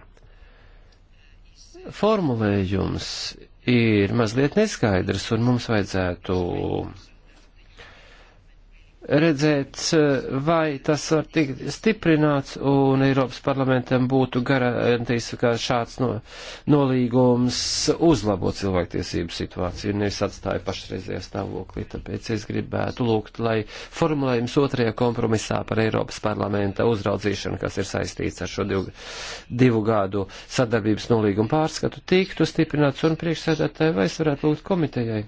formulējums ir mazliet neskaidrs, un mums vajadzētu redzēt, vai tas var tikt stiprināts, un Eiropas parlamentam būtu garantijas, ka šāds no, nolīgums uzlabo cilvēktiesību situāciju, nevis atstāja pašreizajā stāvoklī. Tāpēc es gribētu lūgt, lai formulējums otrajā kompromisā par Eiropas parlamenta uzraudzīšanu, kas ir saistīts ar šo divu, divu gadu sadarbības nolīgumu pārskatu, tiktu stiprināts, un priekšsēdētāji vai es varētu lūgt komitejai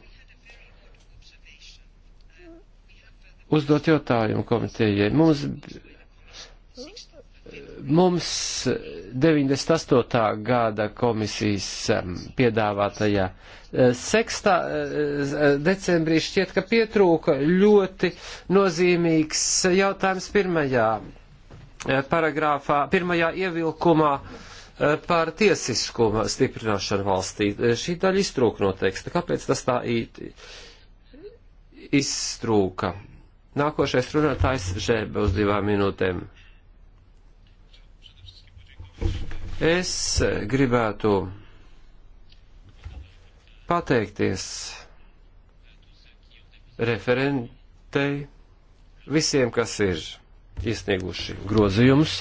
uzdot jautājumu komitejai. Mums, mums 98. gada komisijas piedāvātajā 6. Eh, eh, eh, decembrī šķiet, ka pietrūka ļoti nozīmīgs jautājums pirmajā paragrāfā, pirmajā ievilkumā par tiesiskuma stiprināšanu valstī. Šī daļa iztrūka no teksta. Kāpēc tas tā īti iztrūka? Nākošais runātājs Žēbe uz divām minūtēm. Es gribētu pateikties referentei visiem, kas ir iesnieguši grozījumus,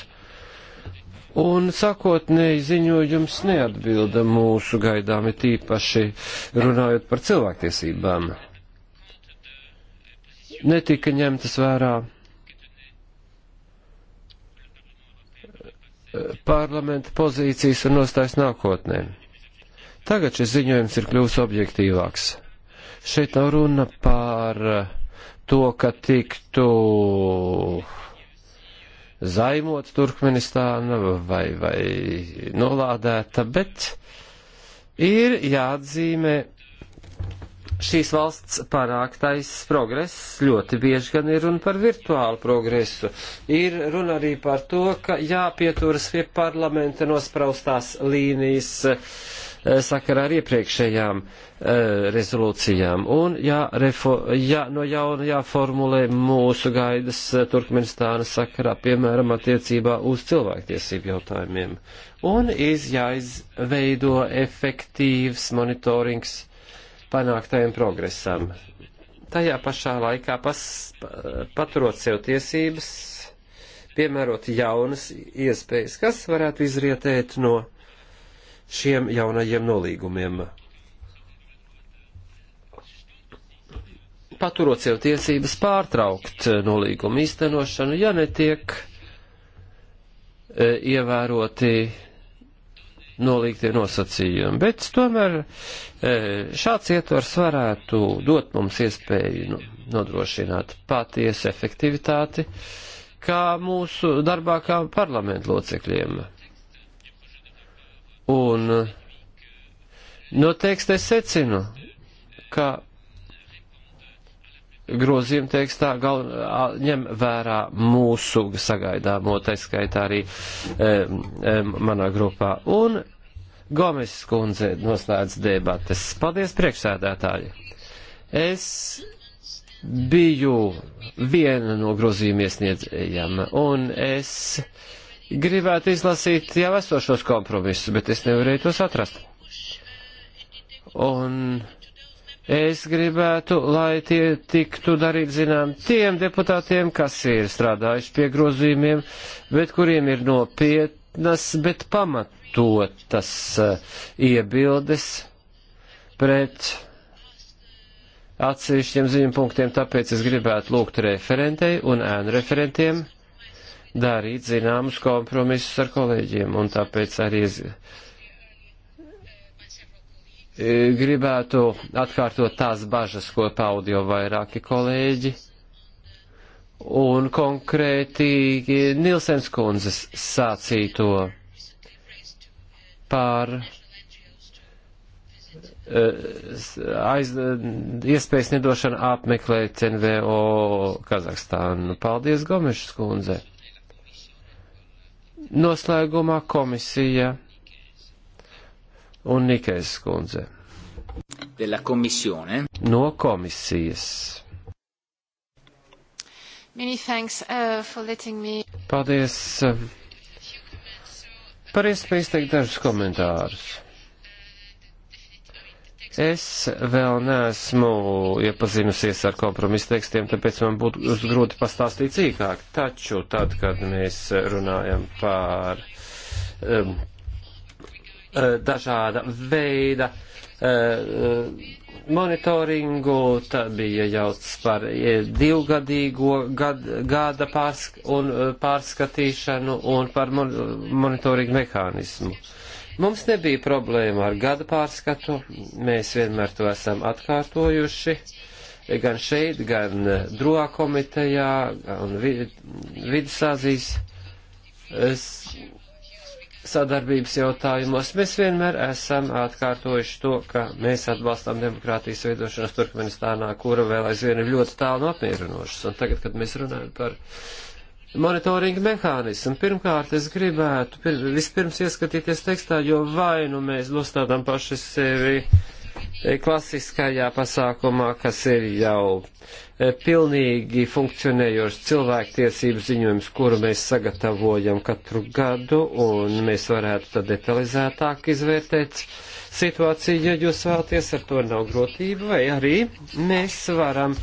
un sakotnēji ziņojums neatbilda mūsu gaidāmi tīpaši runājot par cilvēktiesībām netika ņemtas vērā parlamenta pozīcijas un nostājas nākotnē. Tagad šis ziņojums ir kļūst objektīvāks. Šeit nav runa par to, ka tiktu zaimot Turkmenistāna vai, vai nolādēta, bet ir jāatzīmē šīs valsts parāktais progress ļoti bieži gan ir runa par virtuālu progresu. Ir runa arī par to, ka jāpieturas pie parlamenta nospraustās līnijas eh, sakarā ar iepriekšējām eh, rezolūcijām un jārefo, jā, no jauna jāformulē mūsu gaidas eh, Turkmenistāna sakarā, piemēram, attiecībā uz cilvēktiesību jautājumiem. Un iz jāizveido efektīvs monitorings panāktajam progresam. Tajā pašā laikā pas, paturot sev tiesības, piemērot jaunas iespējas, kas varētu izrietēt no šiem jaunajiem nolīgumiem. Paturot sev tiesības pārtraukt nolīgumu īstenošanu, ja netiek e, ievēroti nolīgtie nosacījumi, bet tomēr e, šāds ietvars varētu dot mums iespēju nu, nodrošināt patiesu efektivitāti, kā mūsu darbā kā parlamentu locekļiem. Un no teksta es secinu, ka grozījuma tekstā gal, ņem vērā mūsu sagaidāmo, tā skaitā arī e, e, manā grupā. Un Gomes skundze noslēdz debates. Paldies, priekšsēdētāji! Es biju viena no grozījuma iesniedzējām, un es gribētu izlasīt jau esošos kompromisus, bet es nevarēju tos atrast. Un es gribētu, lai tie tiktu darīt zinām tiem deputātiem, kas ir strādājuši pie grozījumiem, bet kuriem ir nopietnas, bet pamat pamatotas eh, iebildes pret atsevišķiem ziņu punktiem, tāpēc es gribētu lūgt referentei un ēnu referentiem darīt zināmus kompromisus ar kolēģiem, un tāpēc arī es eh, gribētu atkārtot tās bažas, ko paudi jau vairāki kolēģi, un konkrēti Nilsens kundzes sācīto par eh, aiz, iespējas nedošana apmeklēt NVO Kazahstānu. Paldies, Gomešas kundze. Noslēgumā komisija un Nikēs kundze. No komisijas. Many thanks, uh, for letting me... Paldies. Uh, Par iespēju izteikt dažus komentārus. Es vēl neesmu iepazinusies ar kompromisu tekstiem, tāpēc man būtu grūti pastāstīt cīkāk. Taču tad, kad mēs runājam par um, eh, dažāda veida uh, monitoringu, tad bija jauts par e, divgadīgo gad, gada pārsk un, e, pārskatīšanu un par mon monitoringu mehānismu. Mums nebija problēma ar gada pārskatu, mēs vienmēr to esam atkārtojuši, e, gan šeit, gan droā komitejā, gan vid Vidusāzijas sadarbības jautājumos. Mēs vienmēr esam atkārtojuši to, ka mēs atbalstām demokrātijas veidošanos Turkmenistānā, kura vēl aizvien ir ļoti tālu no apmierinošas. Un tagad, kad mēs runājam par monitoringa mehānismu, pirmkārt, es gribētu pir vispirms ieskatīties tekstā, jo vai nu mēs nostādām paši sevi E, klasiskajā pasākumā, kas ir jau e, pilnīgi funkcionējošs cilvēktiesību ziņojums, kuru mēs sagatavojam katru gadu, un mēs varētu tad detalizētāk izvērtēt situāciju, ja jūs vēlaties, ar to nav grotība, vai arī mēs varam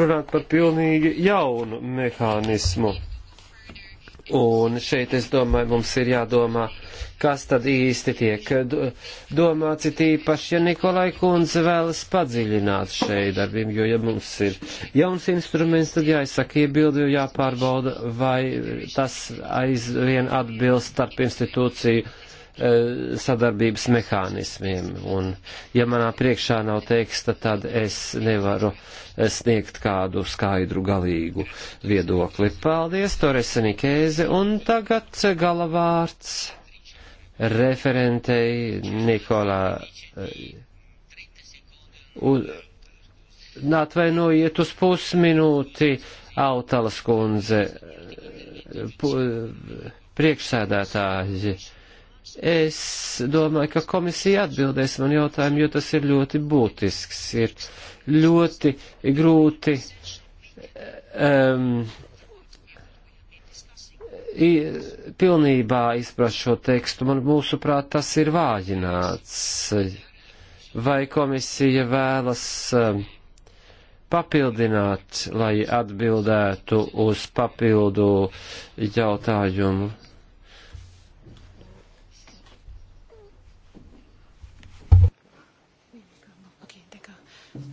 runāt par pilnīgi jaunu mehānismu Un šeit, es domāju, mums ir jādomā, kas tad īsti tiek domāts, it īpaši, ja Nikolai Kunze vēlas padziļināt šeit darbību, jo, ja mums ir jauns instruments, tad jāizsaka iebildi, jo jāpārbauda, vai tas aizvien atbilst starp institūciju E, sadarbības mehānismiem. Un, ja manā priekšā nav teksta, tad es nevaru e, sniegt kādu skaidru galīgu viedokli. Paldies, Toreseni Kēze, un tagad galavārds referentei Nikolā. E, un, atvainojiet uz pusminūti, Autalas kundze, priekšsēdētāji Es domāju, ka komisija atbildēs man jautājumu, jo tas ir ļoti būtisks. Ir ļoti grūti um, i, pilnībā izprast šo tekstu. Man mūsuprāt, tas ir vājināts. Vai komisija vēlas. Um, papildināt, lai atbildētu uz papildu jautājumu.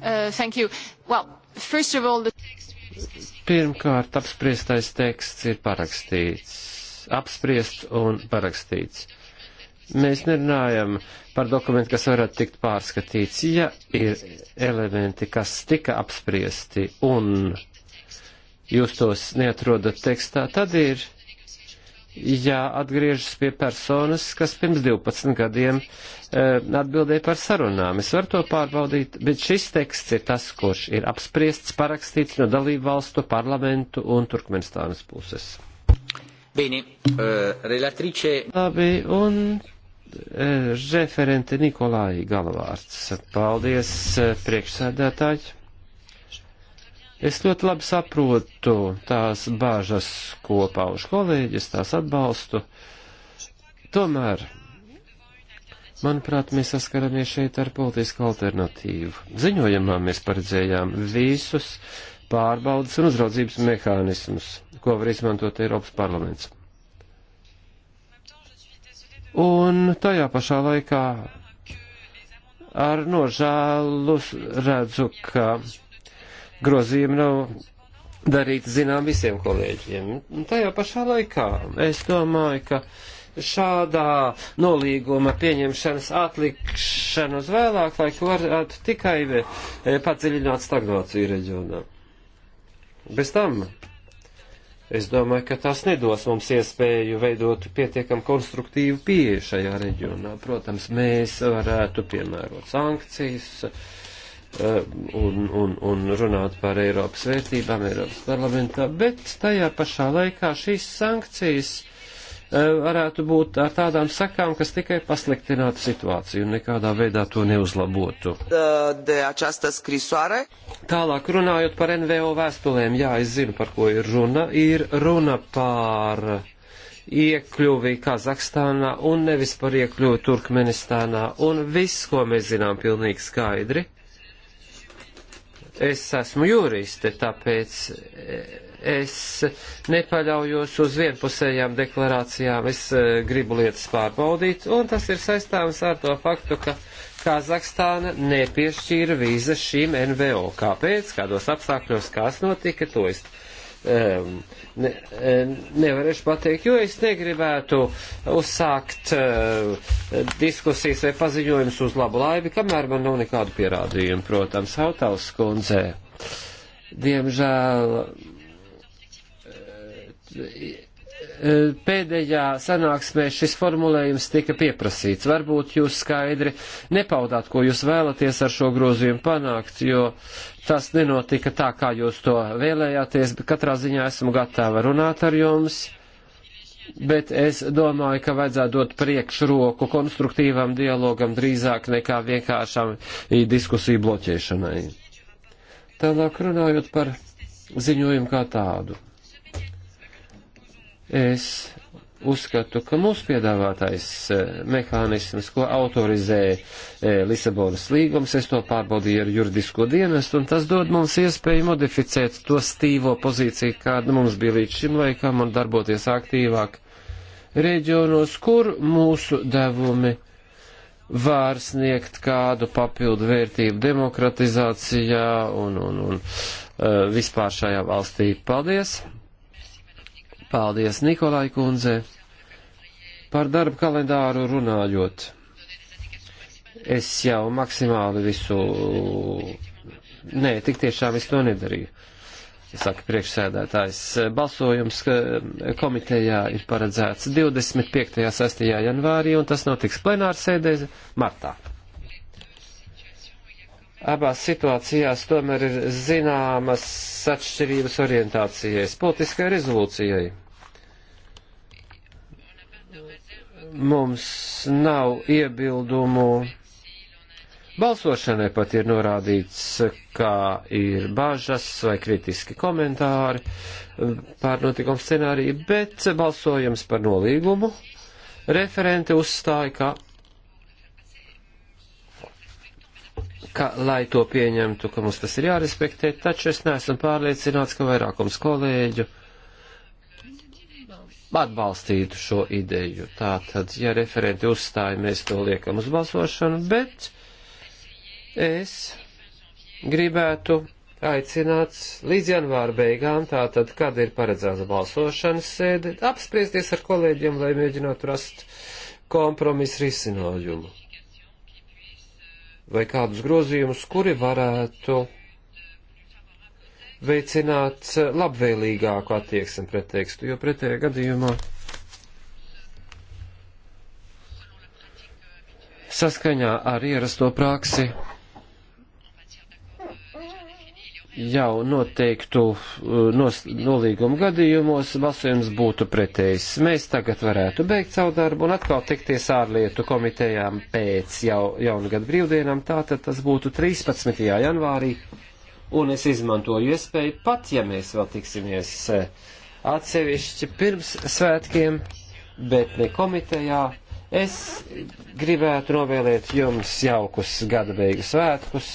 Uh, thank you. Well, first of all, the text we are discussing... Pirmkārt, apspriestais teksts ir parakstīts. Apspriest un parakstīts. Mēs nerunājam par dokumentu, kas varētu tikt pārskatīts, ja ir elementi, kas tika apspriesti un jūs tos neatrodat tekstā, tad ir jāatgriežas pie personas, kas pirms 12 gadiem e, atbildēja par sarunām. Es varu to pārbaudīt, bet šis teksts ir tas, kurš ir apspriests, parakstīts no dalību valstu parlamentu un Turkmenistānas puses. Bene, uh, relatrice. Labi, un eh, referente Nikolai Galavārds. Paldies, priekšsēdētāji. Es ļoti labi saprotu tās bāžas, ko pauž kolēģis, tās atbalstu. Tomēr, manuprāt, mēs saskaramies šeit ar politisku alternatīvu. Ziņojumā mēs paredzējām visus pārbaudas un uzraudzības mehānismus, ko var izmantot Eiropas parlaments. Un tajā pašā laikā ar nožēlu redzu, ka grozījumi nav darīti zinām visiem kolēģiem. Un tajā pašā laikā es domāju, ka šādā nolīguma pieņemšanas atlikšana uz vēlāk laiku varētu tikai e, padziļināt stagnāciju reģionā. Bez tam es domāju, ka tas nedos mums iespēju veidot pietiekam konstruktīvu pieeju šajā reģionā. Protams, mēs varētu piemērot sankcijas Eh, un, un, un runāt par Eiropas vērtībām Eiropas parlamentā, bet tajā pašā laikā šīs sankcijas eh, varētu būt ar tādām sakām, kas tikai pasliktinātu situāciju un nekādā veidā to neuzlabotu. De această scrisoare? Tālāk runājot par NVO vēstulēm, jā, es zinu, par ko ir runa. Ir runa par iekļuvi Kazahstānā un nevis par iekļuvi Turkmenistānā un viss, ko mēs zinām pilnīgi skaidri es esmu juriste, tāpēc e, es nepaļaujos uz vienpusējām deklarācijām. Es e, gribu lietas pārbaudīt, un tas ir saistāms ar to faktu, ka Kazahstāna nepiešķīra vīzas šīm NVO. Kāpēc, kādos apstākļos, kas notika, to es Ehm, ne, ehm, nevarēšu pateikt, jo es negribētu uzsākt uh, diskusijas vai paziņojumus uz labu laivi, kamēr man nav nekādu pierādījumu, protams, Hautals kundzē. Diemžēl pēdējā sanāksmē šis formulējums tika pieprasīts. Varbūt jūs skaidri nepaudāt, ko jūs vēlaties ar šo grozījumu panākt, jo tas nenotika tā, kā jūs to vēlējāties, bet katrā ziņā esmu gatava runāt ar jums. Bet es domāju, ka vajadzētu dot priekšroku konstruktīvam dialogam drīzāk nekā vienkāršam diskusiju bloķēšanai. Tālāk runājot par ziņojumu kā tādu. Es uzskatu, ka mūsu piedāvātais e, mehānisms, ko autorizē e, Lisabonas līgums, es to pārbaudīju ar juridisko dienestu, un tas dod mums iespēju modificēt to stīvo pozīciju, kāda mums bija līdz šim laikam, un darboties aktīvāk reģionos, kur mūsu devumi var sniegt kādu papildu vērtību demokratizācijā un, un, un e, vispār šajā valstī. Paldies! Paldies, Nikolai kundze. Par darba kalendāru runājot. Es jau maksimāli visu. Nē, tik tiešām es to nedarīju. Saka priekšsēdētājs. Balsojums komitejā ir paredzēts 25. 6. janvārī, un tas notiks plenārsēdē martā abās situācijās tomēr ir zināmas atšķirības orientācijai, politiskai rezolūcijai. mums nav iebildumu. Balsošanai pat ir norādīts, kā ir bažas vai kritiski komentāri par notikumu scenāriju, bet balsojums par nolīgumu referente uzstāja, ka, ka, lai to pieņemtu, ka mums tas ir jārespektē, taču es neesmu pārliecināts, ka vairākums kolēģu atbalstītu šo ideju. Tātad, ja referenti uzstāja, mēs to liekam uz balsošanu, bet es gribētu aicināts līdz janvāra beigām, tātad, kad ir paredzēta balsošanas sēde, apspriesties ar kolēģiem, lai mēģinātu rast kompromisu risinājumu. Vai kādus grozījumus, kuri varētu veicināt labvēlīgāku attieksmi pret tekstu, jo pretējā gadījumā saskaņā ar ierasto praksi jau noteiktu uh, nos, nolīgumu gadījumos balsojums būtu pretējs. Mēs tagad varētu beigt savu darbu un atkal tikties ārlietu komitejām pēc jau, jaungad brīvdienām, tātad tas būtu 13. janvārī un es izmantoju iespēju, pat ja mēs vēl tiksimies e, atsevišķi pirms svētkiem, bet ne komitejā, es gribētu novēlēt jums jaukus gada beigu svētkus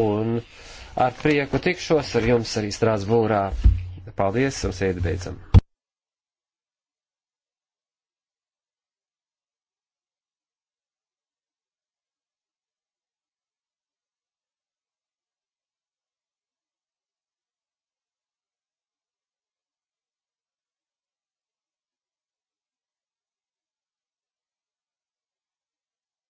un ar prieku tikšos ar jums arī Strāsbūrā. Paldies un sēdi beidzam!